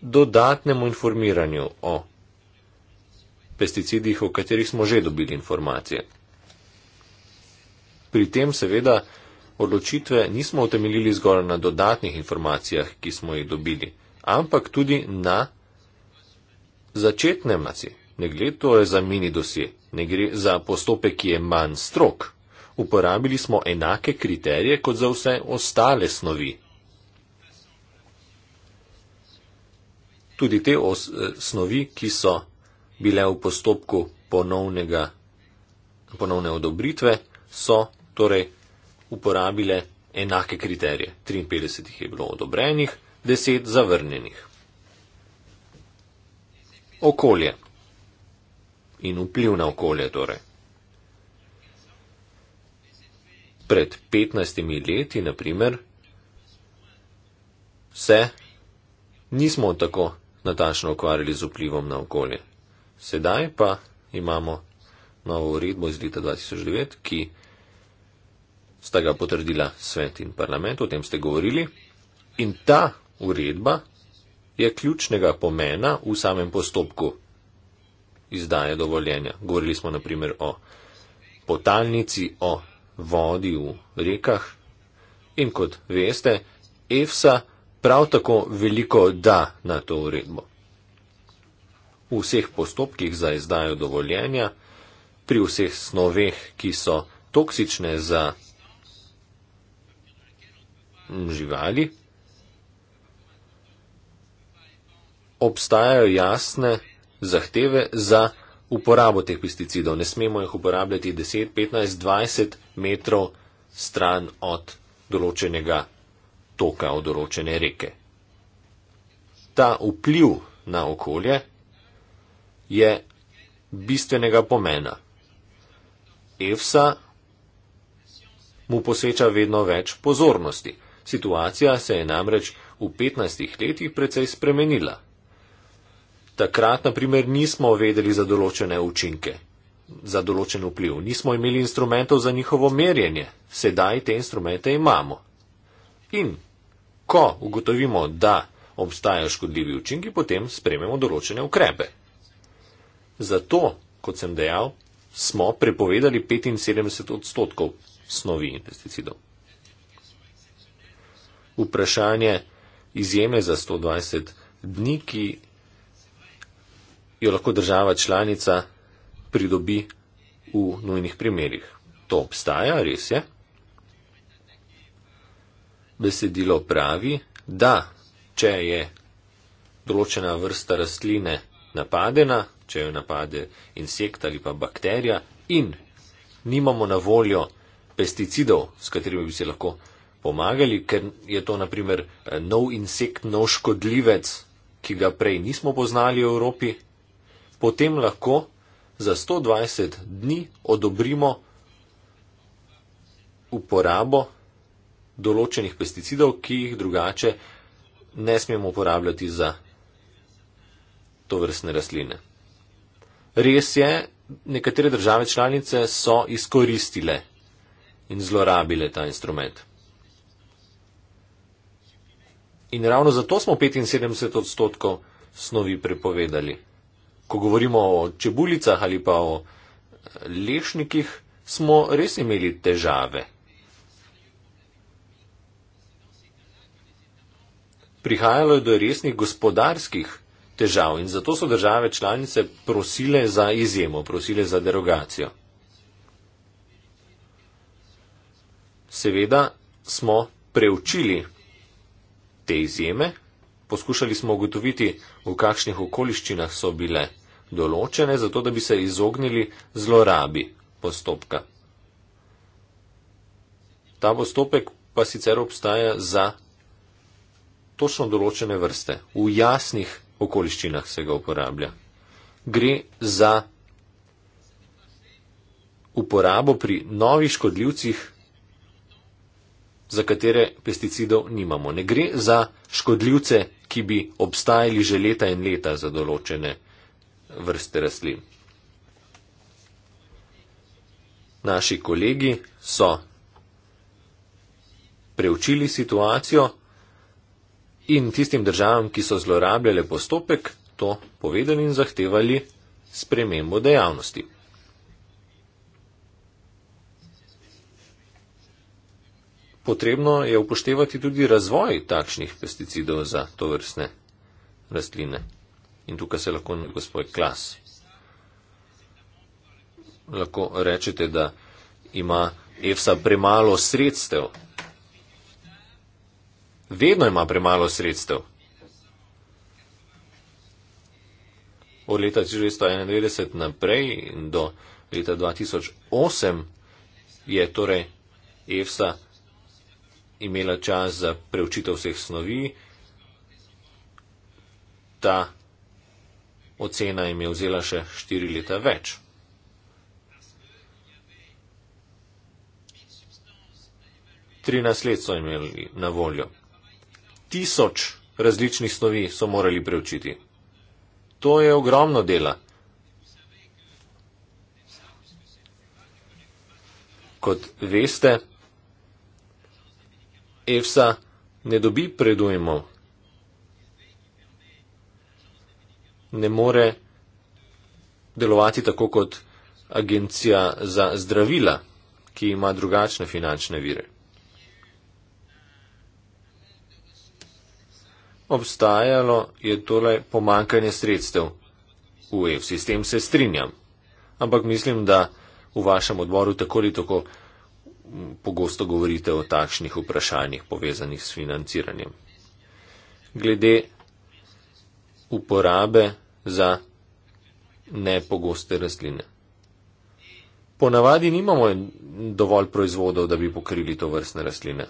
dodatnemu informiranju o pesticidih, o katerih smo že dobili informacije. Pri tem seveda odločitve nismo utemeljili zgolj na dodatnih informacijah, ki smo jih dobili, ampak tudi na začetnem naci. Ne gre torej za mini dosje, ne gre za postopek, ki je manj strok uporabili smo enake kriterije kot za vse ostale snovi. Tudi te os, eh, snovi, ki so bile v postopku ponovnega, ponovne odobritve, so torej uporabile enake kriterije. 53 jih je bilo odobrenih, 10 zavrnjenih. Okolje. In vpliv na okolje torej. pred 15 leti, naprimer, se nismo tako natančno ukvarjali z vplivom na okolje. Sedaj pa imamo novo uredbo iz leta 2009, ki sta ga potrdila svet in parlament, o tem ste govorili. In ta uredba je ključnega pomena v samem postopku izdaje dovoljenja. Govorili smo naprimer o potalnici, o vodi v rekah. In kot veste, EFSA prav tako veliko da na to uredbo. V vseh postopkih za izdajo dovoljenja, pri vseh snoveh, ki so toksične za živali, obstajajo jasne zahteve za uporabo teh pesticidov. Ne smemo jih uporabljati 10, 15, 20 metrov stran od določenega toka, od določene reke. Ta vpliv na okolje je bistvenega pomena. EFSA mu posveča vedno več pozornosti. Situacija se je namreč v 15 letih precej spremenila takrat, naprimer, nismo vedeli za določene učinke, za določen vpliv, nismo imeli instrumentov za njihovo merjenje, sedaj te instrumente imamo. In ko ugotovimo, da obstajajo škodljivi učinki, potem sprememo določene ukrepe. Zato, kot sem dejal, smo prepovedali 75 odstotkov snovi in pesticidov. Vprašanje izjeme za 120 dni, ki jo lahko država članica pridobi v nujnih primerjih. To obstaja, res je. Besedilo pravi, da če je določena vrsta rastline napadena, če jo napade insekt ali pa bakterija in nimamo na voljo pesticidov, s katerimi bi se lahko pomagali, ker je to naprimer eh, nov insekt, nov škodljivec, ki ga prej nismo poznali v Evropi, potem lahko za 120 dni odobrimo uporabo določenih pesticidov, ki jih drugače ne smemo uporabljati za to vrstne rastline. Res je, nekatere države članice so izkoristile in zlorabile ta instrument. In ravno zato smo 75 odstotkov snovi prepovedali ko govorimo o čebulicah ali pa o eh, lešnikih, smo res imeli težave. Prihajalo je do resnih gospodarskih težav in zato so države članice prosile za izjemo, prosile za derogacijo. Seveda smo preučili te izjeme, poskušali smo ugotoviti, v kakšnih okoliščinah so bile določene zato, da bi se izognili zlorabi postopka. Ta postopek pa sicer obstaja za točno določene vrste. V jasnih okoliščinah se ga uporablja. Gre za uporabo pri novih škodljivcih, za katere pesticidov nimamo. Ne gre za škodljivce, ki bi obstajali že leta in leta za določene vrste vrste rastlin. Naši kolegi so preučili situacijo in tistim državam, ki so zlorabljale postopek, to povedali in zahtevali spremembo dejavnosti. Potrebno je upoštevati tudi razvoj takšnih pesticidov za to vrstne rastline. In tukaj se lahko na gospod klas. Lahko rečete, da ima EFSA premalo sredstev. Vedno ima premalo sredstev. Od leta 1991 naprej do leta 2008 je torej EFSA imela čas za preučitev vseh snovi. Ta ocena jim je vzela še štiri leta več. Trinajst let so imeli na voljo. Tisoč različnih snovi so morali preučiti. To je ogromno dela. Kot veste, EFSA ne dobi predujmov ne more delovati tako kot agencija za zdravila, ki ima drugačne finančne vire. Obstajalo je tole pomankanje sredstev. UEF sistem se strinjam, ampak mislim, da v vašem odboru tako ali tako pogosto govorite o takšnih vprašanjih povezanih s financiranjem. Glede uporabe za nepogoste rastline. Ponavadi nimamo dovolj proizvodov, da bi pokrili to vrstne rastline.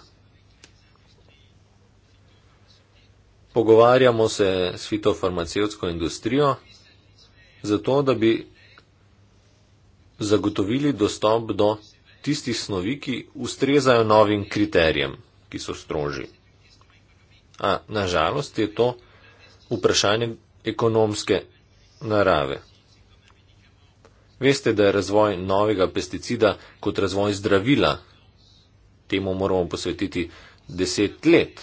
Pogovarjamo se s fitofarmacevtsko industrijo, zato da bi zagotovili dostop do tistih snovi, ki ustrezajo novim kriterijem, ki so stroži. A nažalost je to vprašanje ekonomske narave. Veste, da je razvoj novega pesticida kot razvoj zdravila. Temu moramo posvetiti deset let.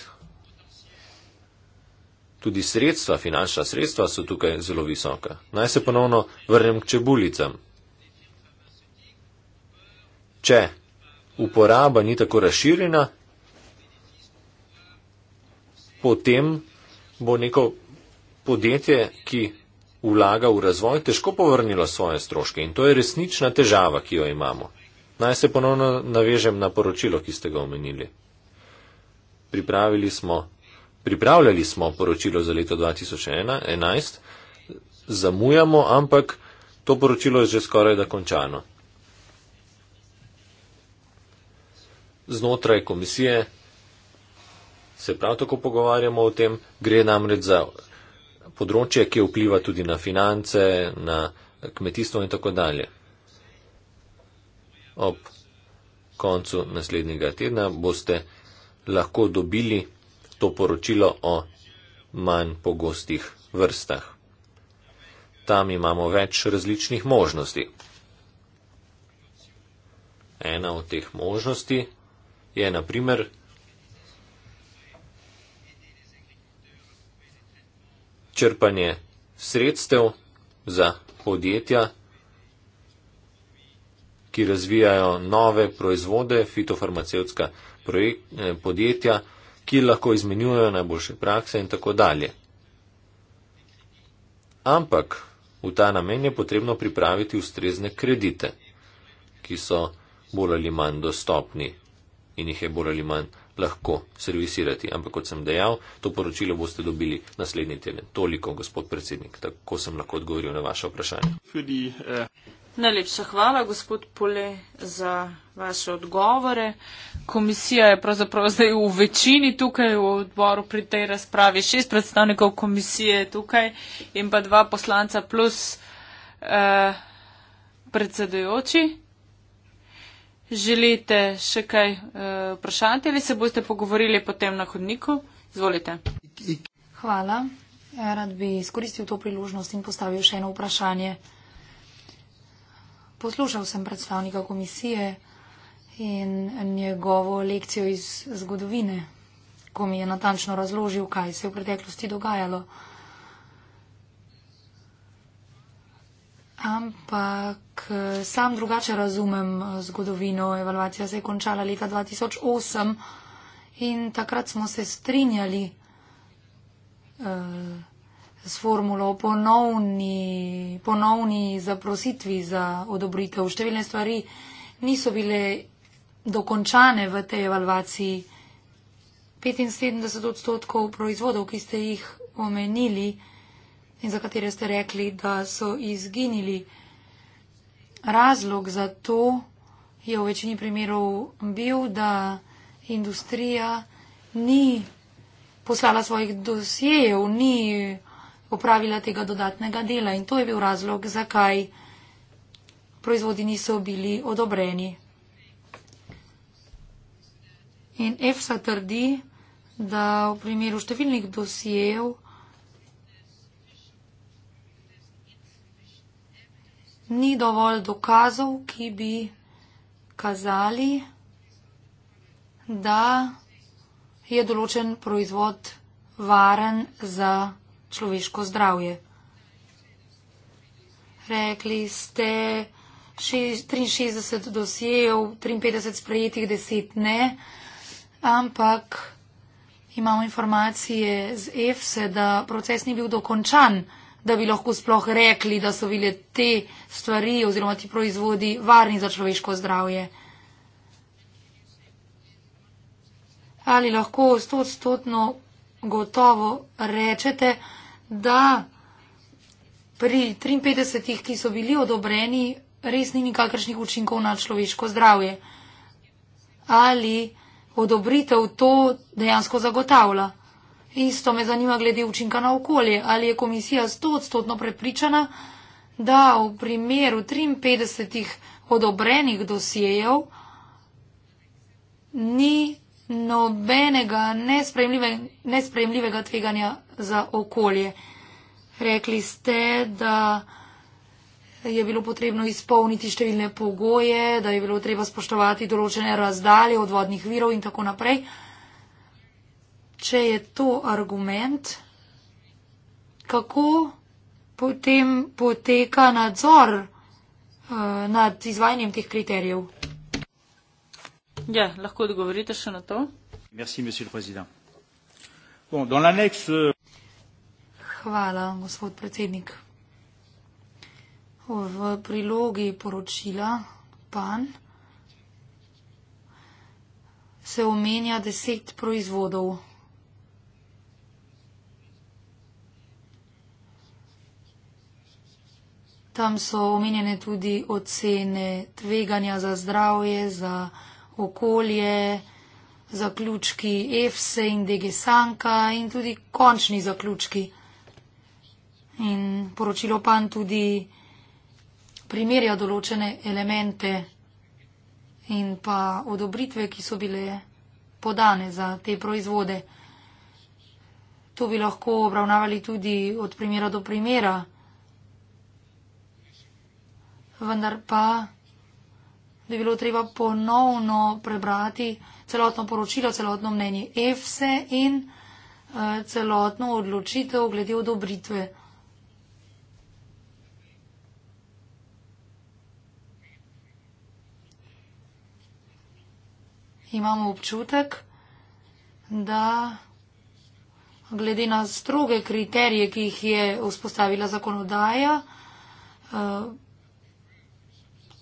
Tudi sredstva, finančna sredstva so tukaj zelo visoka. Naj se ponovno vrnem k čebulicam. Če uporaba ni tako razširjena, potem bo neko podjetje, ki vlaga v razvoj, težko povrnilo svoje stroške in to je resnična težava, ki jo imamo. Naj se ponovno navežem na poročilo, ki ste ga omenili. Pripravili smo, pripravljali smo poročilo za leto 2011, zamujamo, ampak to poročilo je že skoraj da končano. Znotraj komisije se prav tako pogovarjamo o tem, gre namreč za področje, ki vpliva tudi na finance, na kmetijstvo in tako dalje. Ob koncu naslednjega tedna boste lahko dobili to poročilo o manj pogostih vrstah. Tam imamo več različnih možnosti. Ena od teh možnosti je naprimer črpanje sredstev za podjetja, ki razvijajo nove proizvode, fitofarmacevtska eh, podjetja, ki lahko izmenjujejo najboljše prakse in tako dalje. Ampak v ta namen je potrebno pripraviti ustrezne kredite, ki so bolj ali manj dostopni in jih je bolj ali manj lahko servisirati. Ampak, kot sem dejal, to poročilo boste dobili naslednji teden. Toliko, gospod predsednik, tako sem lahko odgovoril na vaše vprašanje. Tudi, eh. Najlepša hvala, gospod Pole, za vaše odgovore. Komisija je pravzaprav zdaj v večini tukaj v odboru pri tej razpravi. Šest predstavnikov komisije je tukaj in pa dva poslanca plus eh, predsedujoči. Želite še kaj uh, vprašati ali se boste pogovorili potem na hodniku? Izvolite. Hvala. Rad bi izkoristil to priložnost in postavil še eno vprašanje. Poslušal sem predstavnika komisije in njegovo lekcijo iz zgodovine, ko mi je natančno razložil, kaj se je v preteklosti dogajalo. ampak eh, sam drugače razumem eh, zgodovino. Evaluacija se je končala leta 2008 in takrat smo se strinjali eh, s formulo o ponovni, ponovni zaprositvi za odobritev. Številne stvari niso bile dokončane v tej evaluaciji. 75 odstotkov proizvodov, ki ste jih omenili, in za katere ste rekli, da so izginili. Razlog za to je v večini primerov bil, da industrija ni poslala svojih dosjejev, ni opravila tega dodatnega dela in to je bil razlog, zakaj proizvodi niso bili odobreni. In EFSA trdi, da v primeru številnih dosjejev ni dovolj dokazov, ki bi kazali, da je določen proizvod varen za človeško zdravje. Rekli ste 63 dosijev, 53 sprejetih, 10 ne, ampak imamo informacije z EFSE, da proces ni bil dokončan da bi lahko sploh rekli, da so bile te stvari oziroma ti proizvodi varni za človeško zdravje. Ali lahko stotstotno gotovo rečete, da pri 53, ki so bili odobreni, res ni nikakršnih učinkov na človeško zdravje? Ali odobritev to dejansko zagotavlja? Isto me zanima glede učinka na okolje. Ali je komisija stotstotno prepričana, da v primeru 53 odobrenih dosjejev ni nobenega nesprejemljive, nesprejemljivega tveganja za okolje. Rekli ste, da je bilo potrebno izpolniti številne pogoje, da je bilo treba spoštovati določene razdalje od vodnih virov in tako naprej če je to argument, kako potem poteka nadzor uh, nad izvajanjem teh kriterijev. Ja, lahko odgovorite še na to. Merci, bon, annexe... Hvala, gospod predsednik. V prilogi poročila pan se omenja deset proizvodov. Tam so omenjene tudi ocene tveganja za zdravje, za okolje, zaključki EFSE in DGSANKA in tudi končni zaključki. In poročilo pan tudi primerja določene elemente in pa odobritve, ki so bile podane za te proizvode. To bi lahko obravnavali tudi od primera do primera vendar pa bi bilo treba ponovno prebrati celotno poročilo, celotno mnenje EFSE in uh, celotno odločitev glede odobritve. Imamo občutek, da glede na stroge kriterije, ki jih je vzpostavila zakonodaja, uh,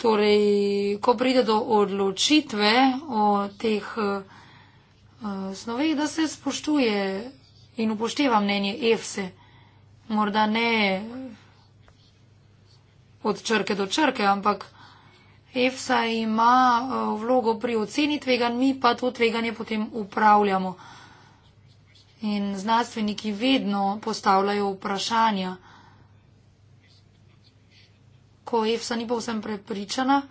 Torej, ko pride do odločitve o teh uh, snoveh, da se spoštuje in upošteva mnenje EFSE, morda ne od črke do črke, ampak EFSA ima uh, vlogo pri oceni tvegan, mi pa to tveganje potem upravljamo. In znanstveniki vedno postavljajo vprašanja ko EFSA ni povsem prepričana,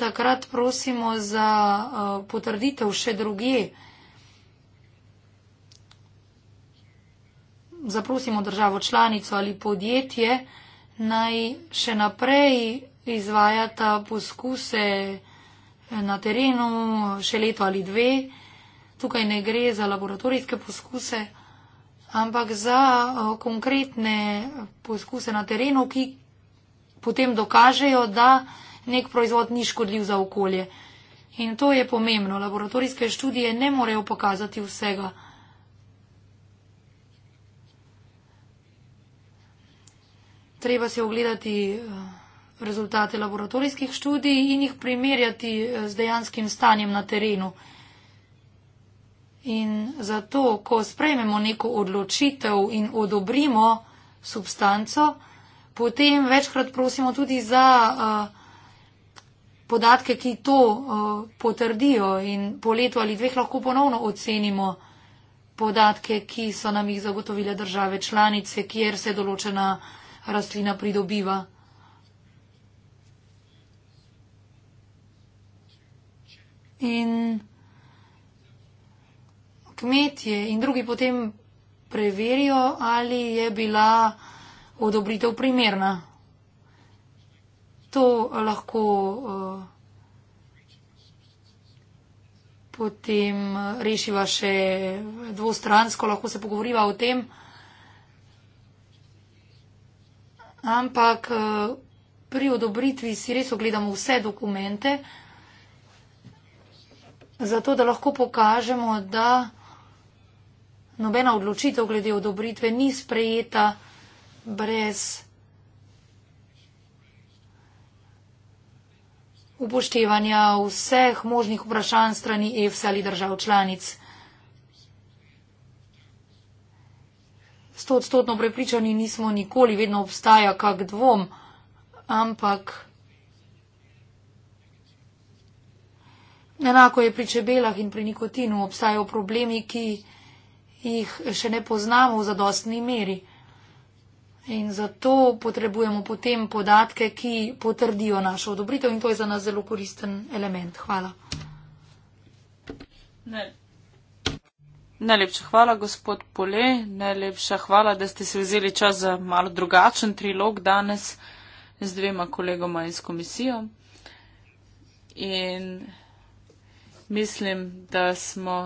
takrat prosimo za uh, potrditev še druge. Zaprosimo državo članico ali podjetje, naj še naprej izvajata poskuse eh, na terenu še leto ali dve. Tukaj ne gre za laboratorijske poskuse, ampak za uh, konkretne poskuse na terenu, ki potem dokažejo, da nek proizvod ni škodljiv za okolje. In to je pomembno. Laboratorijske študije ne morejo pokazati vsega. Treba se ogledati eh, rezultate laboratorijskih študij in jih primerjati eh, z dejanskim stanjem na terenu. In zato, ko sprejmemo neko odločitev in odobrimo substanco, Potem večkrat prosimo tudi za eh, podatke, ki to eh, potrdijo in po letu ali dveh lahko ponovno ocenimo podatke, ki so nam jih zagotovile države članice, kjer se določena rastlina pridobiva. In kmetje in drugi potem preverijo, ali je bila uh, odobritev primerna. To lahko eh, potem eh, rešiva še dvostransko, lahko se pogovoriva o tem. Ampak eh, pri odobritvi si res ogledamo vse dokumente, zato da lahko pokažemo, da nobena odločitev glede odobritve ni sprejeta brez upoštevanja vseh možnih vprašanj strani EFSA ali držav članic. Sto odstotno prepričani nismo nikoli, vedno obstaja kak dvom, ampak enako je pri čebelah in pri nikotinu, obstajajo problemi, ki jih še ne poznamo v zadostni meri. In zato potrebujemo potem podatke, ki potrdijo našo odobritev in to je za nas zelo koristen element. Hvala. Ne. Najlepša hvala, gospod Pole. Najlepša hvala, da ste se vzeli čas za malo drugačen trilog danes z dvema kolegoma iz komisijo. In mislim, da smo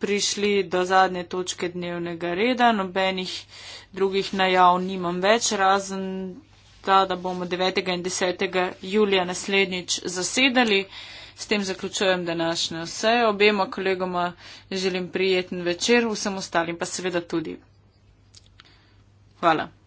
prišli do zadnje točke dnevnega reda, nobenih drugih najav nimam več, razen ta, da bomo 9. in 10. julija naslednjič zasedali. S tem zaključujem današnjo sejo. Obema kolegoma želim prijeten večer, vsem ostalim pa seveda tudi. Hvala.